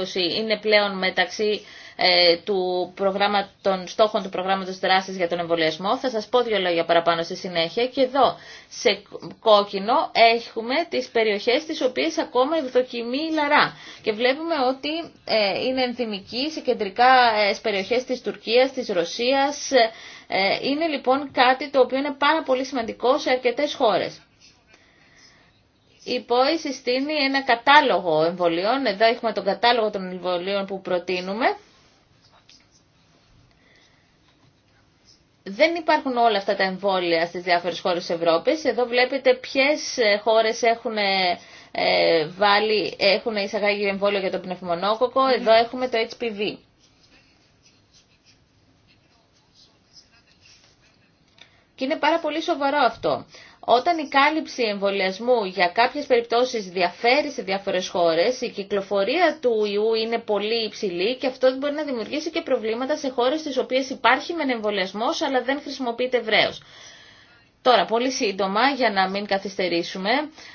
2020 είναι πλέον μεταξύ ε, του προγράμμα, των στόχων του προγράμματος δράσης για τον εμβολιασμό. Θα σας πω δύο λόγια παραπάνω στη συνέχεια και εδώ σε κόκκινο έχουμε τις περιοχές τις οποίες ακόμα ευδοκιμεί η λαρά και βλέπουμε ότι ε, είναι ενθυμική σε κεντρικά ε, περιοχές της Τουρκίας, της Ρωσίας. Είναι λοιπόν κάτι το οποίο είναι πάρα πολύ σημαντικό σε αρκετές χώρες. Η ΠΟΗ συστήνει ένα κατάλογο εμβολίων. Εδώ έχουμε τον κατάλογο των εμβολίων που προτείνουμε. δεν υπάρχουν όλα αυτά τα εμβόλια στις διάφορες χώρες της Ευρώπης. Εδώ βλέπετε ποιες ε, χώρες έχουν, ε, ε, βάλει, έχουν εισαγάγει εμβόλιο για τον πνευμονόκοκο. Εδώ έχουμε το HPV. Και είναι πάρα πολύ σοβαρό αυτό. Όταν η κάλυψη εμβολιασμού για κάποιες περιπτώσεις διαφέρει σε διάφορες χώρες, η κυκλοφορία του ιού είναι πολύ υψηλή και αυτό μπορεί να δημιουργήσει και προβλήματα σε χώρες στις οποίες υπάρχει μεν εμβολιασμός αλλά δεν χρησιμοποιείται ευρέως. Τώρα, πολύ σύντομα, για να μην καθυστερήσουμε,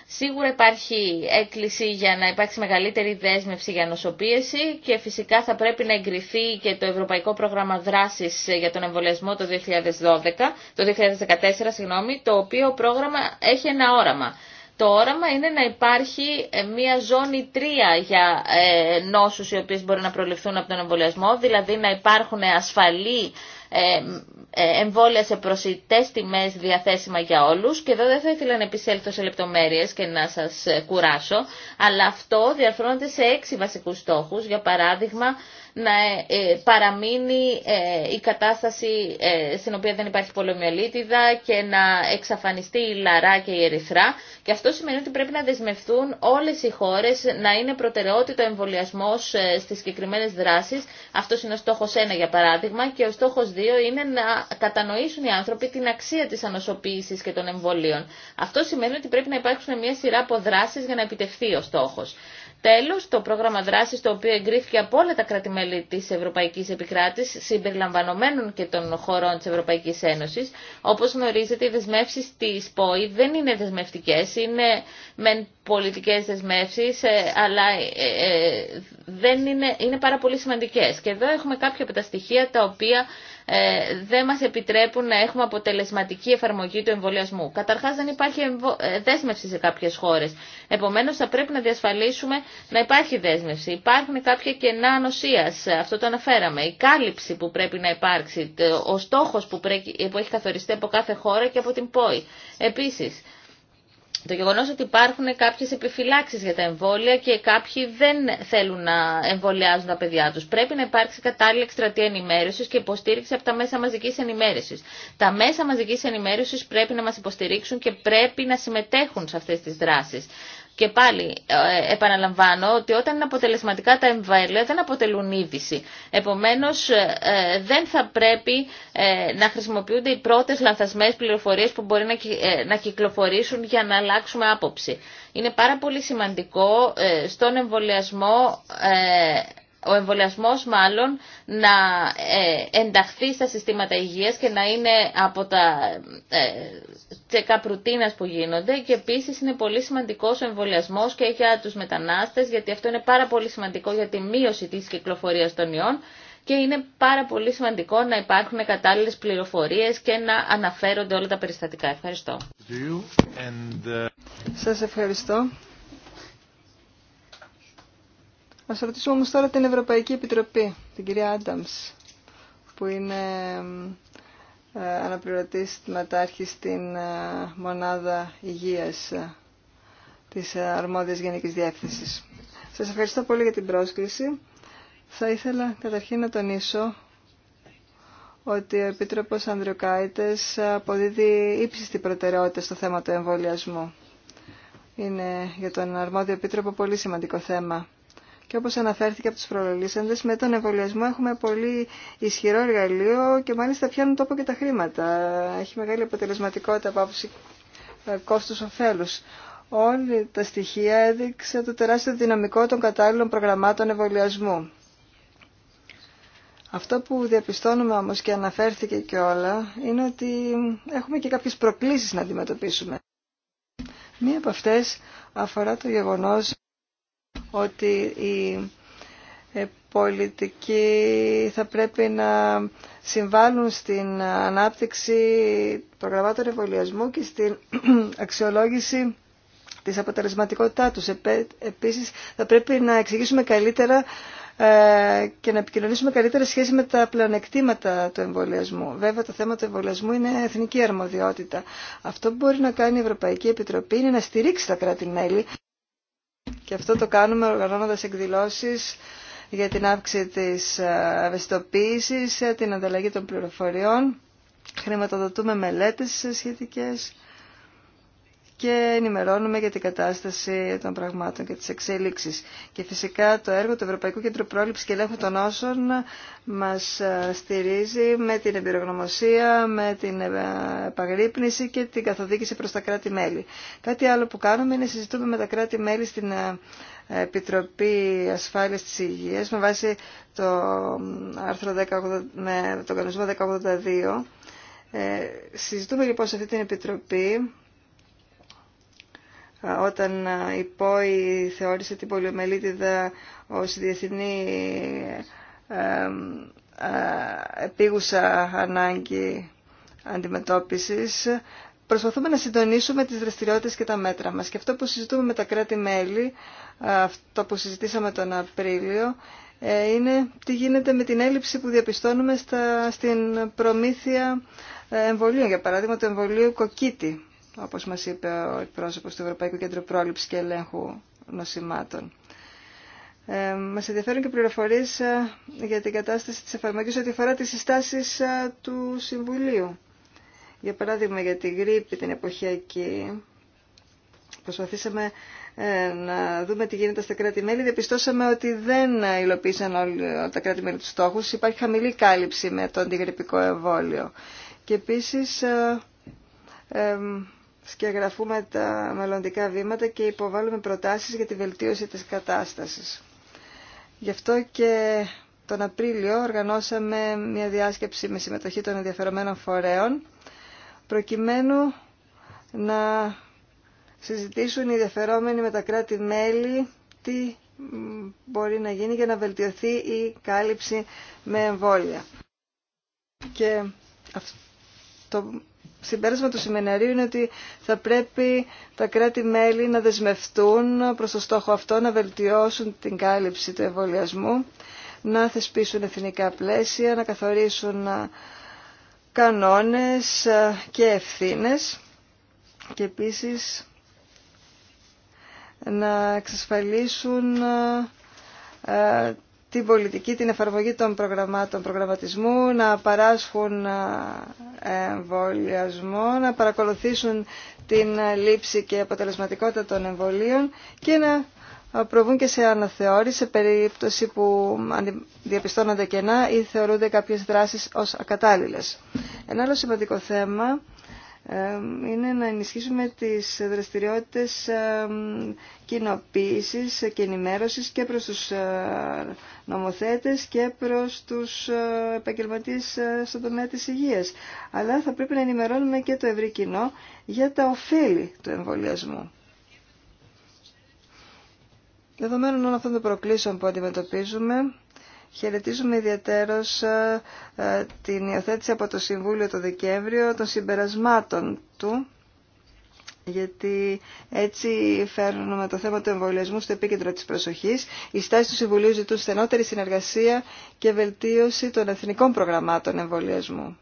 σίγουρα υπάρχει έκκληση για να υπάρξει μεγαλύτερη δέσμευση για νοσοποίηση και φυσικά θα πρέπει να εγκριθεί και το Ευρωπαϊκό Πρόγραμμα Δράσης για τον Εμβολιασμό το, 2012, το 2014, συγγνώμη, το οποίο πρόγραμμα έχει ένα όραμα. Το όραμα είναι να υπάρχει ε, μια ζώνη τρία για ε, νόσους οι οποίες μπορεί να προληφθούν από τον εμβολιασμό, δηλαδή να υπάρχουν ασφαλή ε, ε, εμβόλια σε προσιτές τιμές διαθέσιμα για όλους και εδώ δεν θα ήθελα να επισέλθω σε λεπτομέρειες και να σας κουράσω, αλλά αυτό διαρθρώνεται σε έξι βασικούς στόχους, για παράδειγμα να ε, παραμείνει ε, η κατάσταση ε, στην οποία δεν υπάρχει πολεμιολίτιδα και να εξαφανιστεί η Λαρά και η Ερυθρά. Και αυτό σημαίνει ότι πρέπει να δεσμευτούν όλες οι χώρες να είναι προτεραιότητα εμβολιασμό στις συγκεκριμένε δράσεις. Αυτό είναι ο στόχος 1 για παράδειγμα και ο στόχος 2 είναι να κατανοήσουν οι άνθρωποι την αξία της ανοσοποίησης και των εμβολίων. Αυτό σημαίνει ότι πρέπει να υπάρξουν μια σειρά από δράσεις για να επιτευχθεί ο στόχος. Τέλος, το πρόγραμμα δράσης το οποίο εγκρίθηκε από όλα τα κράτη-μέλη της Ευρωπαϊκής Επικράτης, συμπεριλαμβανομένων και των χωρών της Ευρωπαϊκής Ένωσης. Όπως γνωρίζετε, οι δεσμεύσεις της ΠΟΗ δεν είναι δεσμευτικές, είναι με πολιτικές δεσμεύσεις, ε, αλλά ε, ε, δεν είναι, είναι πάρα πολύ σημαντικές. Και εδώ έχουμε κάποια από τα στοιχεία τα οποία ε, δεν μας επιτρέπουν να έχουμε αποτελεσματική εφαρμογή του εμβολιασμού. Καταρχάς δεν υπάρχει ε, δέσμευση σε κάποιες χώρες. Επομένως θα πρέπει να διασφαλίσουμε να υπάρχει δέσμευση. Υπάρχουν κάποια κενά ανοσίας, αυτό το αναφέραμε, η κάλυψη που πρέπει να υπάρξει, ο στόχος που, πρέπει, που έχει καθοριστεί από κάθε χώρα και από την ΠΟΗ. Επίσης, το γεγονός ότι υπάρχουν κάποιες επιφυλάξεις για τα εμβόλια και κάποιοι δεν θέλουν να εμβολιάζουν τα παιδιά τους. Πρέπει να υπάρξει κατάλληλη εκστρατεία ενημέρωσης και υποστήριξη από τα μέσα μαζικής ενημέρωσης. Τα μέσα μαζικής ενημέρωσης πρέπει να μας υποστηρίξουν και πρέπει να συμμετέχουν σε αυτές τις δράσεις. Και πάλι ε, επαναλαμβάνω ότι όταν είναι αποτελεσματικά τα εμβέλια, δεν αποτελούν είδηση. Επομένως ε, ε, δεν θα πρέπει να χρησιμοποιούνται οι πρώτες λανθασμένες πληροφορίες που μπορεί να κυκλοφορήσουν για να αλλάξουμε άποψη. Είναι πάρα πολύ σημαντικό στον εμβολιασμό ο εμβολιασμός μάλλον να ε, ενταχθεί στα συστήματα υγείας και να είναι από τα ε, τσεκά που γίνονται και επίσης είναι πολύ σημαντικός ο εμβολιασμός και για τους μετανάστες γιατί αυτό είναι πάρα πολύ σημαντικό για τη μείωση της κυκλοφορίας των ιών και είναι πάρα πολύ σημαντικό να υπάρχουν κατάλληλες πληροφορίες και να αναφέρονται όλα τα περιστατικά. Ευχαριστώ. Uh, Σας ευχαριστώ α ρωτήσουμε όμω τώρα την Ευρωπαϊκή Επιτροπή, την κυρία Άνταμ, που είναι ε, αναπληρωτή μετάρχη στην ε, Μονάδα Υγείας ε, της αρμόδια Γενικής διεύθυνση. Σας ευχαριστώ πολύ για την πρόσκληση. Θα ήθελα καταρχήν να τονίσω ότι ο Επίτροπος Ανδριοκάητες αποδίδει ύψιστη προτεραιότητα στο θέμα του εμβολιασμού. Είναι για τον Αρμόδιο Επίτροπο πολύ σημαντικό θέμα και όπως αναφέρθηκε από τους προλαλήσαντες, με τον εμβολιασμό έχουμε πολύ ισχυρό εργαλείο και μάλιστα πιάνουν τόπο και τα χρήματα. Έχει μεγάλη αποτελεσματικότητα από άποψη ε, κόστος ωφέλους. Όλοι τα στοιχεία έδειξε το τεράστιο δυναμικό των κατάλληλων προγραμμάτων εμβολιασμού. Αυτό που διαπιστώνουμε όμως και αναφέρθηκε και όλα είναι ότι έχουμε και κάποιες προκλήσεις να αντιμετωπίσουμε. Μία από αυτές αφορά το γεγονός ότι η ε, πολιτικοί θα πρέπει να συμβάλλουν στην ανάπτυξη προγραμμάτων εμβολιασμού και στην αξιολόγηση της αποτελεσματικότητά τους. Ε, επίσης θα πρέπει να εξηγήσουμε καλύτερα ε, και να επικοινωνήσουμε καλύτερα σχέση με τα πλεονεκτήματα του εμβολιασμού. Βέβαια το θέμα του εμβολιασμού είναι εθνική αρμοδιότητα. Αυτό που μπορεί να κάνει η Ευρωπαϊκή Επιτροπή είναι να στηρίξει τα κράτη-μέλη και αυτό το κάνουμε οργανώνοντας εκδηλώσεις για την αύξηση της ε, ευαισθητοποίησης, ε, την ανταλλαγή των πληροφοριών. Χρηματοδοτούμε μελέτες ε, σχετικές και ενημερώνουμε για την κατάσταση των πραγμάτων και της εξέλιξης. Και φυσικά το έργο του Ευρωπαϊκού Κέντρου Πρόληψης και Ελέγχου των Όσων μας ε, στηρίζει με την εμπειρογνωμοσία, με την ε, επαγρύπνηση και την καθοδήγηση προς τα κράτη-μέλη. Κάτι άλλο που κάνουμε είναι συζητούμε με τα κράτη-μέλη στην ε, Επιτροπή Ασφάλειας της Υγείας με βάση το άρθρο με τον κανονισμό 182. συζητούμε λοιπόν σε αυτή την Επιτροπή όταν η ΠΟΗ θεώρησε την πολιομελίτιδα ως διεθνή ε, ε, επίγουσα ανάγκη αντιμετώπισης, προσπαθούμε να συντονίσουμε τις δραστηριότητες και τα μέτρα μας. Και αυτό που συζητούμε με τα κράτη-μέλη, αυτό που συζητήσαμε τον Απρίλιο, ε, είναι τι γίνεται με την έλλειψη που διαπιστώνουμε στα, στην προμήθεια εμβολίων, για παράδειγμα το εμβολίο κοκκίτι όπως μας είπε ο εκπρόσωπος του Ευρωπαϊκού Κέντρου Πρόληψης και Ελέγχου Νοσημάτων. Ε, μας ενδιαφέρουν και πληροφορίες ε, για την κατάσταση της εφαρμογής ό,τι αφορά τις συστάσεις ε, του Συμβουλίου. Για παράδειγμα, για τη γρήπη την εποχιακή, προσπαθήσαμε ε, να δούμε τι γίνεται στα κράτη-μέλη. Διαπιστώσαμε ότι δεν υλοποίησαν όλοι τα κράτη-μέλη τους στόχους. Υπάρχει χαμηλή κάλυψη με το αντιγρυπικό εμβόλιο. Και επίσης σκεγγραφούμε τα μελλοντικά βήματα και υποβάλλουμε προτάσεις για τη βελτίωση της κατάστασης. Γι' αυτό και τον Απρίλιο οργανώσαμε μια διάσκεψη με συμμετοχή των ενδιαφερομένων φορέων προκειμένου να συζητήσουν οι ενδιαφερόμενοι με τα κράτη-μέλη τι μπορεί να γίνει για να βελτιωθεί η κάλυψη με εμβόλια. Και συμπέρασμα του σημενερίου είναι ότι θα πρέπει τα κράτη-μέλη να δεσμευτούν προς το στόχο αυτό, να βελτιώσουν την κάλυψη του εμβολιασμού, να θεσπίσουν εθνικά πλαίσια, να καθορίσουν κανόνες και ευθύνες και επίσης να εξασφαλίσουν ε, την πολιτική, την εφαρμογή των προγραμμάτων προγραμματισμού, να παράσχουν ε, εμβολιασμό, να παρακολουθήσουν την λήψη και αποτελεσματικότητα των εμβολίων και να προβούν και σε αναθεώρηση σε περίπτωση που διαπιστώνονται κενά ή θεωρούνται κάποιες δράσεις ως ακατάλληλες. Ένα άλλο σημαντικό θέμα είναι να ενισχύσουμε τις δραστηριότητες κοινοποίησης και ενημέρωσης και προς τους ε, νομοθέτες και προς τους ε, επαγγελματίες ε, στον τομέα της υγείας. Αλλά θα πρέπει να ενημερώνουμε και το ευρύ κοινό για τα ωφέλη του εμβολιασμού. Δεδομένων όλων αυτών των προκλήσεων που αντιμετωπίζουμε, Χαιρετίζουμε ιδιαίτερως ε, ε, την υιοθέτηση από το Συμβούλιο το Δεκέμβριο των συμπερασμάτων του γιατί έτσι φέρνουμε το θέμα του εμβολιασμού στο επίκεντρο της προσοχής. Οι στάση του Συμβουλίου ζητούν στενότερη συνεργασία και βελτίωση των εθνικών προγραμμάτων εμβολιασμού.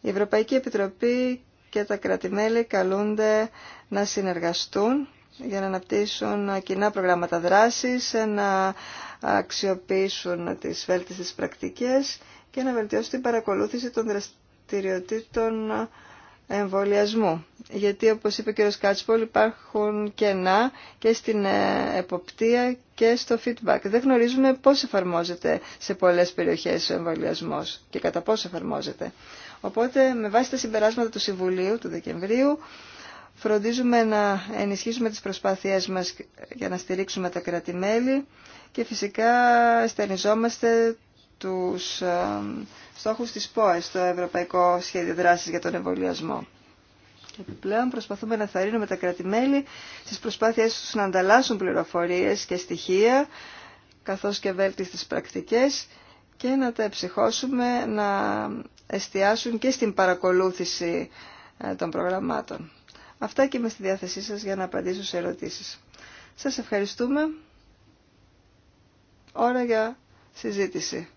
Η Ευρωπαϊκή Επιτροπή και τα κρατημέλη καλούνται να συνεργαστούν για να αναπτύσσουν κοινά προγράμματα δράσης, να αξιοποιήσουν τις βέλτιστες πρακτικές και να βελτιώσουν την παρακολούθηση των δραστηριοτήτων εμβολιασμού. Γιατί όπως είπε ο κ. Κάτσπολ υπάρχουν κενά και στην ε, εποπτεία και στο feedback. Δεν γνωρίζουμε πώς εφαρμόζεται σε πολλές περιοχές ο εμβολιασμός και κατά πώς εφαρμόζεται. Οπότε με βάση τα συμπεράσματα του Συμβουλίου του Δεκεμβρίου φροντίζουμε να ενισχύσουμε τις προσπάθειές μας για να στηρίξουμε τα κρατη και φυσικά στενιζόμαστε τους ε, στόχους της ΠΟΕ στο Ευρωπαϊκό Σχέδιο Δράσης για τον Εμβολιασμό. Και επιπλέον προσπαθούμε να θαρρύνουμε τα κράτη-μέλη στις προσπάθειές τους να ανταλλάσσουν πληροφορίες και στοιχεία, καθώς και βέλτιστες πρακτικές και να τα εψυχώσουμε να εστιάσουν και στην παρακολούθηση ε, των προγραμμάτων. Αυτά και είμαι στη διάθεσή σας για να απαντήσω σε ερωτήσεις. Σας ευχαριστούμε ώρα για συζήτηση.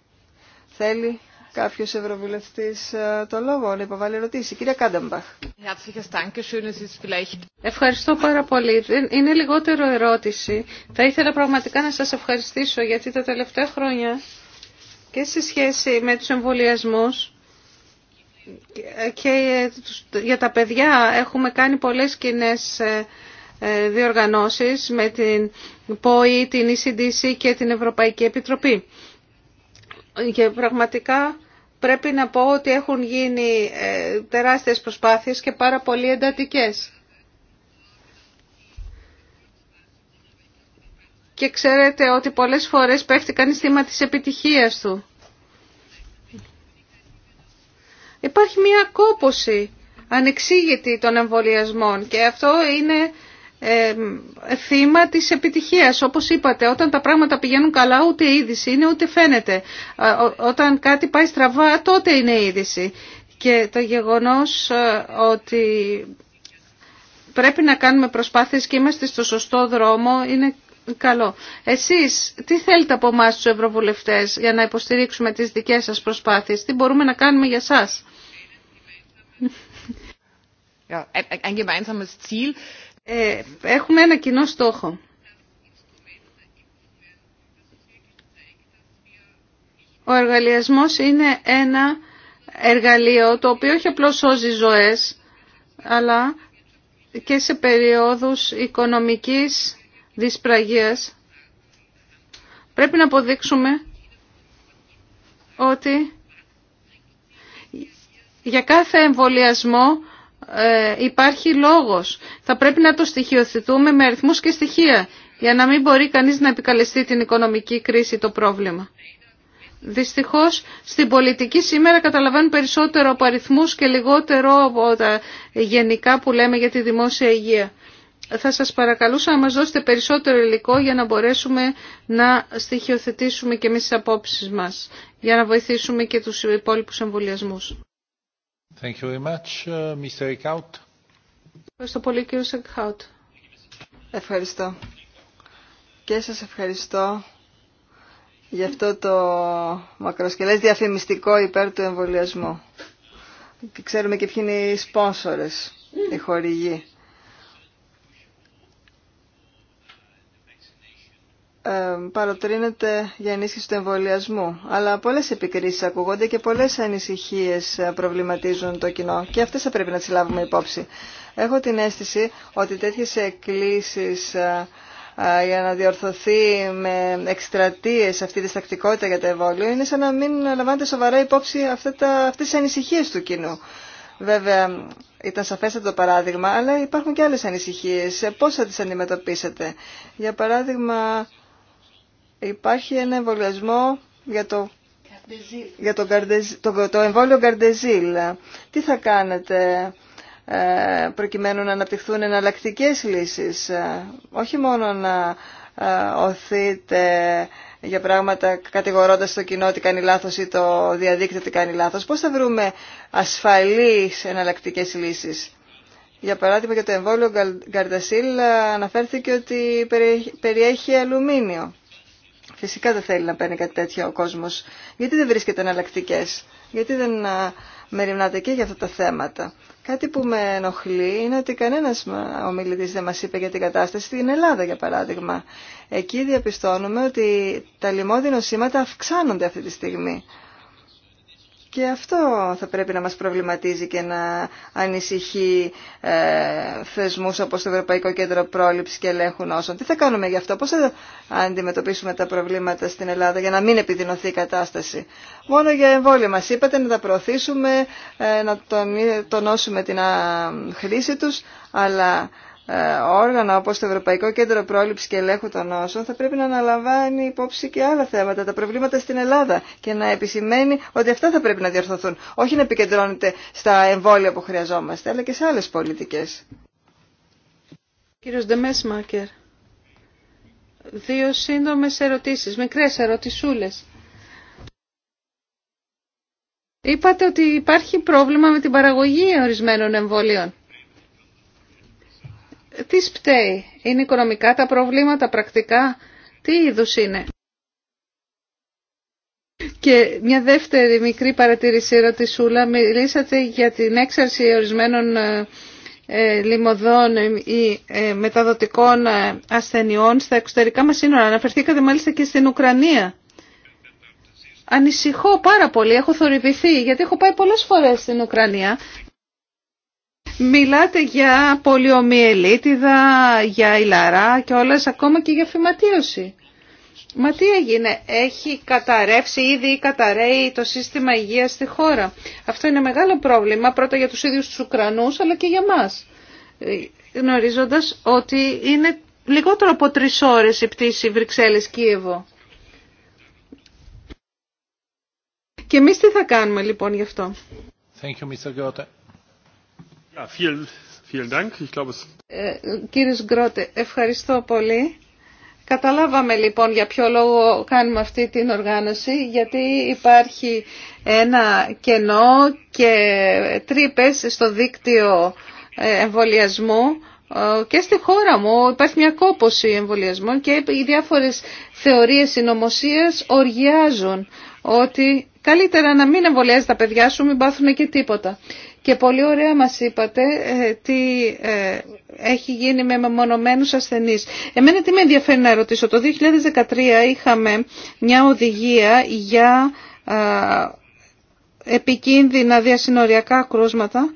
Θέλει κάποιο ευρωβουλευτή ε, το λόγο να υποβάλει ερωτήσει. Κυρία Κάντεμπαχ. Ευχαριστώ πάρα πολύ. Είναι λιγότερο ερώτηση. Θα ήθελα πραγματικά να σα ευχαριστήσω γιατί τα τελευταία χρόνια και σε σχέση με τους εμβολιασμού και ε, για τα παιδιά έχουμε κάνει πολλές κοινέ ε, ε, διοργανώσεις με την ΠΟΗ, την ECDC και την Ευρωπαϊκή Επιτροπή. Και πραγματικά πρέπει να πω ότι έχουν γίνει ε, τεράστιες προσπάθειες και πάρα πολύ εντατικές. Και ξέρετε ότι πολλές φορές πέφτει κανείς θύμα της επιτυχίας του. Υπάρχει μια κόπωση ανεξήγητη των εμβολιασμών και αυτό είναι ε, θύμα της επιτυχίας. Όπως είπατε, όταν τα πράγματα πηγαίνουν καλά ούτε είδηση είναι ούτε φαίνεται. Ε, όταν κάτι πάει στραβά τότε είναι είδηση. Και το γεγονός ε, ότι πρέπει να κάνουμε προσπάθειες και είμαστε στο σωστό δρόμο είναι καλό. Εσείς τι θέλετε από εμάς τους Ευρωβουλευτές για να υποστηρίξουμε τις δικές σας προσπάθειες. Τι μπορούμε να κάνουμε για σας. Ε, έχουμε ένα κοινό στόχο. Ο εργαλειασμός είναι ένα εργαλείο το οποίο όχι απλώς σώζει ζωές, αλλά και σε περιόδους οικονομικής δυσπραγίας. Πρέπει να αποδείξουμε ότι για κάθε εμβολιασμό ε, υπάρχει λόγος. Θα πρέπει να το στοιχειοθετούμε με αριθμούς και στοιχεία για να μην μπορεί κανείς να επικαλεστεί την οικονομική κρίση το πρόβλημα. Δυστυχώς στην πολιτική σήμερα καταλαβαίνουν περισσότερο από αριθμούς και λιγότερο από τα γενικά που λέμε για τη δημόσια υγεία. Θα σας παρακαλούσα να μας δώσετε περισσότερο υλικό για να μπορέσουμε να στοιχειοθετήσουμε και εμείς τις απόψεις μας, για να βοηθήσουμε και τους υπόλοιπους εμβολιασμούς. Thank you very much, uh, Mr. Ευχαριστώ πολύ κύριο Σεκχάουτ. Ευχαριστώ. Και σας ευχαριστώ για αυτό το μακροσκελές διαφημιστικό υπέρ του εμβολιασμού. ξέρουμε και ποιοι είναι οι σπόνσορες, οι χορηγοί. παροτρύνεται για ενίσχυση του εμβολιασμού. Αλλά πολλές επικρίσεις ακούγονται και πολλές ανησυχίες ε, προβληματίζουν το κοινό και αυτές θα πρέπει να τις λάβουμε υπόψη. Έχω την αίσθηση ότι τέτοιες εκκλήσεις ε, ε, για να διορθωθεί με εκστρατείες αυτή τη διστακτικότητα για το εμβόλιο είναι σαν να μην λαμβάνεται σοβαρά υπόψη αυτά τα, αυτές τις ανησυχίες του κοινού. Βέβαια, ήταν σαφέστατο το παράδειγμα, αλλά υπάρχουν και άλλες ανησυχίες. Πώς θα τις αντιμετωπίσετε. Για παράδειγμα, Υπάρχει ένα εμβολιασμό για το, για το, καρδεζ, το, το εμβόλιο Καρδεζίλ. Τι θα κάνετε ε, προκειμένου να αναπτυχθούν εναλλακτικέ λύσεις. Ε, όχι μόνο να ε, οθείτε για πράγματα κατηγορώντας το κοινό ότι κάνει λάθος ή το διαδίκτυο ότι κάνει λάθος. Πώς θα βρούμε ασφαλείς εναλλακτικέ λύσεις. Για παράδειγμα για το εμβόλιο Γκαρντασίλ αναφέρθηκε ότι περιέχει αλουμίνιο. Φυσικά δεν θέλει να παίρνει κάτι τέτοιο ο κόσμος. Γιατί δεν βρίσκεται εναλλακτικέ, γιατί δεν μεριμνάτε και για αυτά τα θέματα. Κάτι που με ενοχλεί είναι ότι κανένας ομιλητής δεν μα είπε για την κατάσταση στην Ελλάδα, για παράδειγμα. Εκεί διαπιστώνουμε ότι τα λοιμώδη νοσήματα αυξάνονται αυτή τη στιγμή. Και αυτό θα πρέπει να μας προβληματίζει και να ανησυχεί ε, θεσμούς όπως το Ευρωπαϊκό Κέντρο Πρόληψης και Ελέγχου Νόσων. Τι θα κάνουμε γι' αυτό, πώς θα αντιμετωπίσουμε τα προβλήματα στην Ελλάδα για να μην επιδεινωθεί η κατάσταση. Μόνο για εμβόλια μας είπατε να τα προωθήσουμε, ε, να τονώσουμε την χρήση τους, αλλά ε, όργανα όπως το Ευρωπαϊκό Κέντρο Πρόληψης και Ελέγχου των Νόσων θα πρέπει να αναλαμβάνει υπόψη και άλλα θέματα, τα προβλήματα στην Ελλάδα και να επισημαίνει ότι αυτά θα πρέπει να διορθωθούν. Όχι να επικεντρώνεται στα εμβόλια που χρειαζόμαστε, αλλά και σε άλλες πολιτικές. Κύριος Ντεμέσμακερ, δύο σύντομες ερωτήσεις, μικρές ερωτησούλες. Είπατε ότι υπάρχει πρόβλημα με την παραγωγή ορισμένων εμβολίων τι σπταίει, είναι οικονομικά τα προβλήματα, πρακτικά, τι είδους είναι. Και μια δεύτερη μικρή παρατήρηση ερωτησούλα, μιλήσατε για την έξαρση ορισμένων ε, ε, λιμωδών ε, ή μεταδοτικών ασθενειών στα εξωτερικά μας σύνορα. Αναφερθήκατε μάλιστα και στην Ουκρανία. Ανησυχώ πάρα πολύ, έχω θορυβηθεί, γιατί έχω πάει πολλές φορές στην Ουκρανία Μιλάτε για πολιομιελίτιδα, για ηλαρά και όλες, ακόμα και για φυματίωση. Μα τι έγινε, έχει καταρρεύσει ήδη ή καταραίει το σύστημα υγείας στη χώρα. Αυτό είναι μεγάλο πρόβλημα, πρώτα για τους ίδιους τους Ουκρανούς, αλλά και για μας. Ε, γνωρίζοντας ότι είναι λιγότερο από τρει ώρες η πτήση Βρυξέλλες-Κίεβο. Και εμείς τι θα κάνουμε λοιπόν γι' αυτό. Thank you, ε, κύριε Γκρότε, ευχαριστώ πολύ. Καταλάβαμε λοιπόν για ποιο λόγο κάνουμε αυτή την οργάνωση, γιατί υπάρχει ένα κενό και τρύπες στο δίκτυο ε, εμβολιασμού ε, και στη χώρα μου υπάρχει μια κόπωση εμβολιασμών και οι διάφορες θεωρίες συνωμοσία οργιάζουν ότι καλύτερα να μην εμβολιάζει τα παιδιά σου, μην πάθουν και τίποτα. Και πολύ ωραία μας είπατε ε, τι ε, έχει γίνει με μεμονωμένους ασθενείς. Εμένα τι με ενδιαφέρει να ρωτήσω. Το 2013 είχαμε μια οδηγία για επικίνδυνα διασυνοριακά κρούσματα.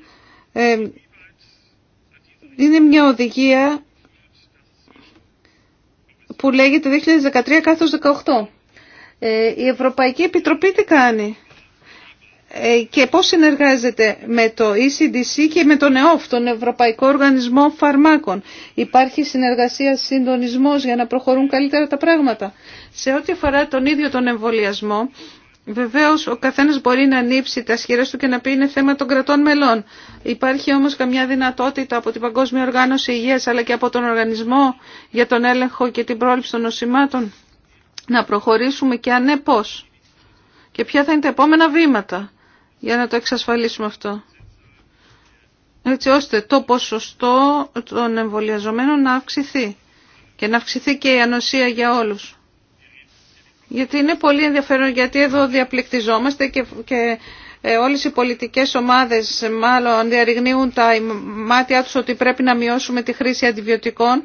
Ε, είναι μια οδηγία που λέγεται 2013 18. Η Ευρωπαϊκή Επιτροπή τι κάνει ε, και πώς συνεργάζεται με το ECDC και με τον ΕΟΦ, τον Ευρωπαϊκό Οργανισμό Φαρμάκων. Υπάρχει συνεργασία, συντονισμός για να προχωρούν καλύτερα τα πράγματα. Σε ό,τι αφορά τον ίδιο τον εμβολιασμό, βεβαίως ο καθένας μπορεί να ανοίξει τα σχέρες του και να πει είναι θέμα των κρατών μελών. Υπάρχει όμως καμιά δυνατότητα από την Παγκόσμια Οργάνωση Υγείας αλλά και από τον Οργανισμό για τον έλεγχο και την πρόληψη των νοσημάτων να προχωρήσουμε και ανέπως. Ναι, και ποια θα είναι τα επόμενα βήματα για να το εξασφαλίσουμε αυτό. Έτσι ώστε το ποσοστό των εμβολιαζομένων να αυξηθεί και να αυξηθεί και η ανοσία για όλους. Γιατί είναι πολύ ενδιαφέρον γιατί εδώ διαπληκτιζόμαστε και, και ε, όλες οι πολιτικές ομάδες μάλλον διαρριγνύουν τα μάτια τους ότι πρέπει να μειώσουμε τη χρήση αντιβιωτικών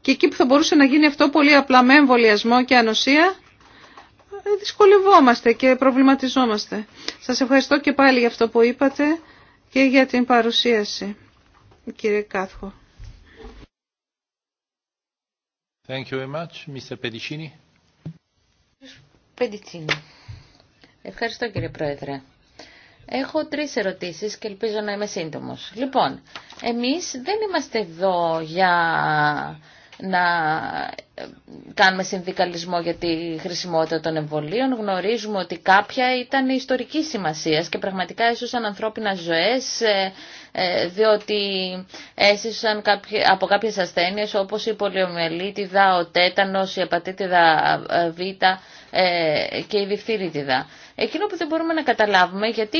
και εκεί που θα μπορούσε να γίνει αυτό πολύ απλά με εμβολιασμό και ανοσία ε, δυσκολευόμαστε και προβληματιζόμαστε. Σας ευχαριστώ και πάλι για αυτό που είπατε και για την παρουσίαση, κύριε Κάθχο. Thank you very much, Mr. Pedicini. Pedicini. Ευχαριστώ κύριε Πρόεδρε. Έχω τρεις ερωτήσεις και ελπίζω να είμαι σύντομος. Λοιπόν, εμείς δεν είμαστε εδώ για να ε, κάνουμε συνδικαλισμό για τη χρησιμότητα των εμβολίων. Γνωρίζουμε ότι κάποια ήταν ιστορική σημασία και πραγματικά έσωσαν ανθρώπινα ζωέ ε, ε, διότι έσωσαν από κάποιες ασθένειες όπως η πολιομελίτιδα, ο τέτανο, η απατήτιδα β και η διφθυρίτιδα. Εκείνο που δεν μπορούμε να καταλάβουμε γιατί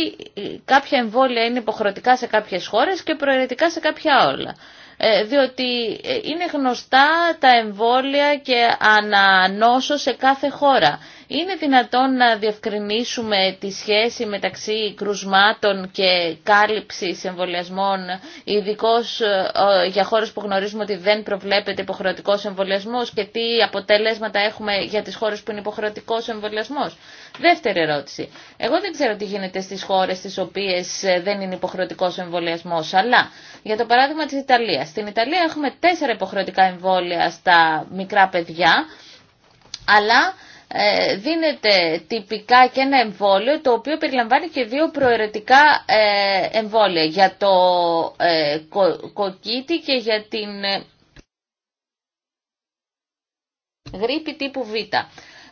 κάποια εμβόλια είναι υποχρεωτικά σε κάποιες χώρες και προαιρετικά σε κάποια όλα. Ε, διότι ε, είναι γνωστά τα εμβόλια και ανανόσο σε κάθε χώρα. Είναι δυνατόν να διευκρινίσουμε τη σχέση μεταξύ κρουσμάτων και κάλυψης εμβολιασμών, ειδικώ ε, για χώρες που γνωρίζουμε ότι δεν προβλέπεται υποχρεωτικός εμβολιασμός και τι αποτελέσματα έχουμε για τις χώρες που είναι υποχρεωτικός εμβολιασμός. Δεύτερη ερώτηση. Εγώ δεν ξέρω τι γίνεται στις χώρες στις οποίες ε, δεν είναι υποχρεωτικός ο εμβολιασμός, αλλά για το παράδειγμα της Ιταλίας. Στην Ιταλία έχουμε τέσσερα υποχρεωτικά εμβόλια στα μικρά παιδιά, αλλά ε, δίνεται τυπικά και ένα εμβόλιο το οποίο περιλαμβάνει και δύο προαιρετικά ε, εμβόλια για το κοκκίτι και για την γρήπη τύπου Β.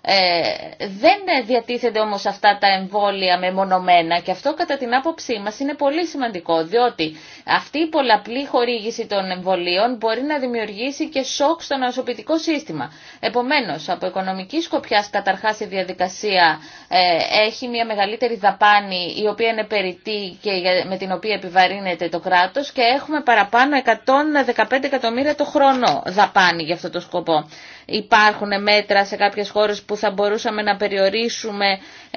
Ε, δεν διατίθενται όμως αυτά τα εμβόλια μεμονωμένα και αυτό κατά την άποψή μας είναι πολύ σημαντικό διότι αυτή η πολλαπλή χορήγηση των εμβολίων μπορεί να δημιουργήσει και σοκ στο νοσοποιητικό σύστημα. Επομένως, από οικονομική σκοπιά καταρχάς η διαδικασία ε, έχει μια μεγαλύτερη δαπάνη η οποία είναι περιττή και με την οποία επιβαρύνεται το κράτος και έχουμε παραπάνω 115 εκατομμύρια το χρόνο δαπάνη για αυτό το σκοπό υπάρχουν μέτρα σε κάποιες χώρες που θα μπορούσαμε να περιορίσουμε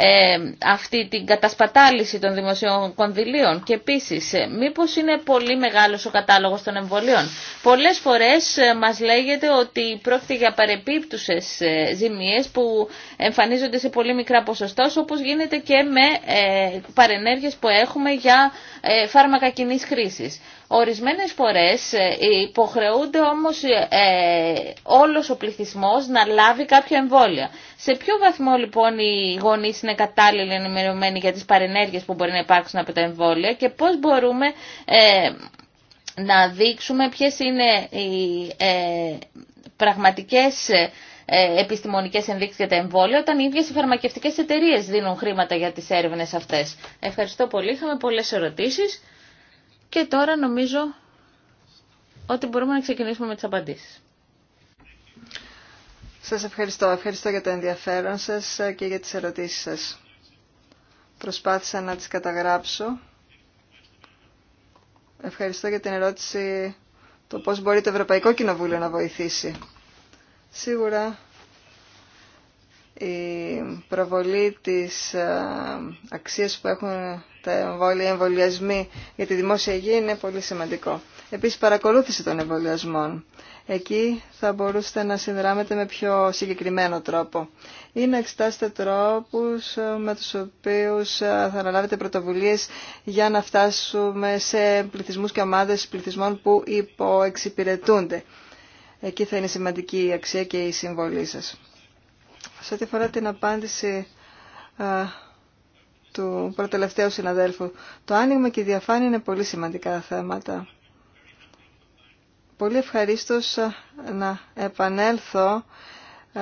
ε, αυτή την κατασπατάληση των δημοσίων κονδυλίων και επίσης ε, μήπως είναι πολύ μεγάλος ο κατάλογος των εμβολίων. Πολλές φορές ε, μας λέγεται ότι πρόκειται για παρεπίπτουσες ζημίες που εμφανίζονται σε πολύ μικρά ποσοστά όπως γίνεται και με παρενέργειες που έχουμε για φάρμακα κοινή χρήσης. Ορισμένες φορές υποχρεούνται όμως όλος ο πληθυσμός να λάβει κάποια εμβόλια. Σε ποιο βαθμό λοιπόν οι γονείς είναι κατάλληλοι ενημερωμένοι για τις παρενέργειες που μπορεί να υπάρξουν από τα εμβόλια και πώς μπορούμε ε, να δείξουμε ποιες είναι οι ε, πραγματικές ε, επιστημονικές ενδείξεις για τα εμβόλια όταν οι ίδιες οι φαρμακευτικές εταιρείες δίνουν χρήματα για τις έρευνες αυτές. Ευχαριστώ πολύ. Είχαμε πολλές ερωτήσεις και τώρα νομίζω ότι μπορούμε να ξεκινήσουμε με τις απαντήσεις. Σας ευχαριστώ. Ευχαριστώ για το ενδιαφέρον σας και για τις ερωτήσεις σας. Προσπάθησα να τις καταγράψω. Ευχαριστώ για την ερώτηση το πώς μπορεί το Ευρωπαϊκό Κοινοβούλιο να βοηθήσει. Σίγουρα η προβολή της ε, αξίας που έχουν τα εμβόλια, εμβολιασμοί για τη δημόσια υγεία είναι πολύ σημαντικό. Επίσης παρακολούθηση των εμβολιασμών. Εκεί θα μπορούσατε να συνδράμετε με πιο συγκεκριμένο τρόπο ή να εξετάσετε τρόπους ε, με τους οποίους ε, θα αναλάβετε πρωτοβουλίες για να φτάσουμε σε πληθυσμούς και ομάδες πληθυσμών που υποεξυπηρετούνται. Εκεί θα είναι σημαντική η αξία και η συμβολή σας. Σε ό,τι αφορά την απάντηση ε, του προτελευταίου συναδέλφου, το άνοιγμα και η διαφάνεια είναι πολύ σημαντικά θέματα πολύ ευχαριστώ ε, να επανέλθω ε,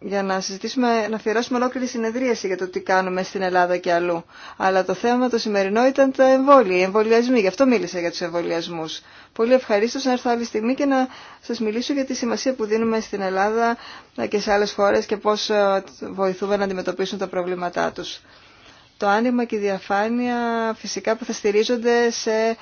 για να συζητήσουμε, να αφιερώσουμε ολόκληρη συνεδρίαση για το τι κάνουμε στην Ελλάδα και αλλού. Αλλά το θέμα το σημερινό ήταν τα εμβόλια, οι εμβολιασμοί. Γι' αυτό μίλησα για τους εμβολιασμού. Πολύ ευχαρίστω να έρθω άλλη στιγμή και να σας μιλήσω για τη σημασία που δίνουμε στην Ελλάδα ε, και σε άλλες χώρες και πώς βοηθούμε να αντιμετωπίσουν τα προβλήματά τους. Το άνοιγμα και η διαφάνεια φυσικά που θα στηρίζονται σε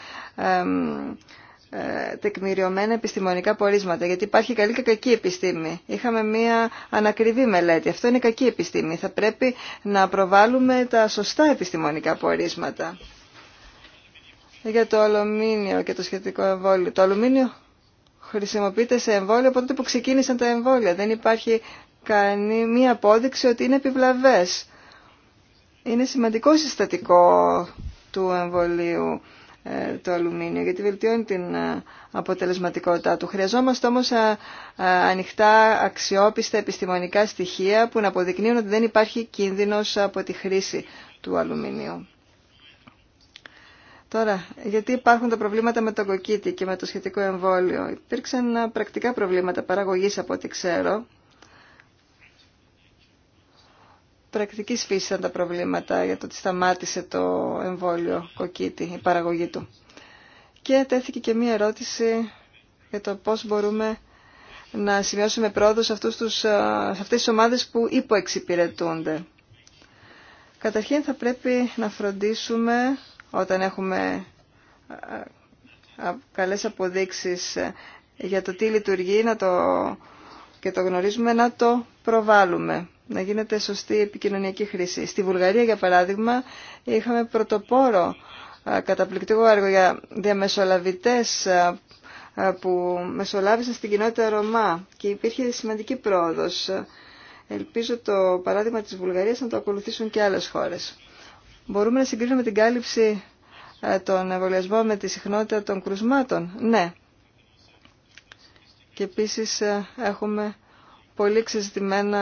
ε, τεκμηριωμένα επιστημονικά πορίσματα, γιατί υπάρχει καλή και κακή επιστήμη. Είχαμε μία ανακριβή μελέτη. Αυτό είναι κακή επιστήμη. Θα πρέπει να προβάλλουμε τα σωστά επιστημονικά πορίσματα. Για το αλουμίνιο και το σχετικό εμβόλιο. Το αλουμίνιο χρησιμοποιείται σε εμβόλιο από τότε που ξεκίνησαν τα εμβόλια. Δεν υπάρχει μία απόδειξη ότι είναι επιβλαβές. Είναι σημαντικό συστατικό του εμβολίου ε, το αλουμίνιο, γιατί βελτιώνει την ε, αποτελεσματικότητά του. Χρειαζόμαστε όμως ε, ανοιχτά, αξιόπιστα επιστημονικά στοιχεία που να αποδεικνύουν ότι δεν υπάρχει κίνδυνος από τη χρήση του αλουμινίου. Τώρα, γιατί υπάρχουν τα προβλήματα με το κοκκίτι και με το σχετικό εμβόλιο. Υπήρξαν πρακτικά προβλήματα παραγωγής από ό,τι ξέρω Πρακτική φύση ήταν τα προβλήματα για το ότι σταμάτησε το εμβόλιο κοκκίτη, η παραγωγή του. Και τέθηκε και μία ερώτηση για το πώς μπορούμε να σημειώσουμε πρόοδο σε, τους, σε αυτές τις ομάδες που υποεξυπηρετούνται. Καταρχήν θα πρέπει να φροντίσουμε όταν έχουμε καλές αποδείξεις για το τι λειτουργεί να το, και το γνωρίζουμε να το προβάλλουμε να γίνεται σωστή επικοινωνιακή χρήση. Στη Βουλγαρία, για παράδειγμα, είχαμε πρωτοπόρο καταπληκτικό έργο για διαμεσολαβητές που μεσολάβησαν στην κοινότητα Ρωμά και υπήρχε σημαντική πρόοδος. Ελπίζω το παράδειγμα της Βουλγαρίας να το ακολουθήσουν και άλλες χώρες. Μπορούμε να συγκρίνουμε την κάλυψη των εμβολιασμών με τη συχνότητα των κρουσμάτων. Ναι. Και επίσης έχουμε πολύ ξεζητημένα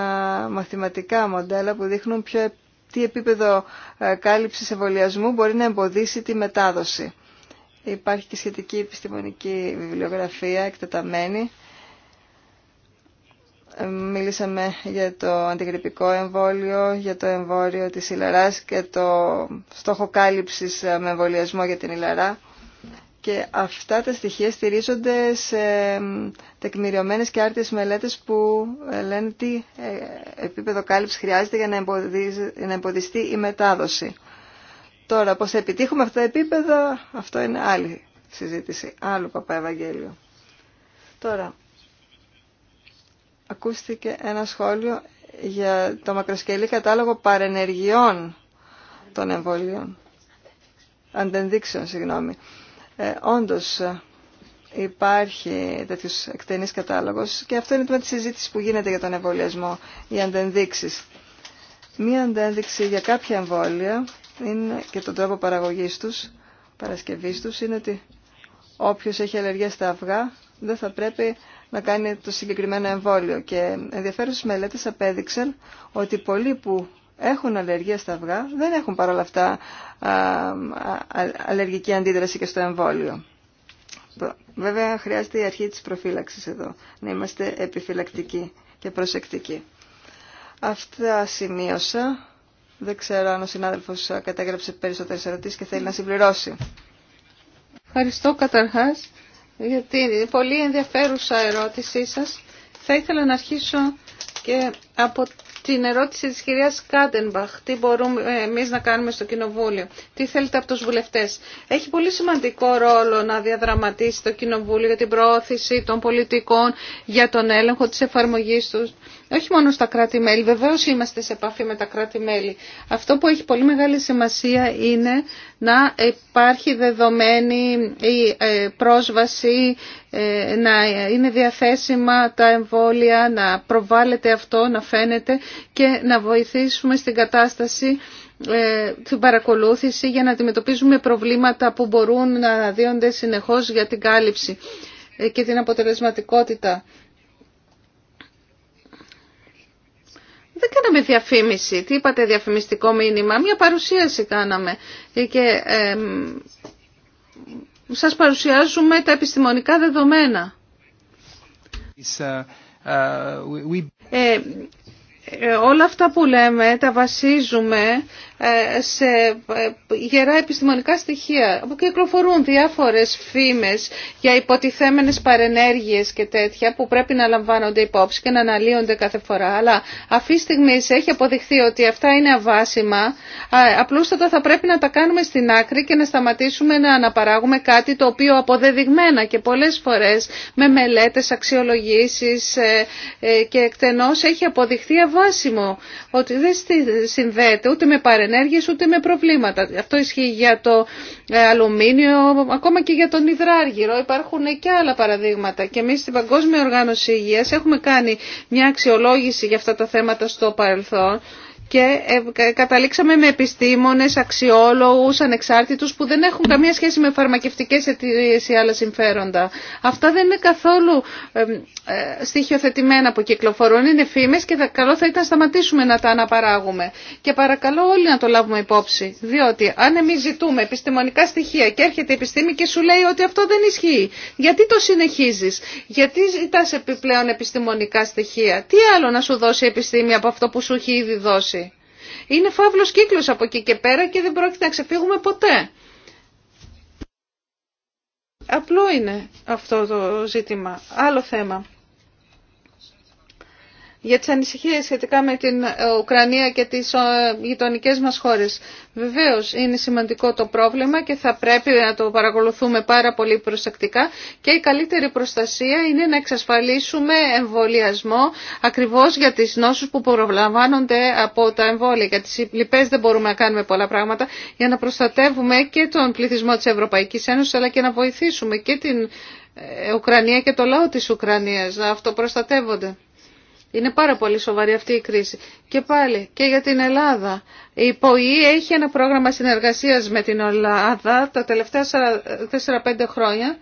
μαθηματικά μοντέλα που δείχνουν ποιο, τι επίπεδο ε, κάλυψης εμβολιασμού μπορεί να εμποδίσει τη μετάδοση. Υπάρχει και σχετική επιστημονική βιβλιογραφία εκτεταμένη. Ε, μίλησαμε για το αντιγρυπικό εμβόλιο, για το εμβόλιο της ιλαράς και το στόχο κάλυψης ε, με εμβολιασμό για την ΙΛΑΡΑ. Και αυτά τα στοιχεία στηρίζονται σε τεκμηριωμένες και άρτιες μελέτες που ε, λένε τι ε, επίπεδο κάλυψη χρειάζεται για να εμποδιστεί η μετάδοση. Τώρα, πώς θα επιτύχουμε αυτά τα επίπεδα, αυτό είναι άλλη συζήτηση, άλλο Ευαγγέλιο. Τώρα, ακούστηκε ένα σχόλιο για το μακροσκελή κατάλογο παρενεργειών των εμβολίων. Αντενδείξεων, συγγνώμη ε, όντως υπάρχει τέτοιος εκτενής κατάλογος και αυτό είναι το με τη συζήτηση που γίνεται για τον εμβολιασμό, οι αντενδείξεις. Μία αντένδειξη για κάποια εμβόλια είναι, και τον τρόπο παραγωγής τους, παρασκευής τους, είναι ότι όποιος έχει αλλεργία στα αυγά δεν θα πρέπει να κάνει το συγκεκριμένο εμβόλιο. Και ενδιαφέρουσες μελέτες απέδειξαν ότι πολλοί που έχουν αλλεργία στα αυγά δεν έχουν παρόλα αυτά αλλεργική αντίδραση και στο εμβόλιο. Βέβαια χρειάζεται η αρχή της προφύλαξης εδώ, να είμαστε επιφυλακτικοί και προσεκτικοί. Αυτά σημείωσα. Δεν ξέρω αν ο συνάδελφος κατέγραψε περισσότερες ερωτήσεις και θέλει να συμπληρώσει. Ευχαριστώ καταρχάς για την πολύ ενδιαφέρουσα ερώτησή σας. Θα ήθελα να αρχίσω και από την ερώτηση της κυρίας Κάντενμπαχ, τι μπορούμε εμείς να κάνουμε στο Κοινοβούλιο, τι θέλετε από τους βουλευτές. Έχει πολύ σημαντικό ρόλο να διαδραματίσει το Κοινοβούλιο για την προώθηση των πολιτικών, για τον έλεγχο της εφαρμογής τους όχι μόνο στα κράτη-μέλη, βεβαίως είμαστε σε επαφή με τα κράτη-μέλη. Αυτό που έχει πολύ μεγάλη σημασία είναι να υπάρχει δεδομένη η ε, πρόσβαση, ε, να είναι διαθέσιμα τα εμβόλια, να προβάλλεται αυτό, να φαίνεται και να βοηθήσουμε στην κατάσταση ε, την παρακολούθηση για να αντιμετωπίζουμε προβλήματα που μπορούν να αναδύονται συνεχώς για την κάλυψη και την αποτελεσματικότητα Δεν κάναμε διαφήμιση. Τι είπατε διαφημιστικό μήνυμα. Μια παρουσίαση κάναμε. Και ε, σας παρουσιάζουμε τα επιστημονικά δεδομένα. Uh, uh, ε, ε, όλα αυτά που λέμε τα βασίζουμε ε, σε ε, γερά επιστημονικά στοιχεία που κυκλοφορούν διάφορες φήμες για υποτιθέμενες παρενέργειες και τέτοια που πρέπει να λαμβάνονται υπόψη και να αναλύονται κάθε φορά. Αλλά αυτή τη στιγμή έχει αποδειχθεί ότι αυτά είναι αβάσιμα. Απλούστατα θα πρέπει να τα κάνουμε στην άκρη και να σταματήσουμε να αναπαράγουμε κάτι το οποίο αποδεδειγμένα και πολλές φορές με μελέτες, αξιολογήσεις και εκτενώς έχει αποδειχθεί αβάσιμα διαβάσιμο ότι δεν συνδέεται ούτε με παρενέργειες ούτε με προβλήματα. Αυτό ισχύει για το ε, αλουμίνιο, ακόμα και για τον υδράργυρο. Υπάρχουν και άλλα παραδείγματα. Και εμείς στην Παγκόσμια Οργάνωση Υγείας έχουμε κάνει μια αξιολόγηση για αυτά τα θέματα στο παρελθόν και καταλήξαμε με επιστήμονες, αξιόλογους, ανεξάρτητους που δεν έχουν καμία σχέση με φαρμακευτικές εταιρείε ή άλλα συμφέροντα. Αυτά δεν είναι καθόλου ε, στοιχειοθετημένα που κυκλοφορούν, είναι φήμες και καλό θα ήταν να σταματήσουμε να τα αναπαράγουμε. Και παρακαλώ όλοι να το λάβουμε υπόψη, διότι αν εμείς ζητούμε επιστημονικά στοιχεία και έρχεται η επιστήμη και σου λέει ότι αυτό δεν ισχύει, γιατί το συνεχίζεις, γιατί ζητάς επιπλέον επιστημονικά στοιχεία, τι άλλο να σου δώσει η επιστήμη από αυτό που σου έχει ήδη δώσει. Είναι φαύλος κύκλος από εκεί και πέρα και δεν πρόκειται να ξεφύγουμε ποτέ. Απλό είναι αυτό το ζήτημα. Άλλο θέμα για τις ανησυχίες σχετικά με την ε, Ουκρανία και τις ε, γειτονικές μας χώρες. Βεβαίως είναι σημαντικό το πρόβλημα και θα πρέπει να το παρακολουθούμε πάρα πολύ προσεκτικά και η καλύτερη προστασία είναι να εξασφαλίσουμε εμβολιασμό ακριβώς για τις νόσους που προλαμβάνονται από τα εμβόλια. Για τις λοιπές δεν μπορούμε να κάνουμε πολλά πράγματα για να προστατεύουμε και τον πληθυσμό της Ευρωπαϊκής Ένωσης αλλά και να βοηθήσουμε και την ε, Ουκρανία και το λαό της Ουκρανίας να αυτοπροστατεύονται. Είναι πάρα πολύ σοβαρή αυτή η κρίση. Και πάλι και για την Ελλάδα. Η ΠΟΗ έχει ένα πρόγραμμα συνεργασίας με την Ελλάδα τα τελευταία 4-5 χρόνια.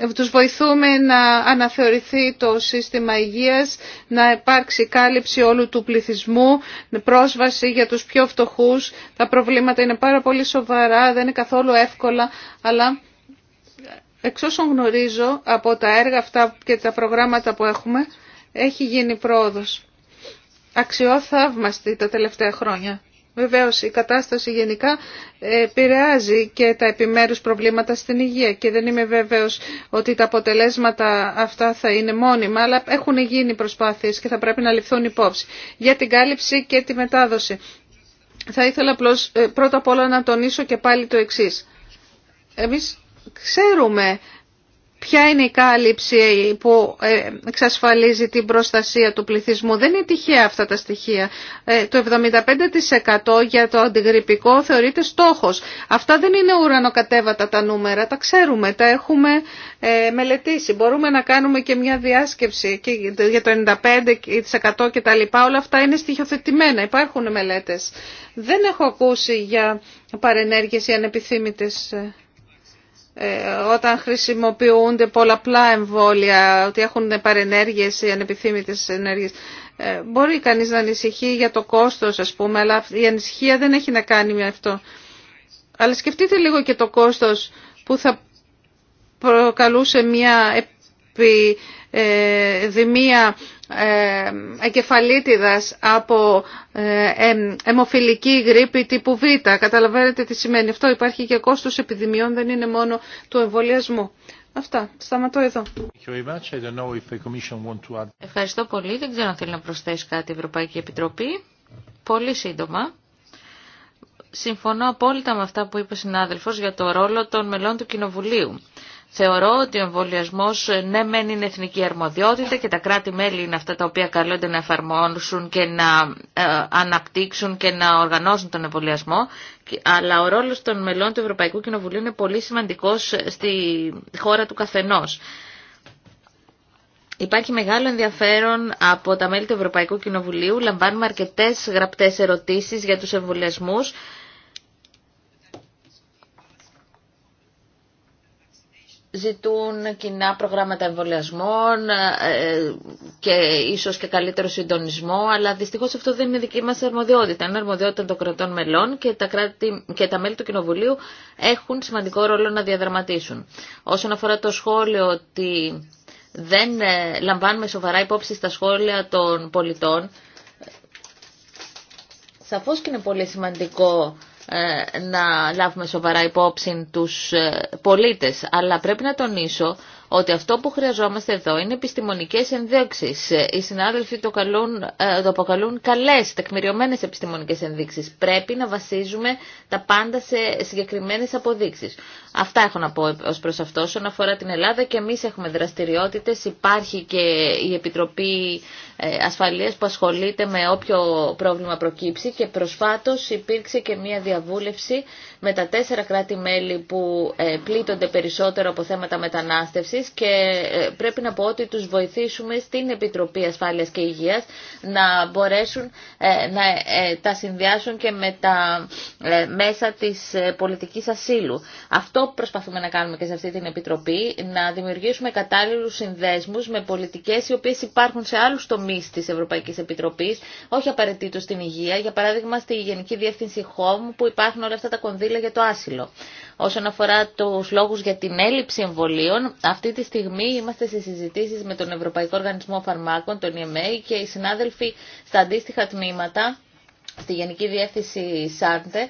Ε, τους βοηθούμε να αναθεωρηθεί το σύστημα υγείας, να υπάρξει κάλυψη όλου του πληθυσμού, πρόσβαση για τους πιο φτωχούς. Τα προβλήματα είναι πάρα πολύ σοβαρά, δεν είναι καθόλου εύκολα, αλλά Εξ όσων γνωρίζω από τα έργα αυτά και τα προγράμματα που έχουμε, έχει γίνει πρόοδος. Αξιόθαυμαστη τα τελευταία χρόνια. Βεβαίως η κατάσταση γενικά ε, επηρεάζει και τα επιμέρους προβλήματα στην υγεία και δεν είμαι βέβαιος ότι τα αποτελέσματα αυτά θα είναι μόνιμα, αλλά έχουν γίνει προσπάθειες και θα πρέπει να ληφθούν υπόψη για την κάλυψη και τη μετάδοση. Θα ήθελα απλώς ε, πρώτα απ' όλα να τονίσω και πάλι το εξής. Εμείς ξέρουμε ποια είναι η κάλυψη που ε, εξασφαλίζει την προστασία του πληθυσμού. Δεν είναι τυχαία αυτά τα στοιχεία. Ε, το 75% για το αντιγρυπικό θεωρείται στόχος. Αυτά δεν είναι ουρανοκατέβατα τα νούμερα, τα ξέρουμε, τα έχουμε ε, μελετήσει. Μπορούμε να κάνουμε και μια διάσκεψη για το 95% και τα λοιπά. Όλα αυτά είναι στοιχειοθετημένα, υπάρχουν μελέτες. Δεν έχω ακούσει για παρενέργειες ή ανεπιθύμητες ε, όταν χρησιμοποιούνται πολλαπλά εμβόλια, ότι έχουν παρενέργειες ή ανεπιθύμητες ενέργειες. Ε, μπορεί κανείς να ανησυχεί για το κόστος, ας πούμε, αλλά η ανησυχία δεν έχει να κάνει με αυτό. Αλλά σκεφτείτε λίγο και το κόστος που θα προκαλούσε μια επιδημία ε, ε, εγκεφαλίτιδας από ε, αιμοφιλική γρήπη τύπου Β. Καταλαβαίνετε τι σημαίνει αυτό. Υπάρχει και κόστος επιδημιών, δεν είναι μόνο του εμβολιασμού. Αυτά. Σταματώ εδώ. Ευχαριστώ πολύ. Δεν ξέρω αν θέλει να προσθέσει κάτι η Ευρωπαϊκή Επιτροπή. Πολύ σύντομα. Συμφωνώ απόλυτα με αυτά που είπε ο συνάδελφος για το ρόλο των μελών του Κοινοβουλίου. Θεωρώ ότι ο εμβολιασμό ναι μεν είναι εθνική αρμοδιότητα και τα κράτη-μέλη είναι αυτά τα οποία καλούνται να εφαρμόσουν και να ε, αναπτύξουν και να οργανώσουν τον εμβολιασμό, αλλά ο ρόλος των μελών του Ευρωπαϊκού Κοινοβουλίου είναι πολύ σημαντικός ε, στη χώρα του καθενό. Υπάρχει μεγάλο ενδιαφέρον από τα μέλη του Ευρωπαϊκού Κοινοβουλίου. Λαμβάνουμε αρκετέ γραπτέ ερωτήσει για του εμβολιασμού ζητούν κοινά προγράμματα εμβολιασμών ε, και ίσως και καλύτερο συντονισμό, αλλά δυστυχώς αυτό δεν είναι δική μας αρμοδιότητα. Είναι αρμοδιότητα των κρατών μελών και τα, κράτη, και τα μέλη του Κοινοβουλίου έχουν σημαντικό ρόλο να διαδραματίσουν. Όσον αφορά το σχόλιο ότι δεν ε, λαμβάνουμε σοβαρά υπόψη στα σχόλια των πολιτών, ε, σαφώς και είναι πολύ σημαντικό ε, να λάβουμε σοβαρά υπόψη τους ε, πολίτες. Αλλά πρέπει να τονίσω ότι αυτό που χρειαζόμαστε εδώ είναι επιστημονικές ενδείξεις. Οι συνάδελφοι το, καλούν, ε, το αποκαλούν καλές, τεκμηριωμένες επιστημονικές ενδείξεις. Πρέπει να βασίζουμε τα πάντα σε συγκεκριμένες αποδείξεις. Αυτά έχω να πω ως προς αυτό. Όσον αφορά την Ελλάδα και εμείς έχουμε δραστηριότητες. Υπάρχει και η Επιτροπή ε, Ασφαλείας που ασχολείται με όποιο πρόβλημα προκύψει και προσφάτως υπήρξε και μια διαβούλευση με τα τέσσερα κράτη-μέλη που ε, πλήττονται περισσότερο από θέματα μετανάστευσης και ε, πρέπει να πω ότι τους βοηθήσουμε στην Επιτροπή Ασφάλειας και Υγείας να μπορέσουν ε, να ε, τα συνδυάσουν και με τα μέσα της πολιτικής ασύλου. Αυτό προσπαθούμε να κάνουμε και σε αυτή την Επιτροπή, να δημιουργήσουμε κατάλληλους συνδέσμους με πολιτικές οι οποίες υπάρχουν σε άλλους τομείς της Ευρωπαϊκής Επιτροπής, όχι απαραίτητο στην υγεία, για παράδειγμα στη Γενική Διεύθυνση Home που υπάρχουν όλα αυτά τα κονδύλια για το άσυλο. Όσον αφορά τους λόγους για την έλλειψη εμβολίων, αυτή τη στιγμή είμαστε σε συζητήσεις με τον Ευρωπαϊκό Οργανισμό Φαρμάκων, τον EMA και οι συνάδελφοι στα αντίστοιχα τμήματα, στη Γενική Διεύθυνση ΣΑΝΤΕ,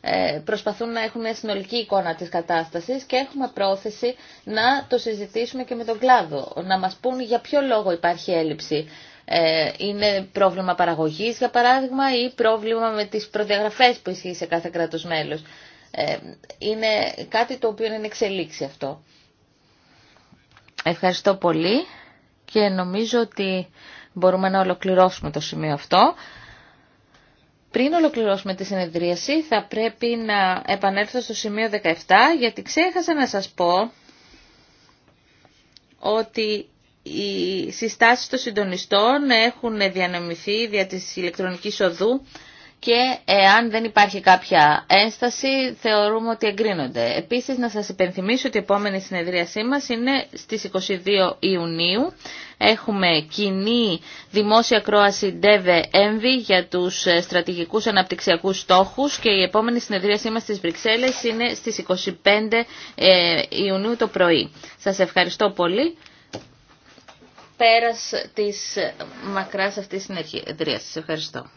ε, προσπαθούν να έχουν μια συνολική εικόνα της κατάστασης και έχουμε πρόθεση να το συζητήσουμε και με τον κλάδο, να μας πούν για ποιο λόγο υπάρχει έλλειψη. Ε, είναι πρόβλημα παραγωγής, για παράδειγμα, ή πρόβλημα με τις προδιαγραφές που ισχύει σε κάθε κράτος μέλος. Ε, είναι κάτι το οποίο είναι εξελίξη αυτό. Ευχαριστώ πολύ και νομίζω ότι μπορούμε να ολοκληρώσουμε το σημείο αυτό. Πριν ολοκληρώσουμε τη συνεδρίαση θα πρέπει να επανέλθω στο σημείο 17 γιατί ξέχασα να σας πω ότι οι συστάσεις των συντονιστών έχουν διανομηθεί δια της ηλεκτρονικής οδού και εάν δεν υπάρχει κάποια ένσταση θεωρούμε ότι εγκρίνονται. Επίσης να σας υπενθυμίσω ότι η επόμενη συνεδρίασή μας είναι στις 22 Ιουνίου. Έχουμε κοινή δημόσια κρόαση DEVE για τους στρατηγικούς αναπτυξιακούς στόχους και η επόμενη συνεδρίασή μας στις Βρυξέλλες είναι στις 25 ε, Ιουνίου το πρωί. Σας ευχαριστώ πολύ. Πέρας της μακράς αυτής συνεδρίας. Σας ευχαριστώ.